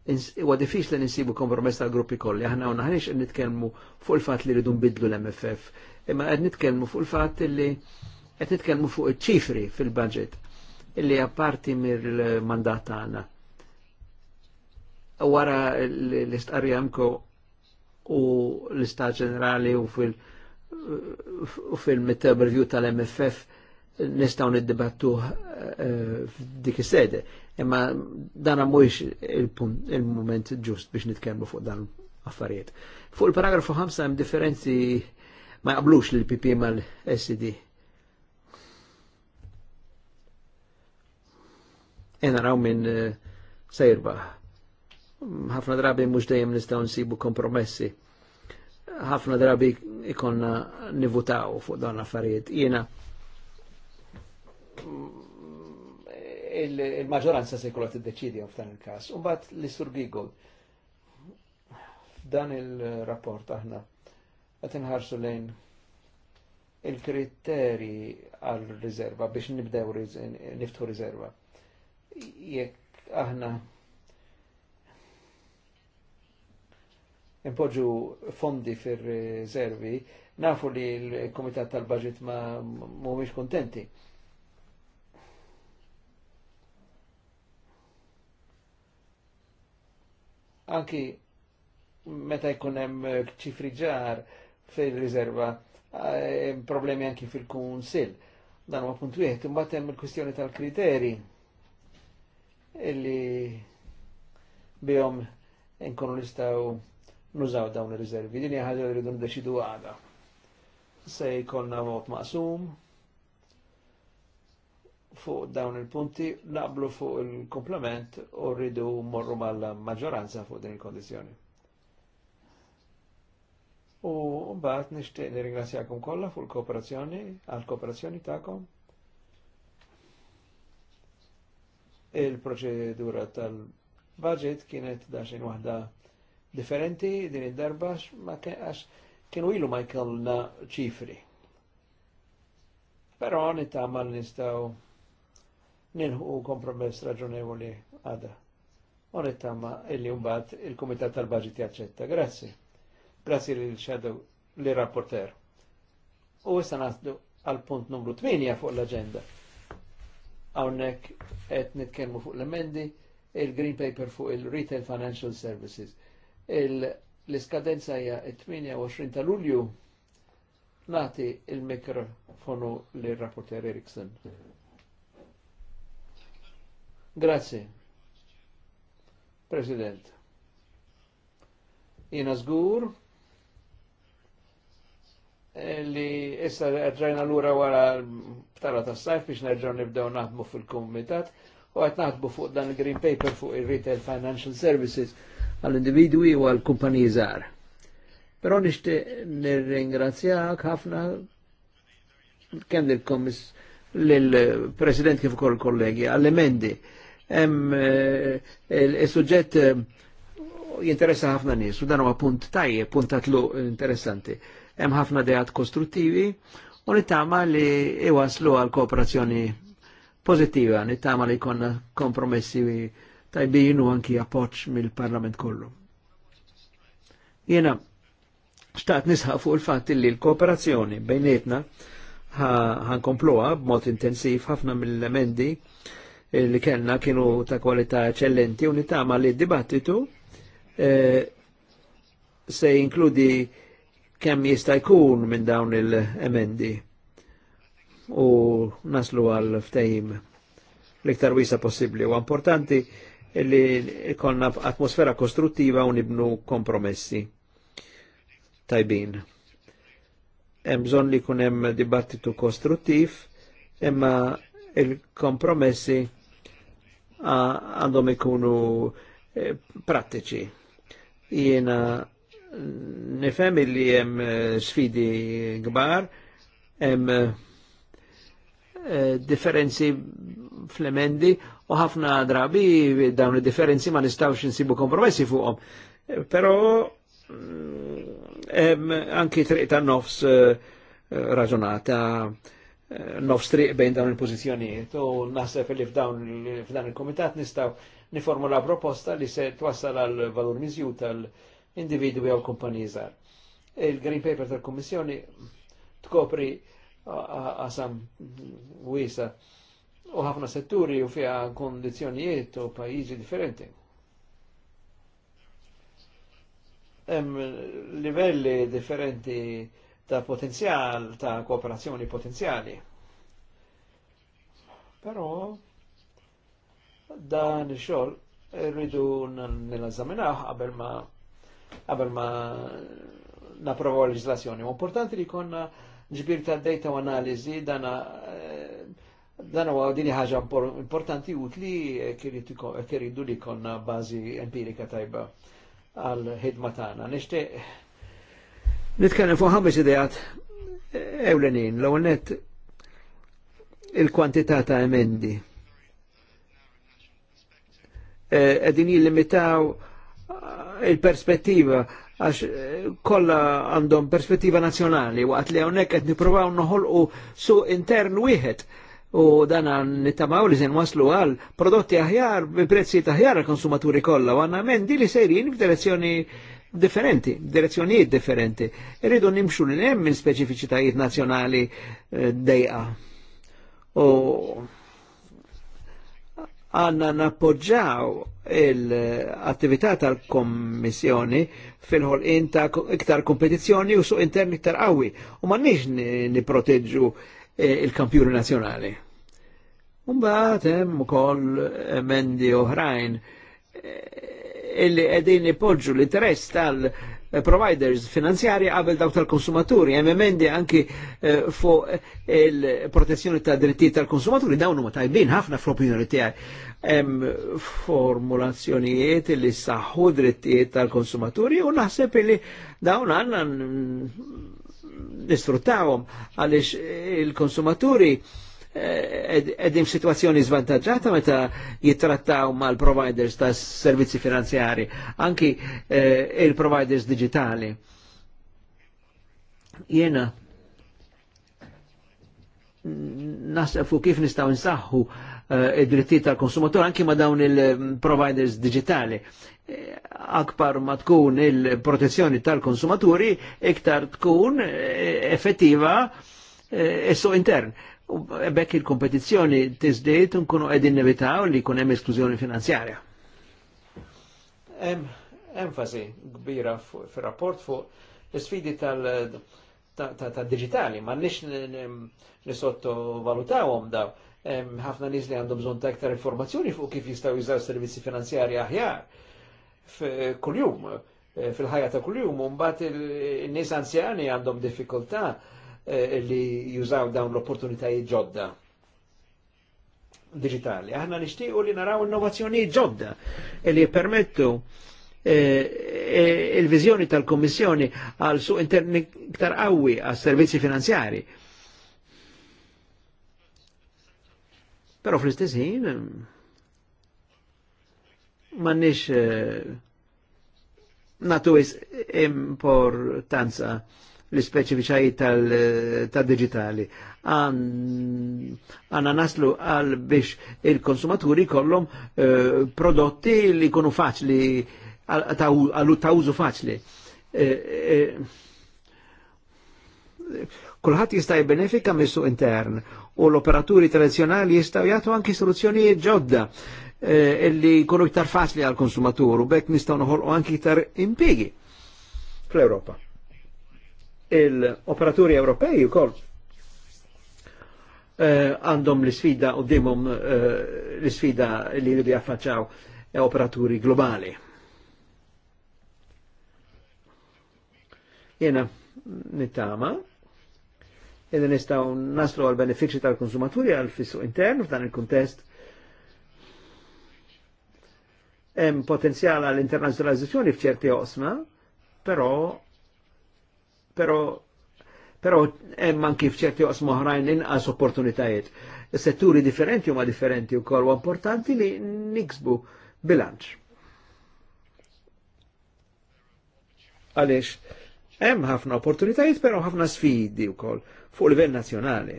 huwa diffiċli ninsibu kompromess tal-gruppi kolli. Aħna għonna ħanix nitkellmu fuq il-fatt li rridu nbidlu l-MFF, imma qed nitkellmu fuq il-fatt li qed nitkellmu fuq iċ-ċifri fil-budget illi apparti mill-mandat tagħna. Wara l-istqarjamko u l-istat ġenerali u fil- u review tal-MFF nistaw niddibattu eh, f'dik is-sede. Imma dan mhuwiex il-moment ġust biex nitkellmu fuq dan affarijiet. Fuq il-paragrafu 5 hemm differenzi ma jaqblux lil pp mal-SD. Ena raw minn eh, sejrba. ħafna drabi mhux dejjem nistgħu nsibu kompromessi. ħafna drabi ikonna nivutaw fuq dan affarijiet. Jiena il-maġoranza se jkollha tiddeċidi f'dan il-każ. U mbagħad li Sur Gigold f'dan il-rapport aħna qed inħarsu lejn il-kriteri għal riserva biex nibdew niftu riserva. Jekk aħna impoġġu fondi fir-riservi, nafu li l-Komitat tal-Baġit ma mhumiex kontenti anki meta jkun hemm eh, ċifri ġar fil-riserva eh, problemi anki fil-kunsil. Dan huwa punt wieħed, imbagħad hemm il-kwistjoni tal-kriteri illi bihom nkunu nistgħu nużaw dawn ir-riservi. Din hija ħaġa li rridu ndeċidu għada. Se jkollna mod maqsum, fuq dawn il-punti naqblu fuq il-komplement u rridu morru mal-maġġoranza fuq din il-kondizjoni. U mbagħad nixtieq nirringrazzjakom kollha fuq il-kooperazzjoni għall-kooperazzjoni tagħkom. Il-proċedura tal-budget kienet daċin waħda differenti din id-darba ma kienu ilu ma jkollna ċifri. Pero għani ta' mal nistaw nilħu kompromess raġonevoli għada. Unittama illi umbat il-Komitat tal-Baġit jaċċetta. Grazzi. Grazzi li l-Shadow li rapporter. U issa naħdu għal punt numru 8 fuq l-agenda. Għawnek qed nitkellmu fuq l-emendi il-Green Paper fuq il-Retail Financial Services. L-iskadenza hija 28 ta' Lulju nati il-mikrofonu l rapporter Erikson. Grazie. President. Jina zgur li issa għedrajna l-ura għara ptara ta' sajf biex nerġaw nibdew naħdmu fil-komitat u għed naħdmu fuq dan il-green paper fuq il-retail financial services għal individwi u għal għall-kumpaniji Pero nishti nir nirringrazzjak ħafna kemm il-Kommiss l president kif ukoll kollegi għall-emendi. Hemm eh, is-suġġett eh, jinteressa ħafna nies u dan huwa punt tajjeb, punt tatlu interessanti. Hemm ħafna dejat kostruttivi u nittama li iwaslu għal kooperazzjoni pozittiva, nittama li konna kompromessi tajbin u anki appoċ mill-Parlament kollu. Jena, xtaqt nisħaq fuq il-fatt li l-kooperazzjoni bejnietna b b'mod intensiv ħafna mill-emendi li kellna kienu ta' kwalità eccellenti u nitama li d-dibattitu eh, se jinkludi kemm jista' jkun minn dawn il-emendi u naslu għal ftehim l-iktar wisa possibbli u importanti li konna atmosfera kostruttiva u nibnu kompromessi tajbin hemm bżonn li jkun hemm dibattitu kostruttiv, imma il-kompromessi għandhom ikunu eh, prattiċi. Jiena nifhem li hemm eh, sfidi kbar, hemm eh, differenzi flemendi u ħafna drabi dawn id-differenzi ma nistawx nsibu kompromessi fuqhom. Però anki triq ta' nofs eh, eh, raġunata eh, nofs triq bejn dawn il pozizjoniet u nasef li f'dawn f'dan il-komitat nistaw niformula proposta li se twassal għal valur miżju tal-individwi għal kumpanijiet. Il-Green Paper tal-Kommissjoni tkopri għasam wisa u ħafna setturi u fija kondizjonijiet u pajizi differenti. hemm livelli differenti ta' potenzjal, ta' kooperazzjoni potenzjali. Però dan il-xol rridu nil-azzaminaħ qabel ma qabel ma napprovaw leġislazzjoni. Importanti li konna ġbir ta' data u analizi dana eh, dan huwa dini ħaġa importanti utli eh, kiridu li konna bazi empirika tajba għal-ħidma tagħna. Nixtieq nitkellem fuq ħames idejat ewlenin, l-ewwel net il-kwantità ta' emendi. E, qegħdin jillimitaw il-perspettiva għax e, kolla għandhom perspettiva nazjonali waqt li hawnhekk qed nippruvaw noħolqu su intern wieħed u dan nittamaw li zin waslu għal prodotti aħjar, prezzi aħjar għal konsumaturi kollha, u għanna mendi li sejrin f'direzzjoni differenti, direzzjonijiet differenti. Irridu nimxu li hemm minn speċifiċitajiet nazzjonali eh, dejqa. U għanna nappoġġaw l-attività tal-Kommissjoni fil-ħolqin ta' iktar kompetizzjoni u suq intern iktar qawwi. U ma nix niproteġġu ni E, il-kampjuri nazjonali. Umbaħt hemm ukoll emendi oħrajn e, illi qegħdin ipoġġu l-interess tal-providers finanzjarji qabel dawk tal-konsumaturi, hemm emendi anki e, fuq il-protezzjoni ta' dritti tal-konsumaturi dawn huma tajbin ħafna fl-opinjoni tiegħi. Hemm formulazzjonijiet li saħħu drittijiet tal-konsumaturi u naħseb illi dawn għandna nisfruttawhom għaliex il-konsumaturi għedim eh, situazzjoni zvantagġata meta jittrattaw mal-providers ta' servizzi finanzjari, anki eh, il-providers digitali. Jena, fu kif nistaw nsaħħu Eh, id-dritti tal-konsumatur anki ma dawn il-providers digitali. Eh, akbar ma tkun il-protezzjoni tal-konsumaturi, iktar tkun eh, effettiva esso e intern. Bekk il-kompetizzjoni izdejt unkunu edin nevitaw li kunem esklużjoni finanzjarja. Enfasi kbira fil rapport fuq l-sfidi tal-digitali, ma nix valutawom daw ħafna nis li għandhom bżonn ta' iktar informazzjoni fuq kif jistgħu jużaw servizzi finanzjarji aħjar kuljum eh, fil-ħajja ta' kuljum u mbagħad in-nies anzjani għandhom diffikultà eh, li jużaw dawn l-opportunitajiet ġodda digitali. Aħna nixtiequ li naraw innovazzjoni ġodda li permettu eh, il-vizjoni tal-Kommissjoni għal suq interni iktar qawwi għas servizzi finanzjari Però fl-istess ħin m'għandniex eh, natu importanza l-speċifiċajiet tal-digitali. Għanna naslu għal biex il-konsumaturi kollom eh, prodotti li kunu faċli, għallu ta' użu faċli. Eh, Kulħat jista' jbenefika missu intern u l-operaturi tradizjonali jistaw jgħatu anki soluzzjonijiet ġodda eh, illi jkunu iktar faċli għal konsumatur u bekk nistaw noħolqu anki iktar impiegi fl-Europa. Il-operaturi Ewropej ukoll eh, għandhom eh, l-sfida u dimom eh, l-sfida li jridu jaffaċċaw eh, operaturi globali. Jena nittama Ida nistaw naslu għal benefiċi tal-konsumaturi għal fissu intern f'dan il-kontest. Hemm potenzjal għal internazzjonalizzazzjoni f'ċerti osma, però però però hemm anki f'ċerti osma oħrajn inqas opportunitajiet. Setturi differenti huma differenti wkoll u importanti li niksbu bilanċ. Għaliex, hemm ħafna opportunitajiet, però ħafna sfidi wkoll fuq livell nazzjonali.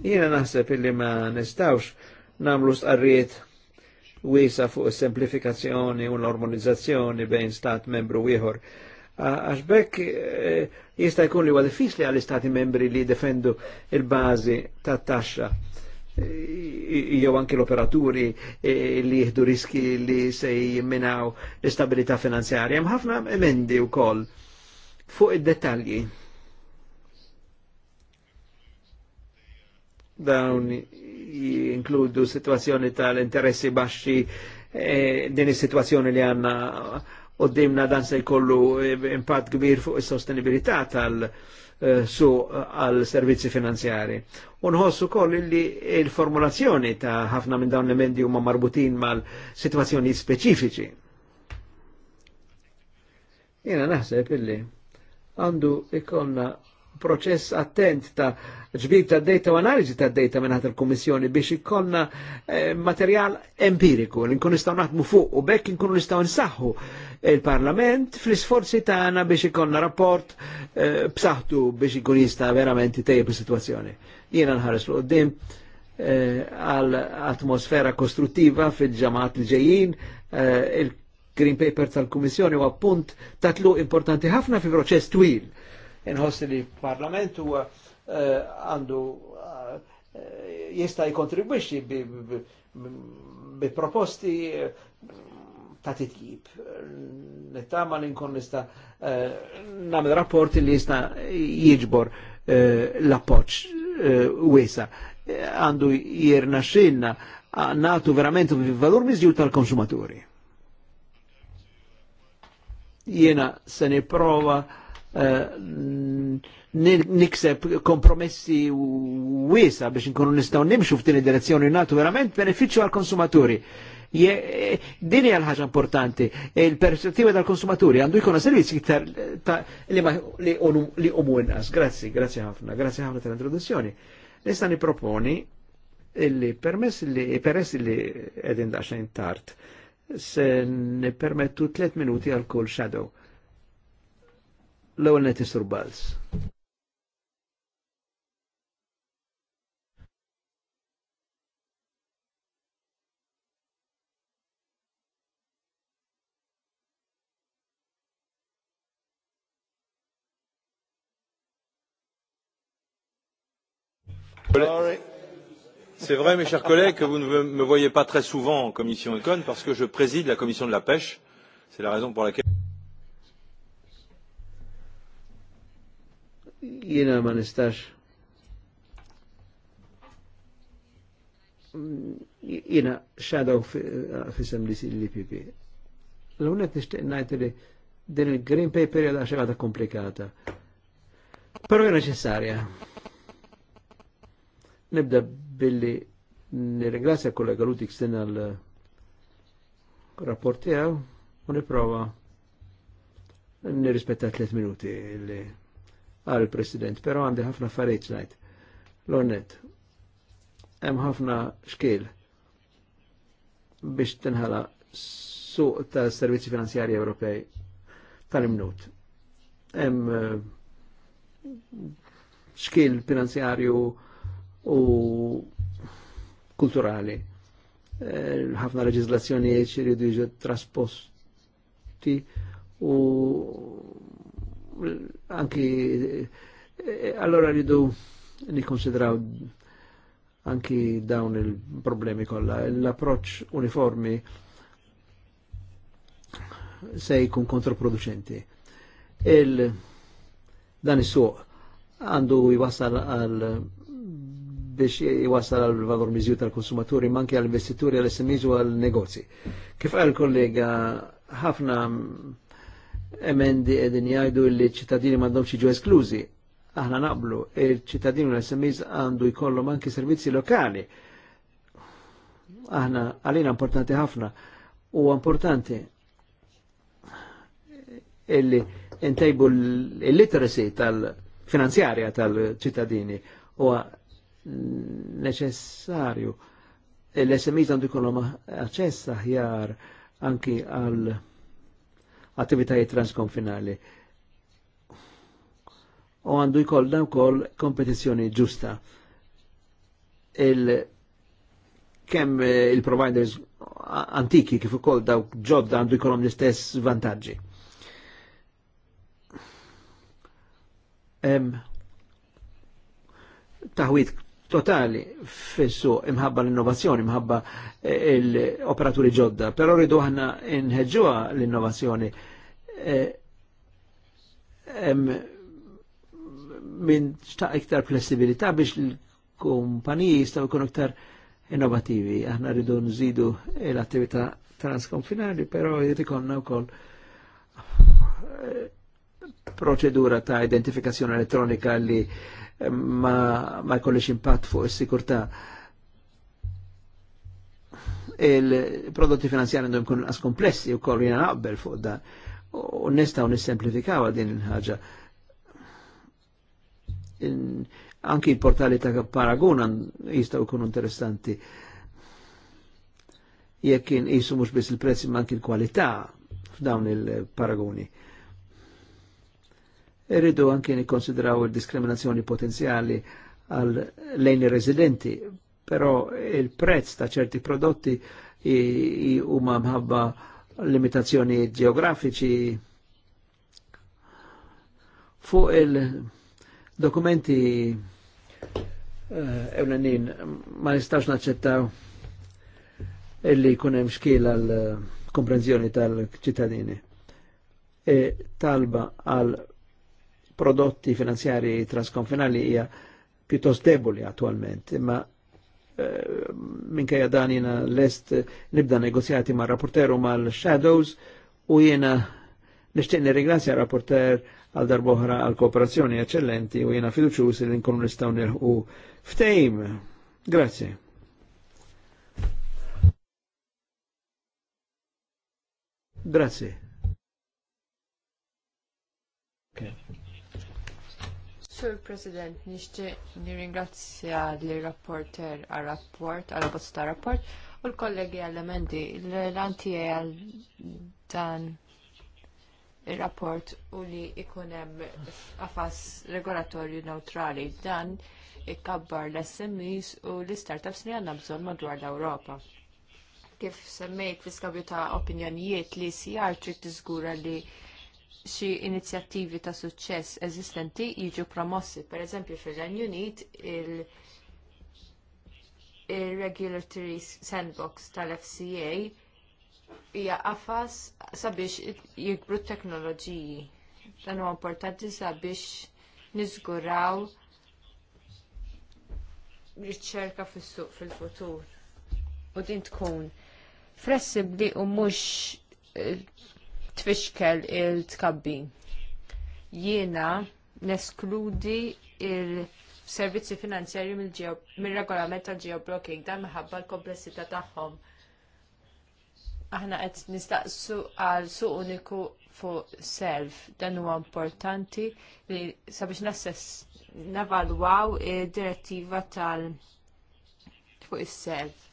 Jiena naħseb illi ma nistawx namlu stqarriet wisa fuq semplifikazzjoni u l-ormonizzazzjoni bejn stat membru ieħor. Għax bekk eh, jista' jkun li huwa diffiċli għall-istati membri li defendu il-bażi tat-taxxa jew anke l-operaturi eh, li jihdu riski li se jimminaw l-istabilità finanzjarja. Hemm ħafna emendi wkoll Fuq id-detalji. Dawn jinkludu situazzjoni tal-interessi baxxi e, din is-sitwazzjoni li għanna qoddimna dan se jkollu impatt kbir fuq is-sostenibilità tal- su e, għal servizzi finanzjari. Unħossu koll illi il-formulazzjoni ta' ħafna minn dawn l-emendi huma marbutin mal-situazzjoni speċifiċi. Jena naħseb illi għandu ikonna proċess attent ta' ġbir ta' data u analizi ta' data minn il komissjoni biex ikonna eh, materjal empiriku li nkun nistaw naħdmu fuq u bekk nkun nistaw nsaħħu il-Parlament fl-isforzi tagħna biex ikonna rapport eh, b'saħħtu biex ikun jista' verament tejjeb is-sitwazzjoni. Jiena nħares l qudiem eh, għal eh, atmosfera kostruttiva fil-ġamaat l ġejjin, eh, Green Paper tal-Kummissjoni u appunt ta' tluq importanti ħafna fi proċess twil. Inħossi li Parlament huwa eh, għandu eh, jista' jkontribwixxi bi proposti eh, ta' titjib. Nittama li nkun nista' nagħmel rapporti li jista' jiġbor l appoġġ wiesa. Għandu jirna xinna natu verament valur miżjur tal-konsumaturi. Jiena se niprova eh, nikseb kompromessi wiesa biex nkunu nistgħu nimxu f'din id-direzzjoni natu verament benefiċċju għal-konsumaturi. Eh, din hija l-ħaġa importanti, il-perspettiva tal-konsumaturi għandu jkun servizzi iktar li li huma inqas. Grazzi, grazzi ħafna, grazzi ħafna tal-introduzzjoni. Nista' niproponi li permess li peress li qegħdin daqsxejn tard se nipermettu tliet minuti għal kull shadow. L-ewwel net Balz. Sorry. C'est vrai, mes chers collègues, que vous ne me voyez pas très souvent en commission Econ parce que je préside la commission de la pêche. C'est la raison pour laquelle. Jena ma nistax. Jena xadaw fissem li l-IPP. L-unet nishtiq najt li din il-green paper jada xaħda komplikata. Pero jena necessarja. Nibda billi nirringrazzja kollega Ludik Sin għal rapport tiegħu u nipprova nirrispetta tliet minuti li għal president però għandi ħafna affarijiet ngħid. Lonnet, hemm ħafna xkiel biex tinħala suq tas servizzi finanzjarji Ewropej tal-imnut. Hemm eh, xkil finanzjarju uh, u kulturali. Eh, ħafna leġizlazzjonijiet xiridu jiġu trasposti u anki eh, allora ridu nikonsidraw anki dawn il-problemi kollha. L-approċċ uniformi se jkun kontraproducenti. Il dan is-suq għandu jwassal għal biex jwassal għal valur mizju tal-konsumaturi, manki għal investituri, għal SMEs u għal negozji. Kif għal kollega, ħafna emendi edin jgħidu li ċittadini mandom xieġu esklużi. Aħna naqblu, il-ċittadini u l-SMEs għandu jkollu manki servizzi lokali. Aħna għalina importanti ħafna u importanti illi intejbu l-literacy tal-finanzjarja tal-ċittadini u neċessarju. l smi għandu jkollhom aċċess aħjar anki għal attivitajiet transkonfinali. U għandu jkollna kol kompetizzjoni ġusta. Il kemm il-providers antiki kif ukoll dawk ġodda għandu jkollhom l-istess vantaġġi. Taħwit totali fissu imħabba l-innovazzjoni, imħabba eh, l-operaturi ġodda, però rridu ħanna inħedġuwa l-innovazzjoni. Eh, Minn ta' iktar flessibilità biex l-kumpaniji jistaw ikun iktar innovativi. Aħna rridu nżidu l-attività transkonfinali, però jrid u wkoll eh, proċedura ta' identifikazzjoni elettronika li ma, ma jkollix impatt fuq is-sikurtà. Il-prodotti finanzjari għandhom jkunu as komplessi u koll jena naqbel fuq da U nistaw nissemplifikaw din il ħaġa Anki il-portali ta' Paragon jistgħu jkunu interessanti. Jekk jisu mhux biss il-prezzi ma anki l kwalità f'dawn il-paragoni. il paragoni Irridu anke nikkonsidraw il-diskriminazzjoni potenzjali għal lejn residenti però il-prezz ta' ċerti prodotti huma mħabba limitazzjoni ġeografiċi fuq il-dokumenti eh, ewlenin ma nistax naċċettaw illi jkun hemm xkiel għal eh, komprensjoni tal-ċittadini. E talba għal prodotti finanzjari transkonfinali hija pjuttost deboli attualment, imma eh, minkejja dan jiena lest nibda negozjati ma' rapporteru mal shadows u jiena nixtieq nirringrazzja rapporter għal darboħra għal kooperazzjoni eccellenti u jiena fiduċus li nkunu nistgħu nilħu ftejm. Grazie. Grazie. Okay. Sur President, nixtieq nirringrazzja l-rapporter għal-rapport, għal-bosta rapport, u l-kollegi għal emendi l lanti għal dan il-rapport u li ikunem għafas regolatorju neutrali. Dan ikkabbar l-SMEs u l-startups li għanna bżon madwar l-Europa kif semmejt fi ta' opinjonijiet li CR trid tiżgura li xi inizjattivi ta' suċċess eżistenti jiġu promossi. Per eżempju, fil-Renju Unit il- il-Regulatory Sandbox tal-FCA hija qafas sabiex jikbru t teknoloġiji. Dan huwa importanti sabiex niżguraw riċerka fis-suq fil-futur. U din tkun flessibbli u mhux eh, tfixkel il-tkabbi. Jiena neskludi il-servizzi finanzjari mill-regolament tal-geoblocking dan minħabba l-komplessità tagħhom. Aħna qed nistaqsu għal suq uniku fuq self dan huwa importanti li sabiex nassess navalwaw id-direttiva tal- fuq is-self.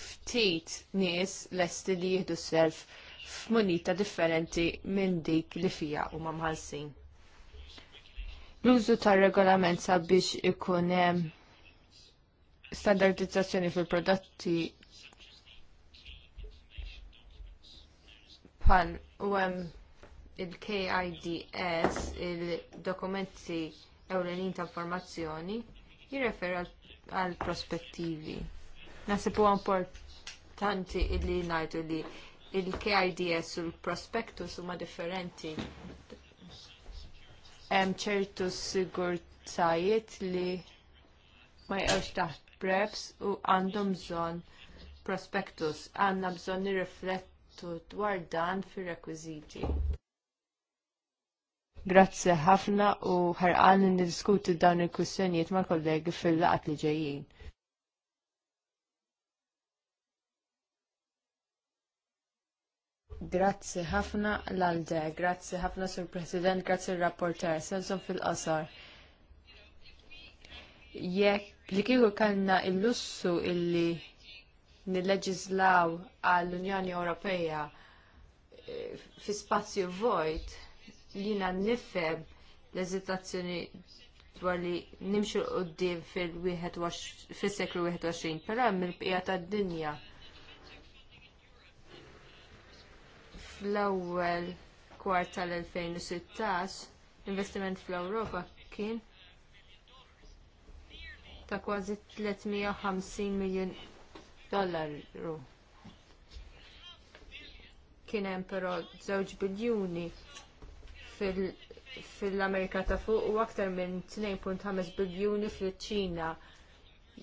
Ftit nies lesti li jieħdu s-self f'munita differenti minn dik li fija u mamħalsin. L-użu tar regolament sabiex ikun standardizzazzjoni fil-prodotti pan u hemm il-KIDS, il-dokumenti ewlenin ta' informazzjoni, jirrefer għal prospettivi. Nasib huwa importanti li ngħidu li il-KIDS u l-prospektus huma differenti. Hemm ċertu sigurtajiet li ma jqgħux taħt preps u għandhom bżonn prospektus. Għandna bżonn nirriflettu dwar dan fir-rekwiżiti. Grazzi ħafna u ħarqan niddiskuti dawn il-kwistjonijiet mal-kollegi fil-laqat li ġejjin. Grazzi ħafna l-Alde, grazzi ħafna sur President, grazzi l-Rapporter, sensom fil-qasar. Jekk li kieku kanna il-lussu illi nilleġislaw għall-Unjoni Ewropea eh, fi spazju vojt, jina nifem l-eżitazzjoni dwar li nimxu l-qoddim fil-seklu 21, pero hemm il-bqija tad-dinja fl-ewwel kwart tal-2016 investiment fl-Ewropa kien ta' kważi 350 miljon dollaru. Kien hemm però żewġ biljuni fil-Amerika ta' fuq u aktar minn 2.5 biljuni fil-Ċina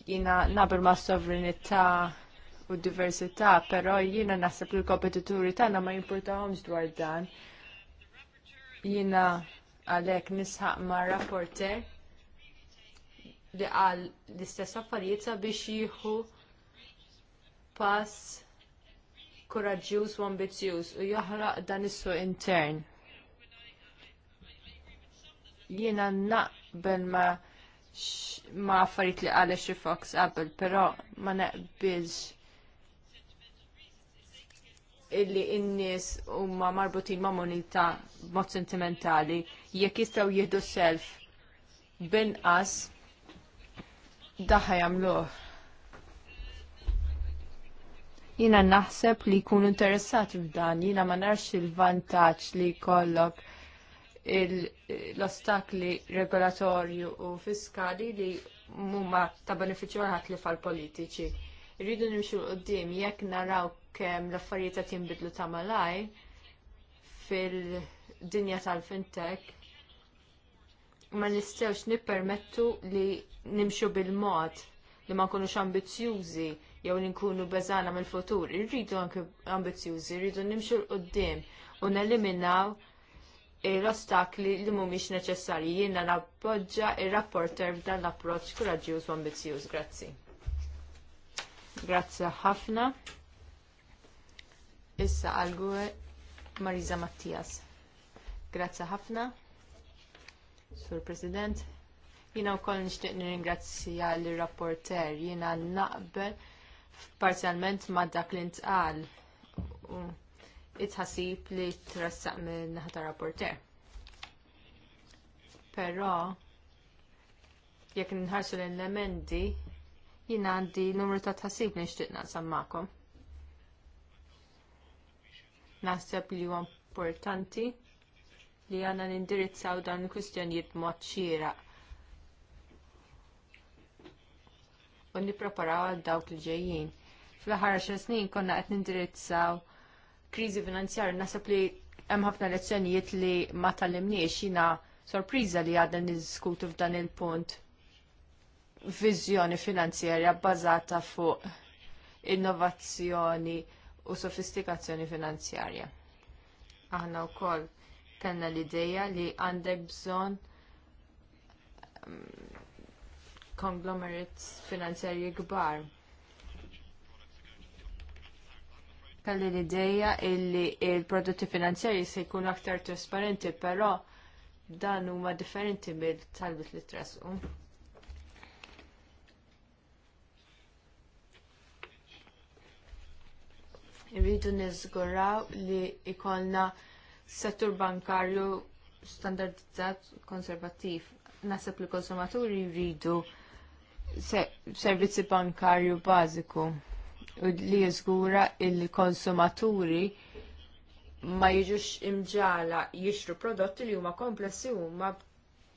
jina nabel ma' sovranità u diversità, però jiena naħseb li l-kompetituri tagħna ma jimpurtahomx dwar dan. Jiena għalhekk nisħaq ma' rapporter li qal l-istess affarijiet sabiex jieħu pass koraġġjuż u ambizzjuż u joħraq dan is-suq intern. Jiena naqbel ma' ma affarijiet li għalix xi Fox qabel, però ma neqbilx illi n-nies huma marbutin ma' monita b'mod sentimentali jekk jistgħu jieħdu self binqas daħħa jamluħ. Jiena naħseb li jkunu interessati f'dan, jiena ma narx il-vantaġġ li jkollok l-ostakli regolatorju u fiskali li mumma ta' beneficju ħadd li fal-politiċi. Rridu nimxu l-qoddim jekk naraw kemm l-affarijiet qed jinbidlu ta' malaj fil-dinja tal-fintech ma nistgħux nippermettu li nimxu bil-mod li ma nkunux ambizzjużi jew li nkunu beżana mill-futur. Irridu anke ambizzjużi, irridu nimxu l-qoddim u neliminaw l-ostakli li mhumiex neċessarji jiena nappoġġa ir-rapporter f'dan l-approċċ kuraġġjuż u ambizzjuż. Grazzi. Grazzi ħafna. Issa għal Marisa Mattias. Grazzi ħafna. Sur President, jina u koll nishtiq nirringrazzja l-rapporter, jina naqbel parzialment ma dak li ntqal u itħasib li trassaq minn ħata rapporter. Però, jekk nħarsu l-elementi, jina għandi numru ta' tħassib nishtiq naqsam ma'kom. Naħseb li huwa importanti li għandna nindirizzaw dan il-kwistjonijiet mod xieraq. U nippreparaw għal dawk li ġejjin. Fl-aħħar snin konna qed nindirizzaw kriżi finanzjarja naħseb li hemm ħafna lezzjonijiet li ma tallimniex jiena sorpriża li għadna niddiskutu f'dan il-punt viżjoni finanzjarja bbażata fuq innovazzjoni u sofistikazzjoni finanzjarja. Aħna wkoll kellna l-ideja li għandek bżonn konglomerates mm, finanzjarji kbar. Kelli l-ideja illi il-prodotti finanzjarji se jkunu aktar trasparenti, però dan huma differenti mill-talbit li trasqu. Irridu niżguraw li ikolna settur bankarju standardizzat konservattiv. Nasab li konsumaturi jridu servizzi bankarju bażiku u li jizgura il-konsumaturi ma jiġux imġala jixtru prodotti li huma komplessi huma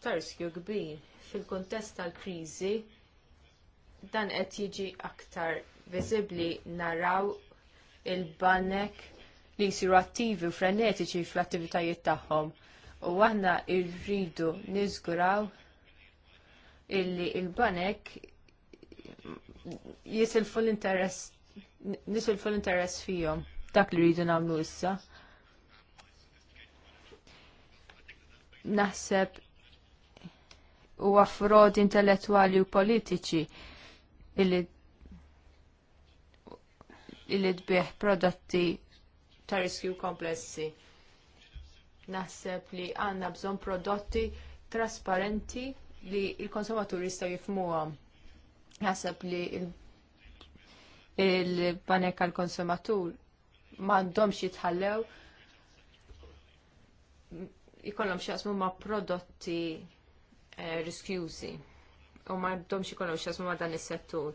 tarskju kbir. Fil-kuntest tal-kriżi dan qed jiġi aktar viżibbli naraw il-banek li jsiru attivi u frenetiċi fl-attivitajiet tagħhom. U aħna rridu nizguraw illi il-banek jisilfu l-interess fijom fihom dak li rridu nagħmlu issa. Naħseb u affrod intellettwali u politiċi illi li tbieħ prodotti ta' riskju komplessi. Naħseb li għandna bżonn prodotti trasparenti li l konsumaturi jistgħu jifhmuhom. Naħseb li il-banek għall konsumatur m'għandhomx jitħallew ikollhom x'jaqsmu ma' prodotti eh, riskjużi u ma' domx jikollhom x'jaqsmu ma' dan is-settur.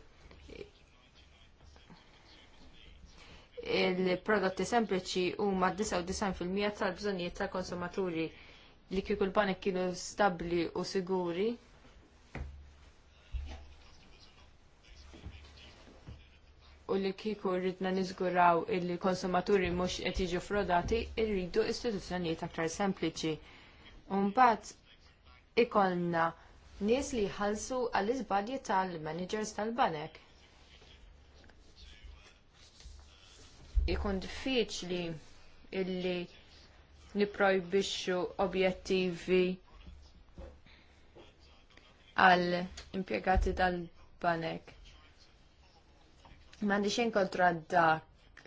il-prodotti sempliċi huma 99% tal-bżonnijiet tal-konsumaturi li kieku l kienu stabbli u siguri. u li kieku rridna niżguraw il-konsumaturi mhux qed frodati, irridu istituzzjonijiet aktar sempliċi. U mbagħad ikollna nies li jħallsu għall-iżbalji tal-managers tal-banek. ikun diffiċli illi niprojbixxu objettivi għal impjegati tal-banek. Ma xejn kontra dak.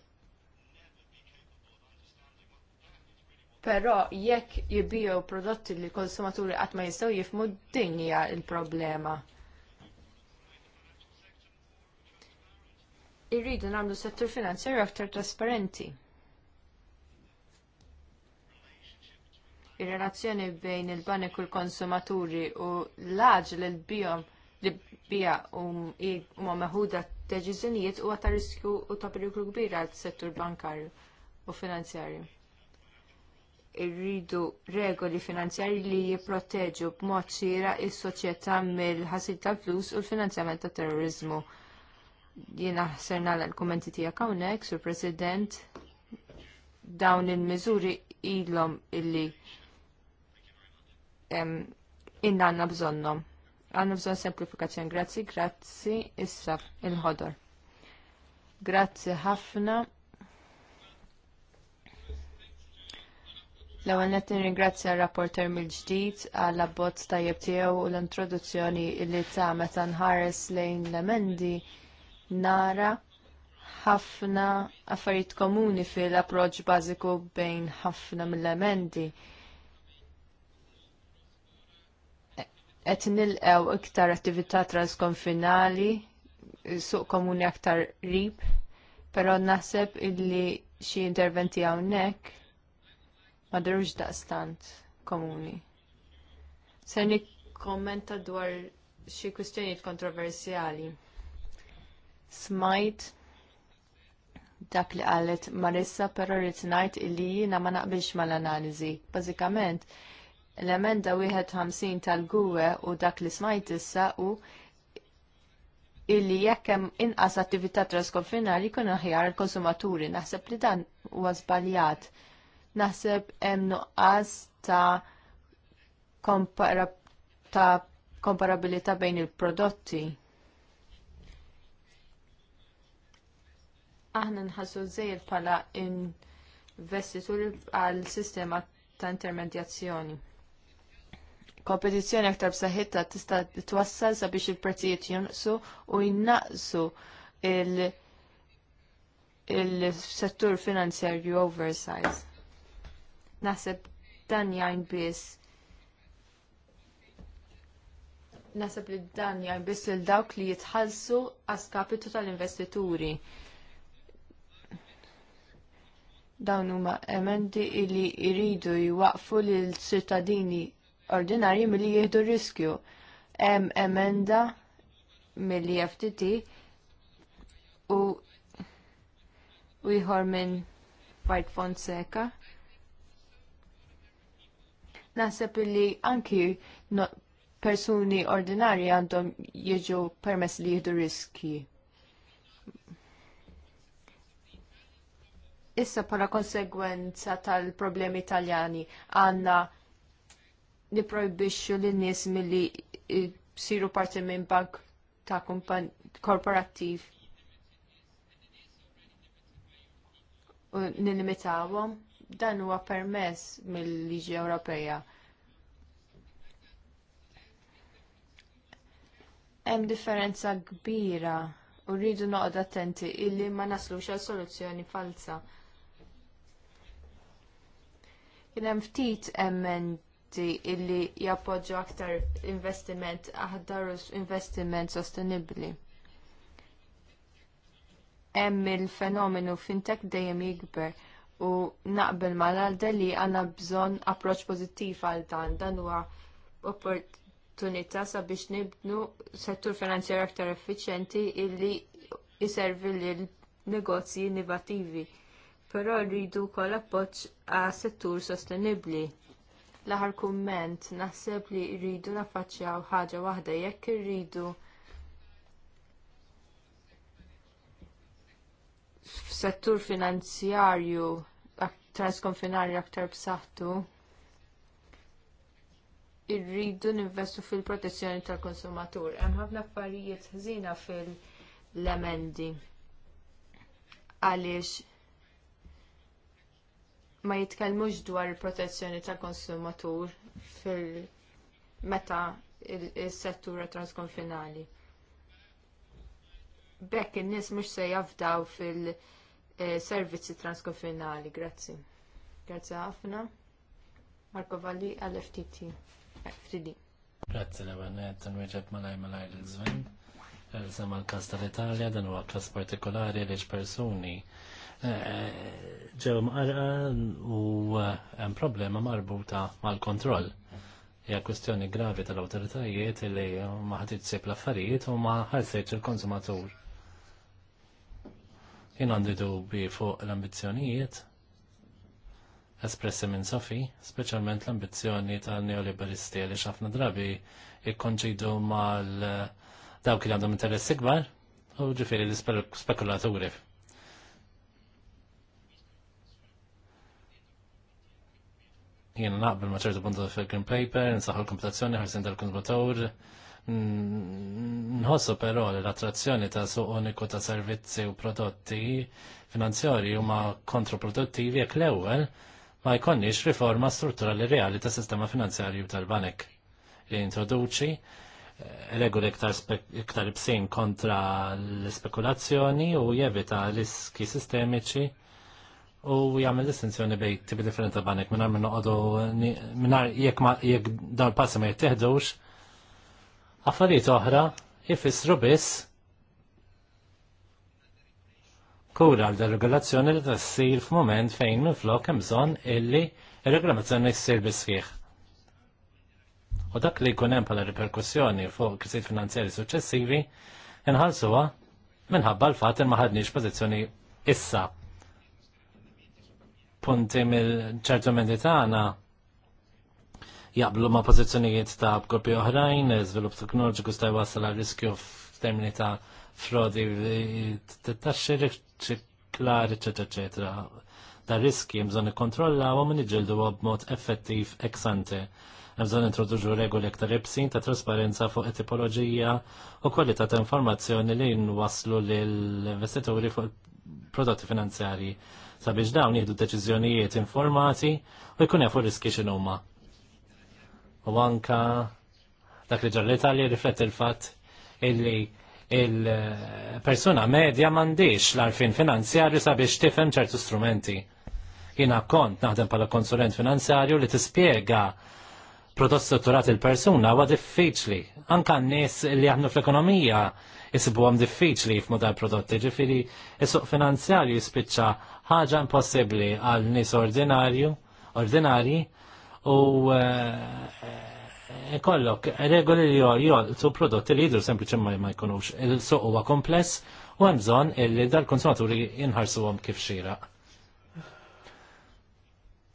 Però jekk jibiju prodotti li konsumaturi qatt ma jistgħu jifmu il-problema. il problema irridu nagħmlu settur finanzjarju aktar trasparenti. Ir-relazzjoni bejn il-banek u l-konsumaturi u l aġel l bijom li bija ma meħuda deċiżjonijiet huwa ta' riskju u ta' periklu kbira għal settur bankarju u finanzjarju. Irridu regoli finanzjarji li jipproteġu b'mod xira s soċjetà mill-ħasil tal-flus u l-finanzjament tat terrorizmu. Jiena ħserna l-kommenti tiegħek hawnhekk, sur President, dawn il-miżuri ilhom illi inna għandna bżonnhom. Għandna bżonn semplifikazzjoni. Grazzi, grazzi issa il-ħodor. Grazzi ħafna. L-ewwel nett nirringrazzja r-rapporter mill-ġdid għal abbozz tajjeb tiegħu u l-introduzzjoni li ta' meta nħares lejn l-emendi nara ħafna affarijiet komuni fil-approċ bażiku bejn ħafna mill-elementi. Qed nilqew iktar attività transkonfinali, suq komuni aktar rib, però naħseb illi xi interventi hawnhekk ma darux daqstant komuni. Se nikkommenta dwar xi kwistjonijiet kontroversjali smajt dak li qalet Marissa però rrid ngħid illi jiena ma naqbilx mal-analiżi. Bażikament, l-emenda wieħed ħamsin tal-gwe u dak li smajt issa u illi jekk hemm inqas attività transkonfinali jikun aħjar il-konsumaturi. Naħseb li dan huwa żbaljat. Naħseb hemm nuqqas ta' komparabilita ta' komparabilità bejn il-prodotti aħna nħassu żejjed bħala investitur għal sistema ta' intermedjazzjoni. Kompetizzjoni aktar b'saħħitta tista' twassal sabiex il-prezzijiet jonqsu u jnaqsu il- il-settur finanzjarju oversize. Naħseb dan jajn biss Naħseb li dan jajn biss il dawk li jitħallsu għas kapitu tal-investituri Dawn huma emendi li jridu jwaqfu lil ċittadini ordinarji milli jieħdu riskju. Hemm emenda milli FTT u ieħor minn White Fonseca. Naħseb li anki no, persuni ordinarji għandhom jiġu permess li jieħdu riskji. Issa para konsegwenza tal-problemi italjani għanna niprojbixxu l-nies milli eh, siru parti minn bank ta' korporattiv u nilimitawhom dan huwa permess mill-liġi Ewropea. Hemm differenza kbira u rridu noqgħod attenti illi ma naslux għal soluzzjoni falsa. Kien hemm ftit emendi illi jappoġġu aktar investiment aħdar investiment sostenibbli. Hemm il-fenomenu fintech dejjem jikber u naqbel mal-għalda li għandna bżonn approċċ pożittiv għal dan dan huwa opportunità sabiex nibnu settur finanzjarju aktar effiċjenti illi jiservi lil negozji innovattivi però rridu wkoll appoġġ għas settur sostenibbli. L-aħħar kumment naħseb li rridu naffaċċjaw ħaġa waħda jekk irridu f'settur finanzjarju transkonfinarju aktar b'saħħtu irridu ninvestu fil-protezzjoni tal-konsumatur. Hemm ħafna affarijiet ħżina fil-lemendi. Għaliex ma jitkellmux dwar protezzjoni tal-konsumatur fil-meta il-settura transkonfinali. Bekk in-nies mhux se jafdaw fil-servizzi transkonfinali. Grazzi. Grazzi ħafna. Marko Valli għall-FTT. FTD. Grazzi l għanet, nweġeb malaj malaj l-żvin. Elsa mal-kas tal-Italja, dan huwa kas partikolari li persuni Eh, eh, ġew marqa u eh, hemm problema marbuta mal-kontroll. Hija kwestjoni gravi tal-awtoritajiet li ma ħadd itsib l-affarijiet u ma ħarsejx il-konsumatur. Jien għandi dubi fuq l-ambizzjonijiet espressi minn Sofi, speċjalment l-ambizzjoni tal-neoliberisti li xafna drabi ikkonċidu mal dawk li għandhom interessi kbar u ġifiri l-spekulaturi. jien naqbel ma ċertu puntu fil-Green Paper, nsaħħu l-komputazzjoni ħarsin tal-konsumatur, nħossu però li l-attrazzjoni ta' suq uniku ta' servizzi u prodotti finanzjari huma kontraproduttivi jekk l-ewwel ma jkonniex riforma strutturali reali ta' sistema finanzjarju tal-banek li introduċi eh, regoli iktar, iktar bsin kontra l-spekulazzjoni u jevita riski sistemiċi u jagħmel distinzjoni bej tibi differenti ta' banek minn minn noqogħdu mingħajr jekk jekk dan passi ma jittihdux, Affarijiet oħra ifissru biss kura għal deregolazzjoni li tassir f'mument fejn minn flok hemm bżonn illi il regolamazzjoni ssir bisħiħ. U dak li jkun hemm bħala riperkussjoni fuq kriżijiet finanzjari suċċessivi inħallsuha minħabba l-fatt ma ħadniex pożizzjoni issa punti mill-ċertu mendi tagħna jaqblu ma' pożizzjonijiet ta' b'kopi oħrajn, żvilupp teknoloġiku sta' jwassal għal riskju f'termini ta' frodi taxxi riċiklar, eċetera, eċetera. Da' riski bżonn ikkontrollaw u min iġildu b'mod effettiv ex ante. Bżonn introduġu regoli aktar ibsin ta' trasparenza fuq it-tipoloġija u kwalità ta' informazzjoni li nwaslu lill investituri fuq prodotti finanzjarji sabiex dawn jieħdu deċiżjonijiet informati u jkun jafu riski huma. U anka dak li ġar l-Italja rifletti l-fatt illi il-persuna medja m'għandix l-arfin finanzjarju sabiex tifhem ċertu strumenti. Jina kont naħdem pala konsulent finanzjarju li tispjega prodott strutturat il-persuna huwa diffiċli. Anka n-nies li jaħdmu fl-ekonomija jisibu għam diffiċli f'modal prodotti, ġifiri jisuq finanzjarju jispiċċa ħaġa impossibbli għal nies ordinarju, ordinarji u eh, kollok regoli li jolqtu prodotti li jidru sempliċi ma jkunux. Il-suq huwa kompless u hemm bżonn illi dal-konsumaturi jinħarsuhom kif xira.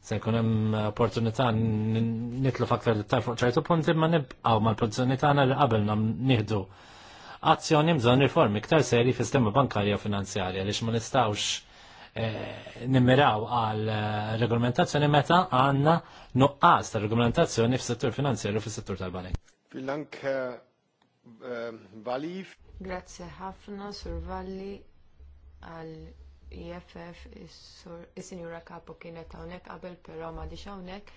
Se jkun hemm opportunità nitlu faktar dettal fuq ċertu punti ma nibqgħu mal-produzzjoni tagħna li nam nieħdu azzjoni bżonn riformi iktar seri fi sistema bankarja u finanzjarja li ma nistgħux Eh, nimmiraw għal eh, regolamentazzjoni meta għanna nuqqas ta' regolamentazzjoni fis-settur finanzjeru fis-settur tal-banek. Fil-lank eh, Valif. Grazie ħafna, Sur Valli, għal IFF, e is-Sinjura Kapo kienet hawnhekk qabel, però ma diċ hawnhekk.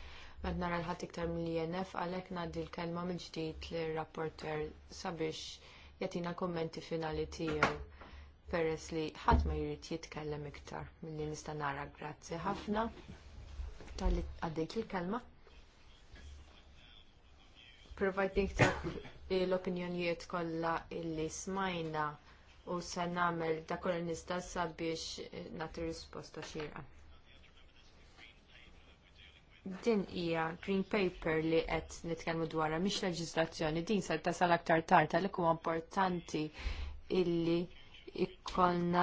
Mad nara l-ħat iktar mill-INF e għalhekk naddi l-kelma mġdijt ġdid rapporter sabiex jagħtina kommenti kummenti finali tiegħu peress li ħadd ma jrid jitkellem iktar milli nista' nara grazzi ħafna tal għaddejt il-kelma. Providing l-opinjonijiet kollha illi smajna u se nagħmel dak nista' sabiex nagħti risposta xira. Din hija Green Paper li qed nitkellmu dwarha mhix leġiżlazzjoni din se tasal aktar tard tal huwa importanti illi ikkolna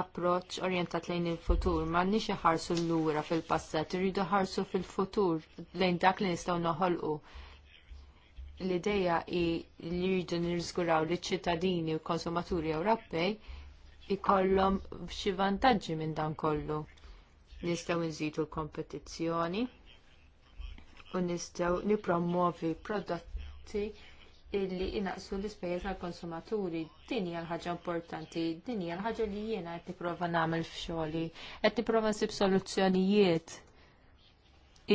approċċ orjentat lejn il-futur. M'għandniex iħarsu lura fil-passat, irridu ħarsu fil-futur lejn dak li nistgħu noħolqu. L-ideja hi li rridu nirżguraw li ċittadini u konsumaturi Ewropej ikollhom xi vantaġġi minn dan kollu. Nistgħu nżidu l-kompetizzjoni u nistgħu nippromovi prodotti illi inaqsu l-ispejjeż għall-konsumaturi. Din hija l-ħaġa importanti, din hija l-ħaġa li jiena qed tipprova nagħmel f'xogħli, qed nipprova nsib soluzzjonijiet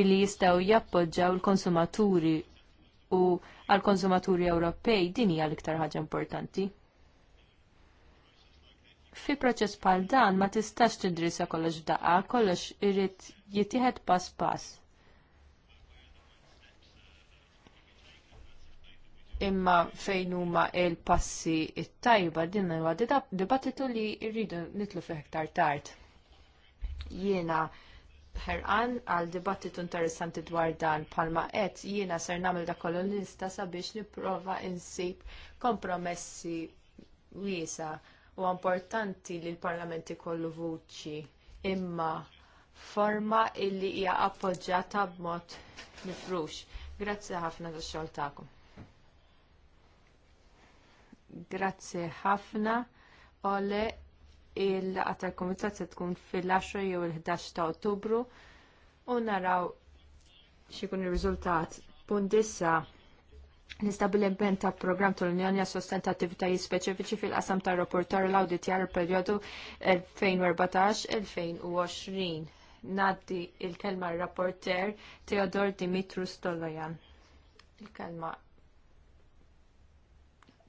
illi jistgħu jappoġġjaw il-konsumaturi u għall-konsumaturi Ewropej din hija l-iktar ħaġa importanti. Fi proċess bħal dan ma tistax tindrisa kollox f'daqqa, kollox irid jittieħed pass pass imma fejn huma l passi it-tajba din huwa dibattitu li rridu nitlu fih iktar tard. Jiena ħerqan għal dibattitu interessanti dwar dan palma qed jiena ser nagħmel da kolonista sabiex nipprova insib kompromessi wiesa u importanti li l-parlamenti kollu vuċi imma forma illi hija appoġġjata b'mod mifrux. Grazzi ħafna tax-xogħol tagħkom. Grazzi ħafna. Ole, il għatar l-komitat se tkun fil-10 jew il-11 ta' ottubru u naraw xikun il-rizultat. bundissa nistabil-impen ta' program tal-Unjoni għas sostentattivitajiet speċifiċi fil-qasam ta' rapportar l-auditjar periodu 2014-2020. Naddi il-kelma rapporter Teodor Dimitru Stolojan. Il-kelma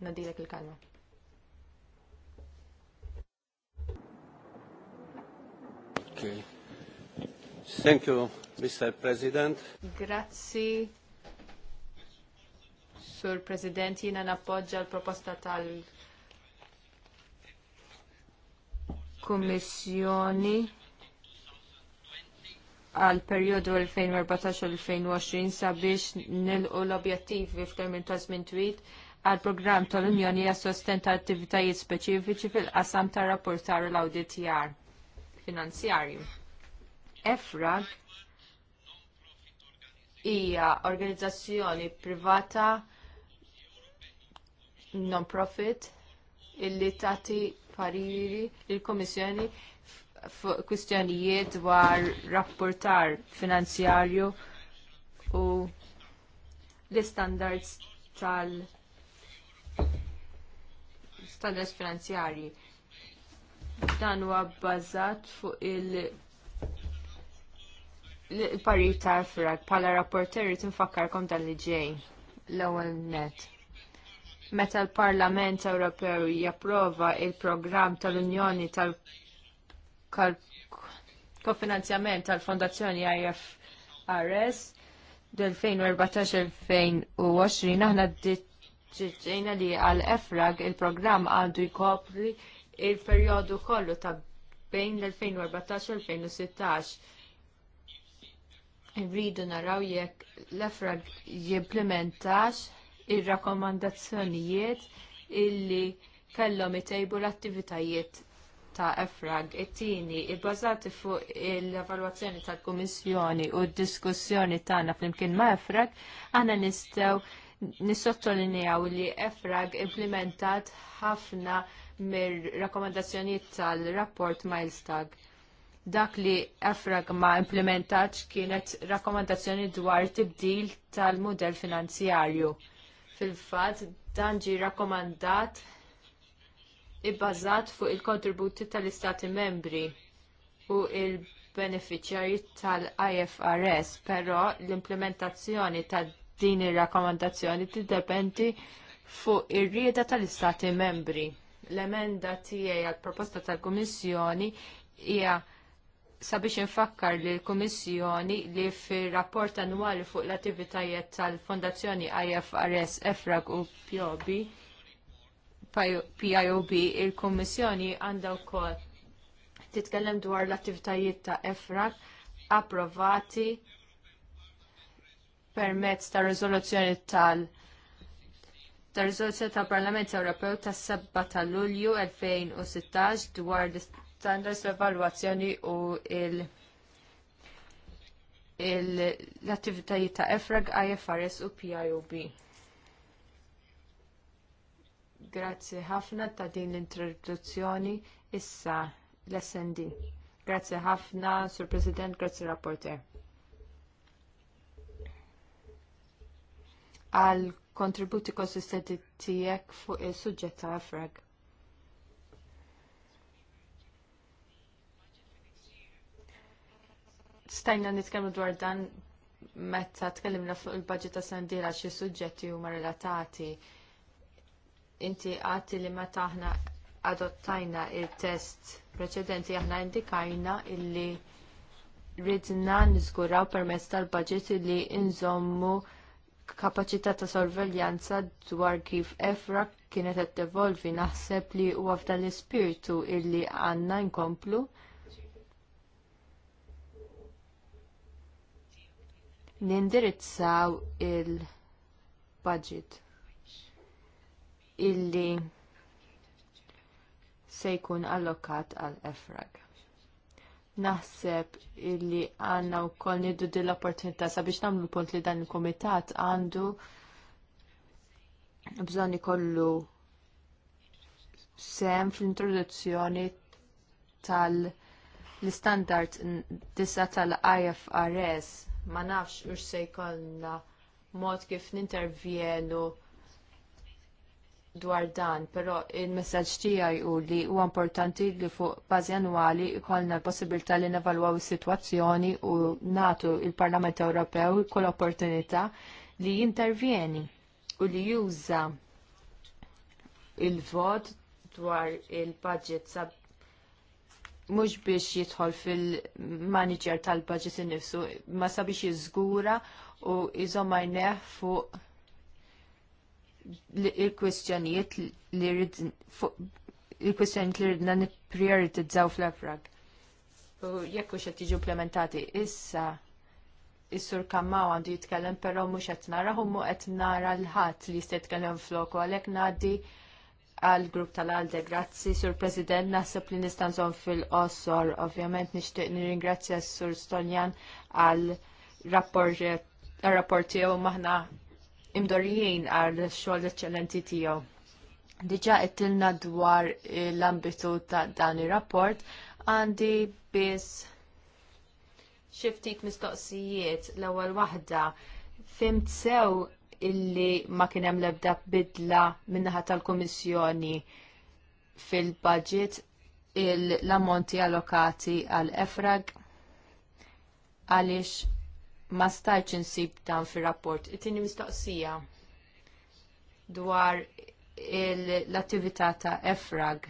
nadilek il-kalma. Okay. Thank you, Mr. President. Grazzi. Sur President, jina nappoġġa l-proposta tal- Kummissjoni għal periodu 2014-2020 sabiex nil-u l-objettivi f'termin ta' żmien twit għal programm tal-Unjoni għas sostenta attivitajiet speċifiċi fil-qasam ta' rapportar l-auditjar finanzjarju. EFRAG hija organizzazzjoni privata non-profit illi tagħti pariri il-Komissjoni kwistjonijiet dwar rapportar finanzjarju u l-standards tal- standards finanzjarji. Dan huwa bbażat fuq il- il-parir ta' frak pala rapporteri tinfakkarkom dan li ġej l-ewwel net. Meta l-Parlament Ewropew japprova il-programm tal-Unjoni tal-kofinanzjament tal-Fondazzjoni IFRS 2014-2020 aħna ditt ġiġġejna li għal efrag il-programm għandu jkopri il-perjodu kollu ta' bejn l-2014 u l-2016. Irridu naraw jekk l-efrag jimplementax ir-rakkomandazzjonijiet illi kellhom itejbu l-attivitajiet ta' efrag it-tieni ibbażati fuq l-evalwazzjoni tal-Kummissjoni u d-diskussjoni tagħna flimkien ma' efrag għandna nistgħu Nissottolinjaw li EFRAG implementat ħafna mir-rakkomandazzjonijiet tal-rapport Milestag. Dak li EFRAG ma implementax kienet rakkomandazzjoni dwar tibdil tal mudell finanzjarju. Fil-fat, dan ġi rakkomandat ibbażat fuq il-kontributi tal-Istati membri u il beneficjarji tal-IFRS, però l-implementazzjoni tad din ir-rakkomandazzjoni tiddependi fuq ir-rieda tal-Istati membri. L-emenda tiegħi għall proposta tal-Kummissjoni hija sabiex infakkar li l-Kummissjoni li fir-rapport annwali fuq l-attivitajiet tal-Fondazzjoni IFRS, EFRAG u POB PIOB, il-Kummissjoni għandha wkoll titkellem dwar l-attivitajiet ta' EFRAG approvati permezz ta' riżoluzzjoni tal- ta' riżoluzzjoni tal-Parlament Ewropew tas-7 ta' Lulju 2016 dwar standards l-evalwazzjoni u il- l-attivitajiet ta' EFRAG, IFRS u PIOB. Grazzi ħafna ta' din l-introduzzjoni issa l-SND. Grazzi ħafna, Sur President, grazie Rapporter. għal kontributi konsistenti tiegħek fuq is-suġġett ta' Afrek? Stajna nitkellmu dwar dan meta tkellimna fuq il-budget ta' sandira xi suġġetti huma relatati. Inti għati li meta aħna adottajna il-test preċedenti aħna indikajna illi ridna niżguraw permezz tal-budget li nżommu kapaċità ta' sorveljanza dwar kif EFRA kienet qed tevolvi naħseb li huwa f'dan l-ispirtu illi għandna nkomplu nindirizzaw il-budget illi se jkun allokat għal efrag naħseb illi għanna u koll niddu dil-opportunità sabiex namlu punt li dan il-komitat għandu bżon kollu sem fl-introduzzjoni tal-standard disa tal-IFRS ma nafx ux se jkollna mod kif nintervjenu dwar dan, però il-messagġ tiegħi u li huwa importanti li fuq bażi annwali jkollna l-possibilità li nevalwaw is-sitwazzjoni u natu il-Parlament Ewropew kol opportunità li jintervjeni u li juża il-vot dwar il-budget sab mux biex jidħol fil-manager tal-budget innifsu, ma sabiex jizgura u jizomajneħ fuq il-kwestjonijiet li il-kwestjonijiet li ridna nipprioritizzaw fl-afrag. U jekk hux qed jiġu implementati issa is-sur kammaw għandu jitkellem però mhux qed nara hummu qed nara l-ħadd li jista' jitkellem floku għalhekk ngħaddi għal grupp tal-Alde. Grazzi, Sur President, naħseb li nista' nżomm fil-qosor. Ovvjament nixtieq nirringrazzja s-Sur Stoljan għal rapport tiegħu maħna imdorijin għal xogħol eċċellenti tiegħu. Diġà qedtilna dwar l-ambitu ta' dan ir-rapport għandi biss xi ftit mistoqsijiet l-ewwel waħda fimt sew illi ma kien hemm l-ebda bidla min-naħa tal-Kummissjoni fil-budget l-ammonti allokati għal efrag għaliex ma stajċ insib dan fir-rapport. It-tieni mistoqsija dwar l-attività ta' EFRAG.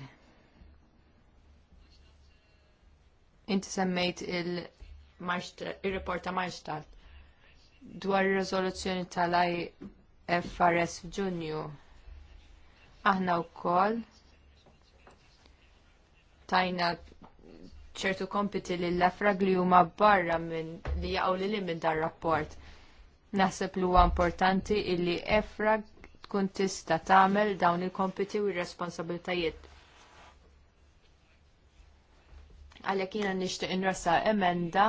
Inti semmejt il-report ta' Marstall dwar ir-riżoluzzjoni tal-IFRS f'Ġunju. Aħna wkoll tajna ċertu kompiti li l-afrag li huma barra minn li jaqgħu li li minn dar rapport. Naħseb li huwa importanti illi efrag tkun tista tagħmel dawn il-kompiti u r-responsabiltajiet. Għalhekk jiena nixtieq inrassa emenda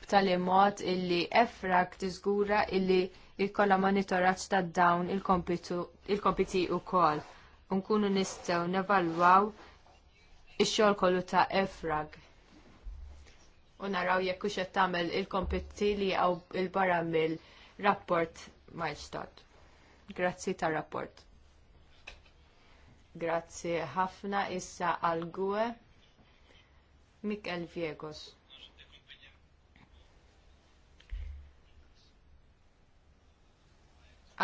b'tali mod illi efrag tiżgura illi jkollha monitoraġġ ta' dawn il-kompiti wkoll. Il Nkunu nistgħu nevalwaw ix-xogħol kollu ta' efrag. U naraw jekk hux qed tagħmel il-kompitti li għaw il-barra mill-rapport l ġdod Grazzi tar rapport. Grazzi ħafna issa għal gwe Mikel Viegos.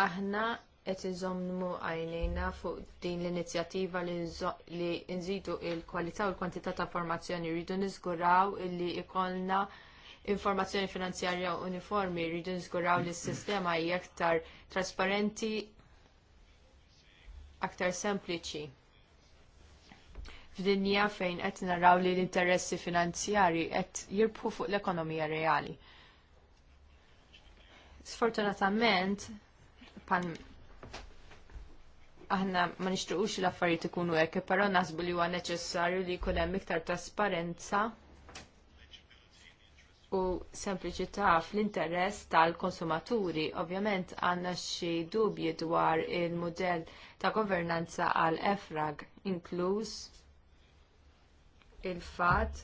Aħna qed iżommu għajnejna fuq din l-inizjattiva li nżidu l kwalità u l-kwantità ta' informazzjoni rridu niżguraw li jkollna informazzjoni finanzjarja uniformi, rridu niżguraw li s-sistema hija aktar trasparenti, aktar sempliċi. F'dinja fejn qed naraw li l-interessi finanzjarji qed jirbħu fuq l-ekonomija reali. Sfortunatament, aħna ma nixtruqux l-affarijiet ikunu hekk, però naħsbu li huwa neċessarju li jkun hemm iktar trasparenza u sempliċità fl-interess tal-konsumaturi. Ovvjament għandna xi dubji dwar il-mudell ta' governanza għal efrag inkluż il-fatt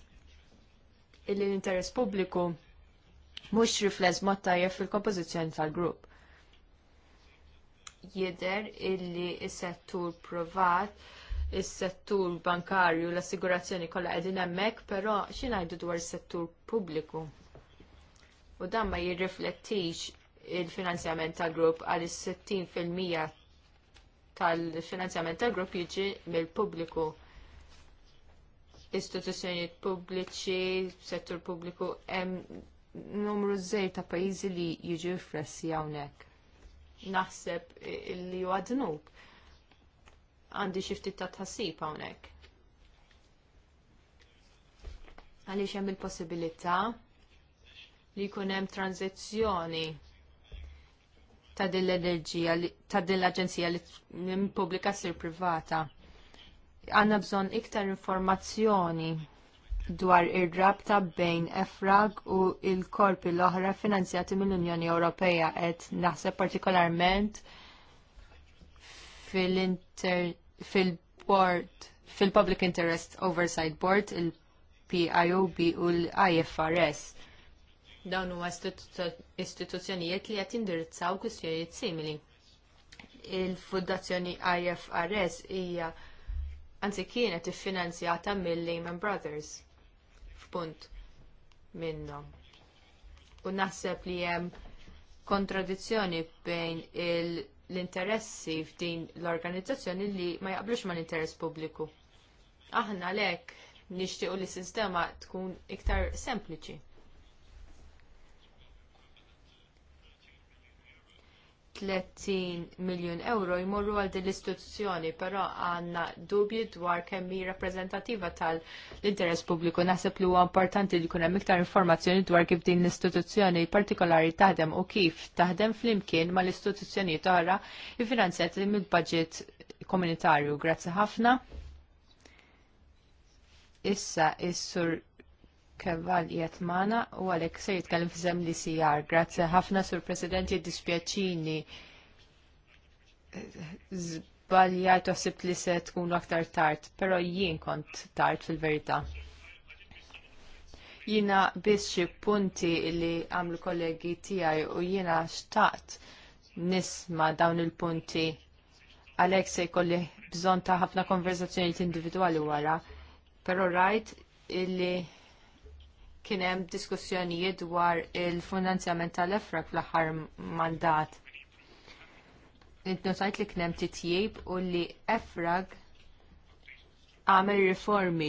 li l-interess pubbliku mhux rifless mod tajjeb fil-kompożizzjoni tal-grupp jidher illi s-settur il privat is-settur bankarju l-assigurazzjoni kollha qegħdin hemmhekk, però xi ngħidu dwar is-settur pubbliku. U dan ma jirriflettix il-finanzjament tal-grupp għal is-60 fil-mija tal-finanzjament tal-grupp jiġi mill-pubbliku. Istituzzjonijiet pubbliċi, settur pubbliku hemm numru żejr ta' pajjiżi li jiġu riflessi hawnhekk naħseb li huwa dnub. Għandi xi ftit ta' tħassib hawnhekk. Għaliex hemm il-possibilità li jkun hemm tranzizzjoni ta' din l-enerġija ta' din l-aġenzija li minn pubblika sir privata. Għandna bżonn iktar informazzjoni dwar ir-rabta bejn EFRAG u l korpi l-oħra finanzjati mill-Unjoni Ewropea qed naħseb partikolarment fil-board fil-Public Interest Oversight Board, il-PIOB u l-IFRS. Dawn huma istituzzjonijiet li qed jindirizzaw kwistjonijiet simili. Il-Fundazzjoni IFRS hija anzi kienet iffinanzjata mill-Lehman Brothers f'punt minnhom. U naħseb li hemm kontradizzjoni bejn l-interessi f'din l-organizzazzjoni li ma jaqblux mal interess pubbliku. Aħna lek nixtiequ li s sistema tkun iktar sempliċi. 30 miljun euro jmorru għal din l-istituzzjoni, però għandna dubji dwar kemm hi rappreżentattiva tal-interess pubbliku. Naħseb li huwa importanti li jkun hemm iktar informazzjoni dwar kif din l-istituzzjoni partikolari taħdem u kif taħdem flimkien mal istituzzjonijiet oħra iffinanzjati mill-budget komunitarju. Grazzi ħafna. Issa is-sur Kevval jatmana u għalek se jitkellem fizem li sijar. Grazie ħafna sur President jiddispjaċini. Zbaljajt ħsibt li se tkun aktar tard, pero jien kont tard fil-verita. Jina biss xi punti li għamlu kollegi tiegħi u jina xtaqt nisma dawn il-punti Għalhekk se jkolli bżonn ta' ħafna konverzazzjoni individwali wara, però rajt illi kien hemm diskussjonijiet dwar il-finanzjament tal efra fl-aħħar mandat. Notajt li kien hemm titjib u li efrag għamel riformi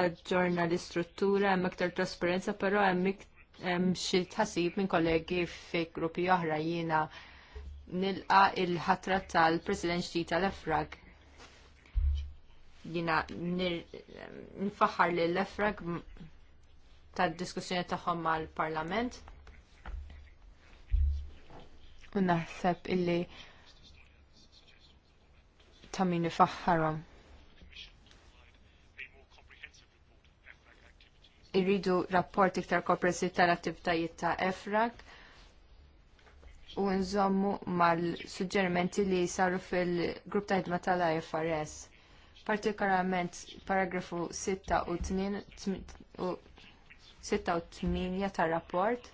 għadġorna l-istruttura, hemm iktar trasparenza, però hemm xi tħassib minn kollegi fi gruppi oħra jina nilqa il-ħatra tal-President ġdijt tal-Efrag jina nfaħar li l-efrag tad-diskussjoni tagħhom mal-Parlament. U naħseb illi ta' min ifaħħarhom. Irridu rapport iktar kompressiv tal-attivitajiet ta' EFRAG u nżommu mal-suġġerimenti li saru fil-grupp ta' ħidma tal-IFRS. Partikolarment paragrafu 6 u 2 86 tar-rapport.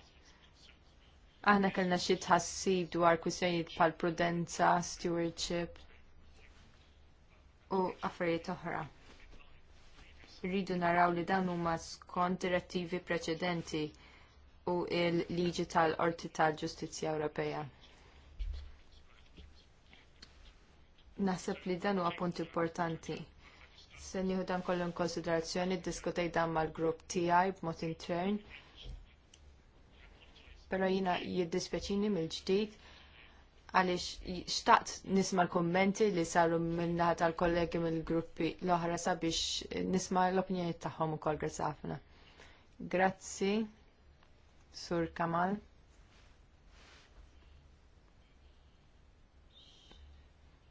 Aħna kellna xi tħassib dwar kwistjonijiet bħal prudenza, stewardship u affarijiet oħra. Rridu naraw li dan huma skont direttivi preċedenti u l liġi tal-Qorti tal-Ġustizzja Ewropea. Naħseb li dan huwa punt importanti Se nieħu dan kollu konsiderazzjoni diskutej dan mal-grupp tiegħi b'mod intern. Però jiena jiddispjaċini mill-ġdid għaliex xtaqt nisma l-kommenti li saru min-naħa tal-kollegi mill-gruppi l-oħra sabiex nisma l-opinjoni tagħhom ukoll grazzi ħafna. Grazzi, Sur Kamal.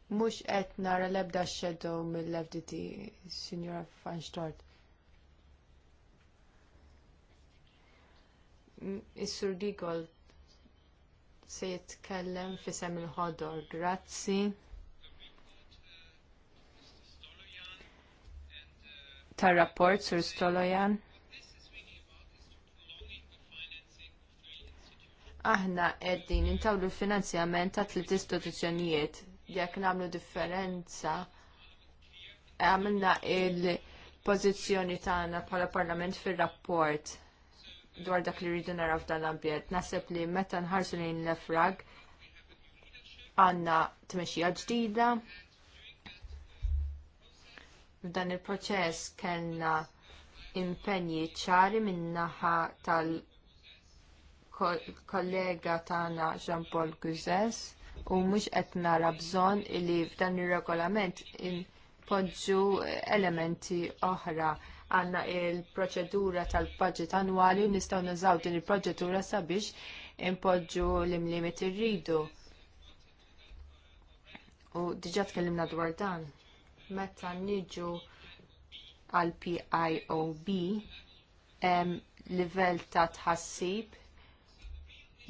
mux qed nara l-ebda shadow mill-FDT, Signora Fanstort. Is-Sur Digol se jitkellem sem il-ħodor. Grazzi. Tar-rapport Sur Stolojan. Aħna qegħdin intawlu l-finanzjament ta' tliet istituzzjonijiet jekk nagħmlu differenza għamilna il-pożizzjoni tagħna bħala Parlament fir-rapport dwar dak li rridu naraw f'dan l-ambjent. Naħseb li meta nħarsu lejn l-efrag għandna tmexxija ġdida. F'dan il-proċess kellna impenji ċari min-naħa tal-kollega tagħna Jean-Paul Guzes u mhux qed nara bżonn li f'dan ir-regolament inpoġġu elementi oħra għandna il-proċedura tal-budget annwali u nistgħu nużaw din il-proċedura sabiex inpoġġu l-imlimit irridu. U diġà tkellimna dwar dan. Meta niġu għal PIOB, livell ta' tħassib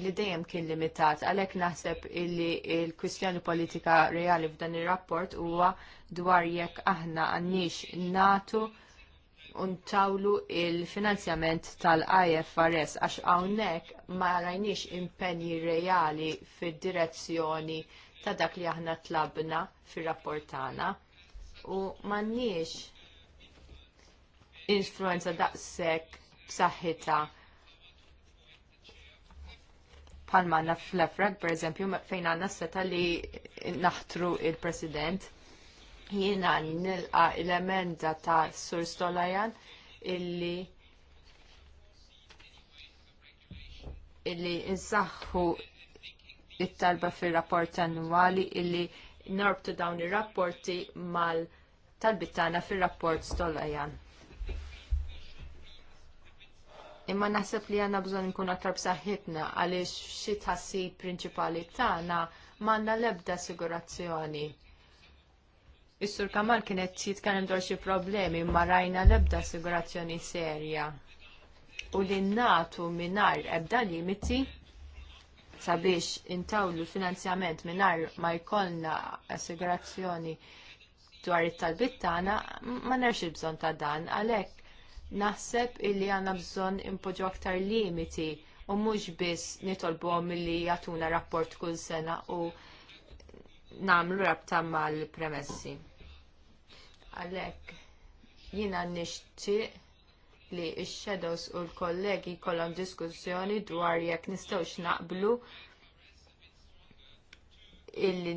li dejjem kien limitat. Għalhekk naħseb illi l-kwistjoni politika reali f'dan ir-rapport huwa dwar jekk aħna għandniex natu untawlu il-finanzjament tal-IFRS għax hawnhekk ma rajniex impenji reali fid-direzzjoni ta' dak li aħna tlabna fir-rapport tagħna u m'għandniex influenza daqshekk b'saħħitha palma na fl-Efrag, per eżempju, fejn għanna seta li naħtru il-President. Jiena nilqa l-emenda ta' Sur Stolajan illi illi nsaħħu it-talba fil-rapport annwali illi norbtu dawn ir-rapporti mal-talbit tagħna fir-rapport Stolajan imma naħseb li għandna bżonn nkun aktar b'saħħitna għaliex xi tħassib prinċipali tagħna m'għandna l-ebda assigurazzjoni. Is-Sur Kamal kienet kemm dwar xi problemi imma rajna l-ebda assigurazzjoni serja. U li nagħtu mingħajr ebda limiti sabiex intawlu l-finanzjament mingħajr ma jkollna assigurazzjoni dwar it-talbit tagħna ma nerx il-bżonn ta' dan għalhekk Naħseb illi għandna bżonn impoġġu aktar limiti u mhux biss nitolbuhom milli jagħtuna rapport kull sena u nagħmlu rabta mal-premessi. Għalhekk jiena nixtieq li x-shadows u l-kollegi jkollhom diskussjoni dwar jekk nistgħux naqblu illi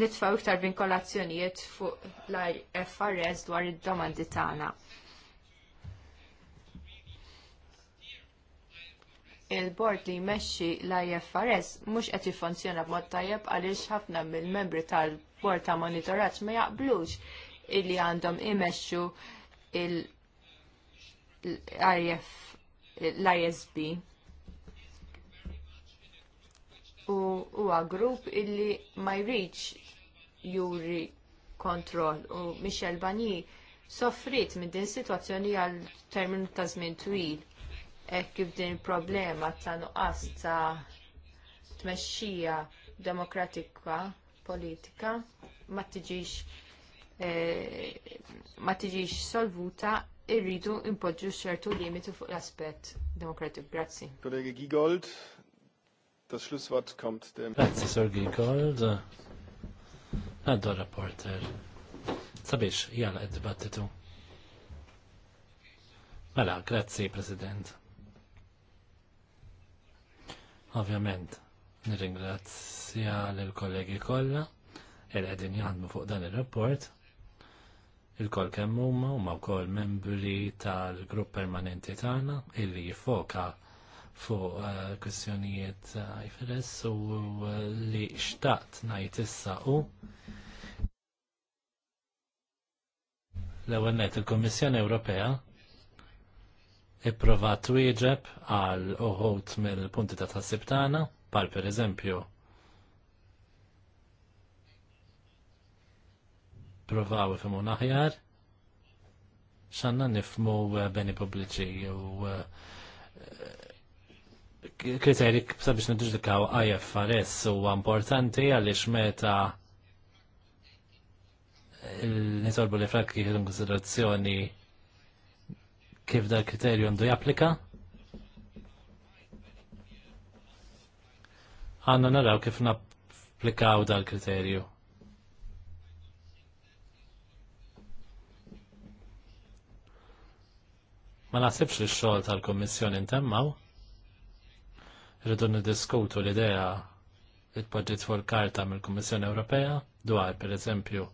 nitfaw iktar vinkolazzjonijiet fuq l ifrs dwar id-domandi tagħna. il-bord li jmexxi l-IFRS mhux qed jiffunzjona b'mod tajjeb għaliex ħafna mill-membri tal-bord ta' monitoraġġ ma jaqblux illi għandhom imexxu l-ISB u huwa grupp illi ma jridx juri kontroll u Michel Bani soffrit minn din sitwazzjoni għal terminu ta' żmien twil hekk kif din il-problema ta' nuqqas ta' tmexxija demokratika politika ma tiġix eh, ma tiġix solvuta irridu impoġġu ċertu limiti fuq l-aspett demokratiku. Grazzi. Kollegi Gigold, Das Schlusswort kommt dem. Grazie, Sorgi Gold. Għaddu rapporter. Sabiex, jgħala id-dibattitu. Mela, grazie, President. Ovvjament, nirringrazzja l-kollegi kollha il-qegħdin jaħdmu fuq dan ir-rapport. Il-kol kemm huma huma wkoll membri tal-grupp permanenti tagħna illi jiffoka fuq uh, kwestjonijiet uh, IFRS u uh, li xtaqt najt issa u l-ewwel net il-Kummissjoni Ewropea ipprovat wieġeb għal uħut mill-punti ta' tħassib tagħna, per pereżempju provaw ifhmu naħjar, x'għandna nifmu beni pubbliċi u uh, kriteri sabiex nidġudikaw IFRS huwa importanti għaliex meta nitolbu li frakki jieħdu konsiderazzjoni kif dal kriterju għandu japplika. Għanna naraw kif napplikaw dal kriterju. Ma naħsibx li xogħol tal-Kommissjoni ntemmaw. Rridu niddiskutu l-idea li tpoġġi fuq karta mill-Kummissjoni Ewropea dwar, pereżempju,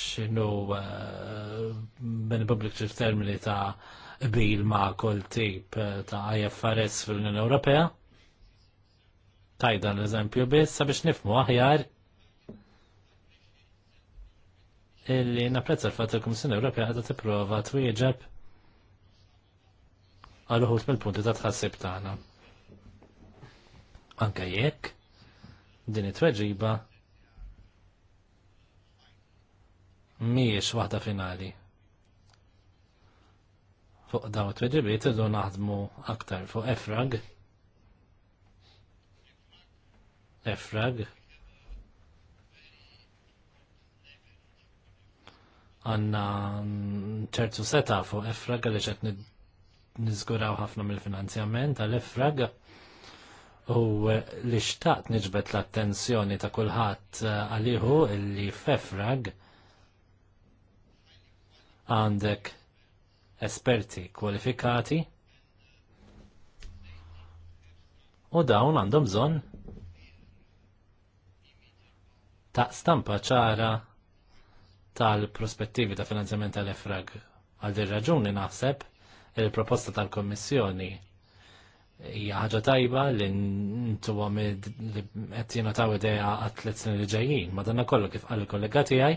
x'inhu minn eh, public termini ta' bil ma' kull tip eh, ta' IFRS fil-Unjoni Ewropea. Tajdan l-eżempju biss sabiex nifmu aħjar illi napprezza l-fatt il-Kummissjoni Ewropea għadha tipprova twieġeb għal mill-punti ta' tħassib tagħna. Anke jekk din it-tweġiba mhijiex waħda finali. Fuq daw it-tweġibiet irdu naħdmu aktar fuq efrag. Efrag. għanna ċertu seta fuq efrag għalli ċetni nizguraw ħafna mill-finanzjament għal-ifrag u eh, li xtaqt nġbet l-attenzjoni ta' kulħadd eh, għalihu illi fefrag għandek esperti kwalifikati u dawn għandhom bżonn ta' stampa ċara tal-prospettivi ta' finanzjament tal-efrag. Għal din raġuni naħseb il-proposta tal-Kommissjoni hija ħaġa tajba li ntu għamid li qed jingħataw idea għat-tliet snin li ġejjin. Madanna kollu kif qal il-kollega tiegħi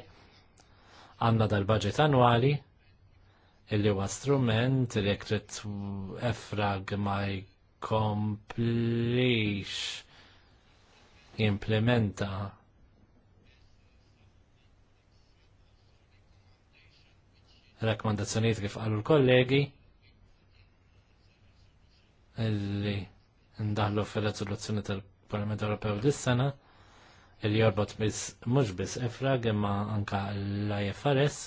għandna dal-budget annwali illi huwa strument li jekk trid efrag ma jkomplix jimplementa rakkomandazzjonijiet kif qalu l-kollegi illi ndaħlu fil-rezoluzzjoni tal-Parlament Ewropew dis-sena illi jorbot biss mhux biss ifra, imma anka l-IFRS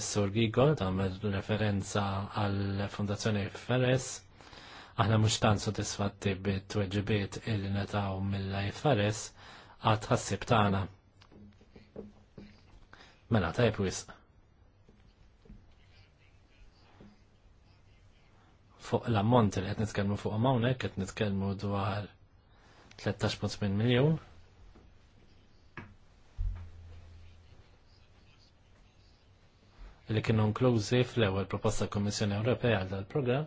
Is-Sur Gigol tagħmel referenza għall Fondazzjoni FRS aħna mhux tant sodisfatti bit-tweġibiet illi netaw mill-IFRS għad ħassib tagħna. Mela tajb wisq. fuq l-ammont li qed nitkellmu fuq hawnhekk qed nitkellmu dwar 13.8 miljun. li kienu inklużi fl-ewwel proposta Kummissjoni Ewropea għal dal-programm.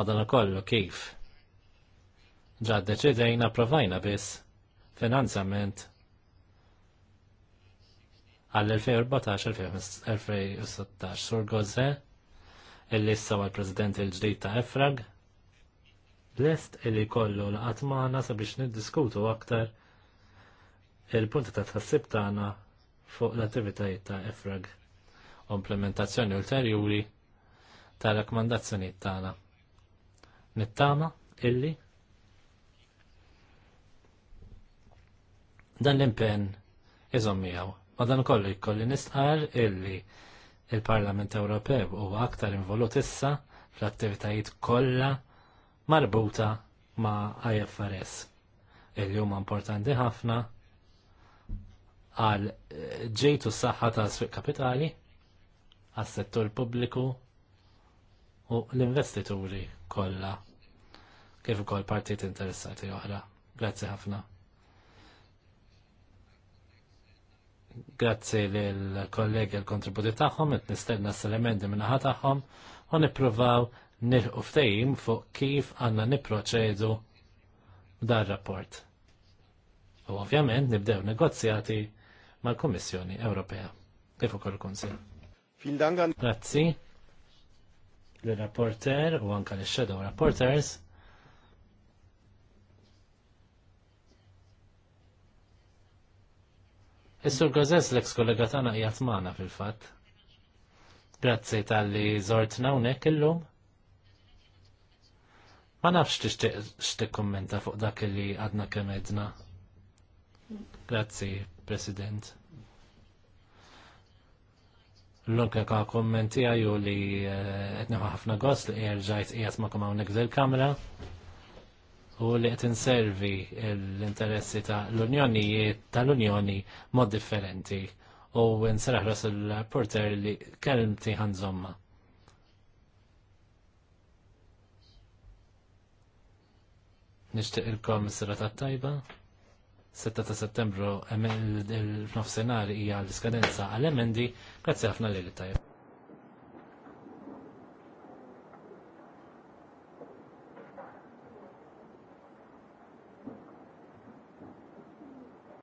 madankollu kif ġa deċidejna provajna biss finanzament għall-2014-2016 sur Gozze illi lissa sawa l-President il-ġdijt ta' Efrag, lest illi kollu laqat maħna sabiex niddiskutu aktar il-punti ta' tħassib tagħna fuq l-attivitajiet ta' Efrag u implementazzjoni ulterjuri ta' rakkomandazzjonijiet tagħna. Nittama illi dan l-impenn iżom miegħu. Ma dan kollu jkolli nistqar illi Il-Parlament Ewropew huwa aktar involut issa fl-attivitajiet kollha marbuta ma' IFRS. Il-jum importanti ħafna għal eh, ġejtu s-saħħa ta' sfiq kapitali, għas settur pubbliku u l-investituri kollha kif ukoll partit interessati oħra. Grazzi ħafna. Grazzi lill-kollegi l-kontributi tagħhom, nistenna s-elementi minnaħa tagħhom u nippruvaw nilħu ftehim fuq kif għandna nipproċedu dar rapport. U ovvjament nibdew negozjati mal-Kummissjoni Ewropea kif ukoll il Grazzi l-rapporter u anka l-shadow rapporters Is-sur Gozes l-eks kollega tagħna qiegħed magħna fil-fatt. Grazzi tal-li żortna hawnhekk illum. Ma nafx tixtieq x'tikkummenta fuq dak li għadna kemm edna. Grazzi, President l-unka ka kommenti għaju li etniħu eh, ħafna gos li rġajt ijat ma kumaw nekżil kamra u li qed inservi l-interessi ta' l-Unjoni tal-Unjoni mod differenti u nseraħ ras il-porter li kelmti ħanżomma. Nishtiq il-kom s-sirata tajba. 6 ta' settembru il-nofsenari hija l-iskadenza għal-emendi. Grazzi ħafna li li tajba.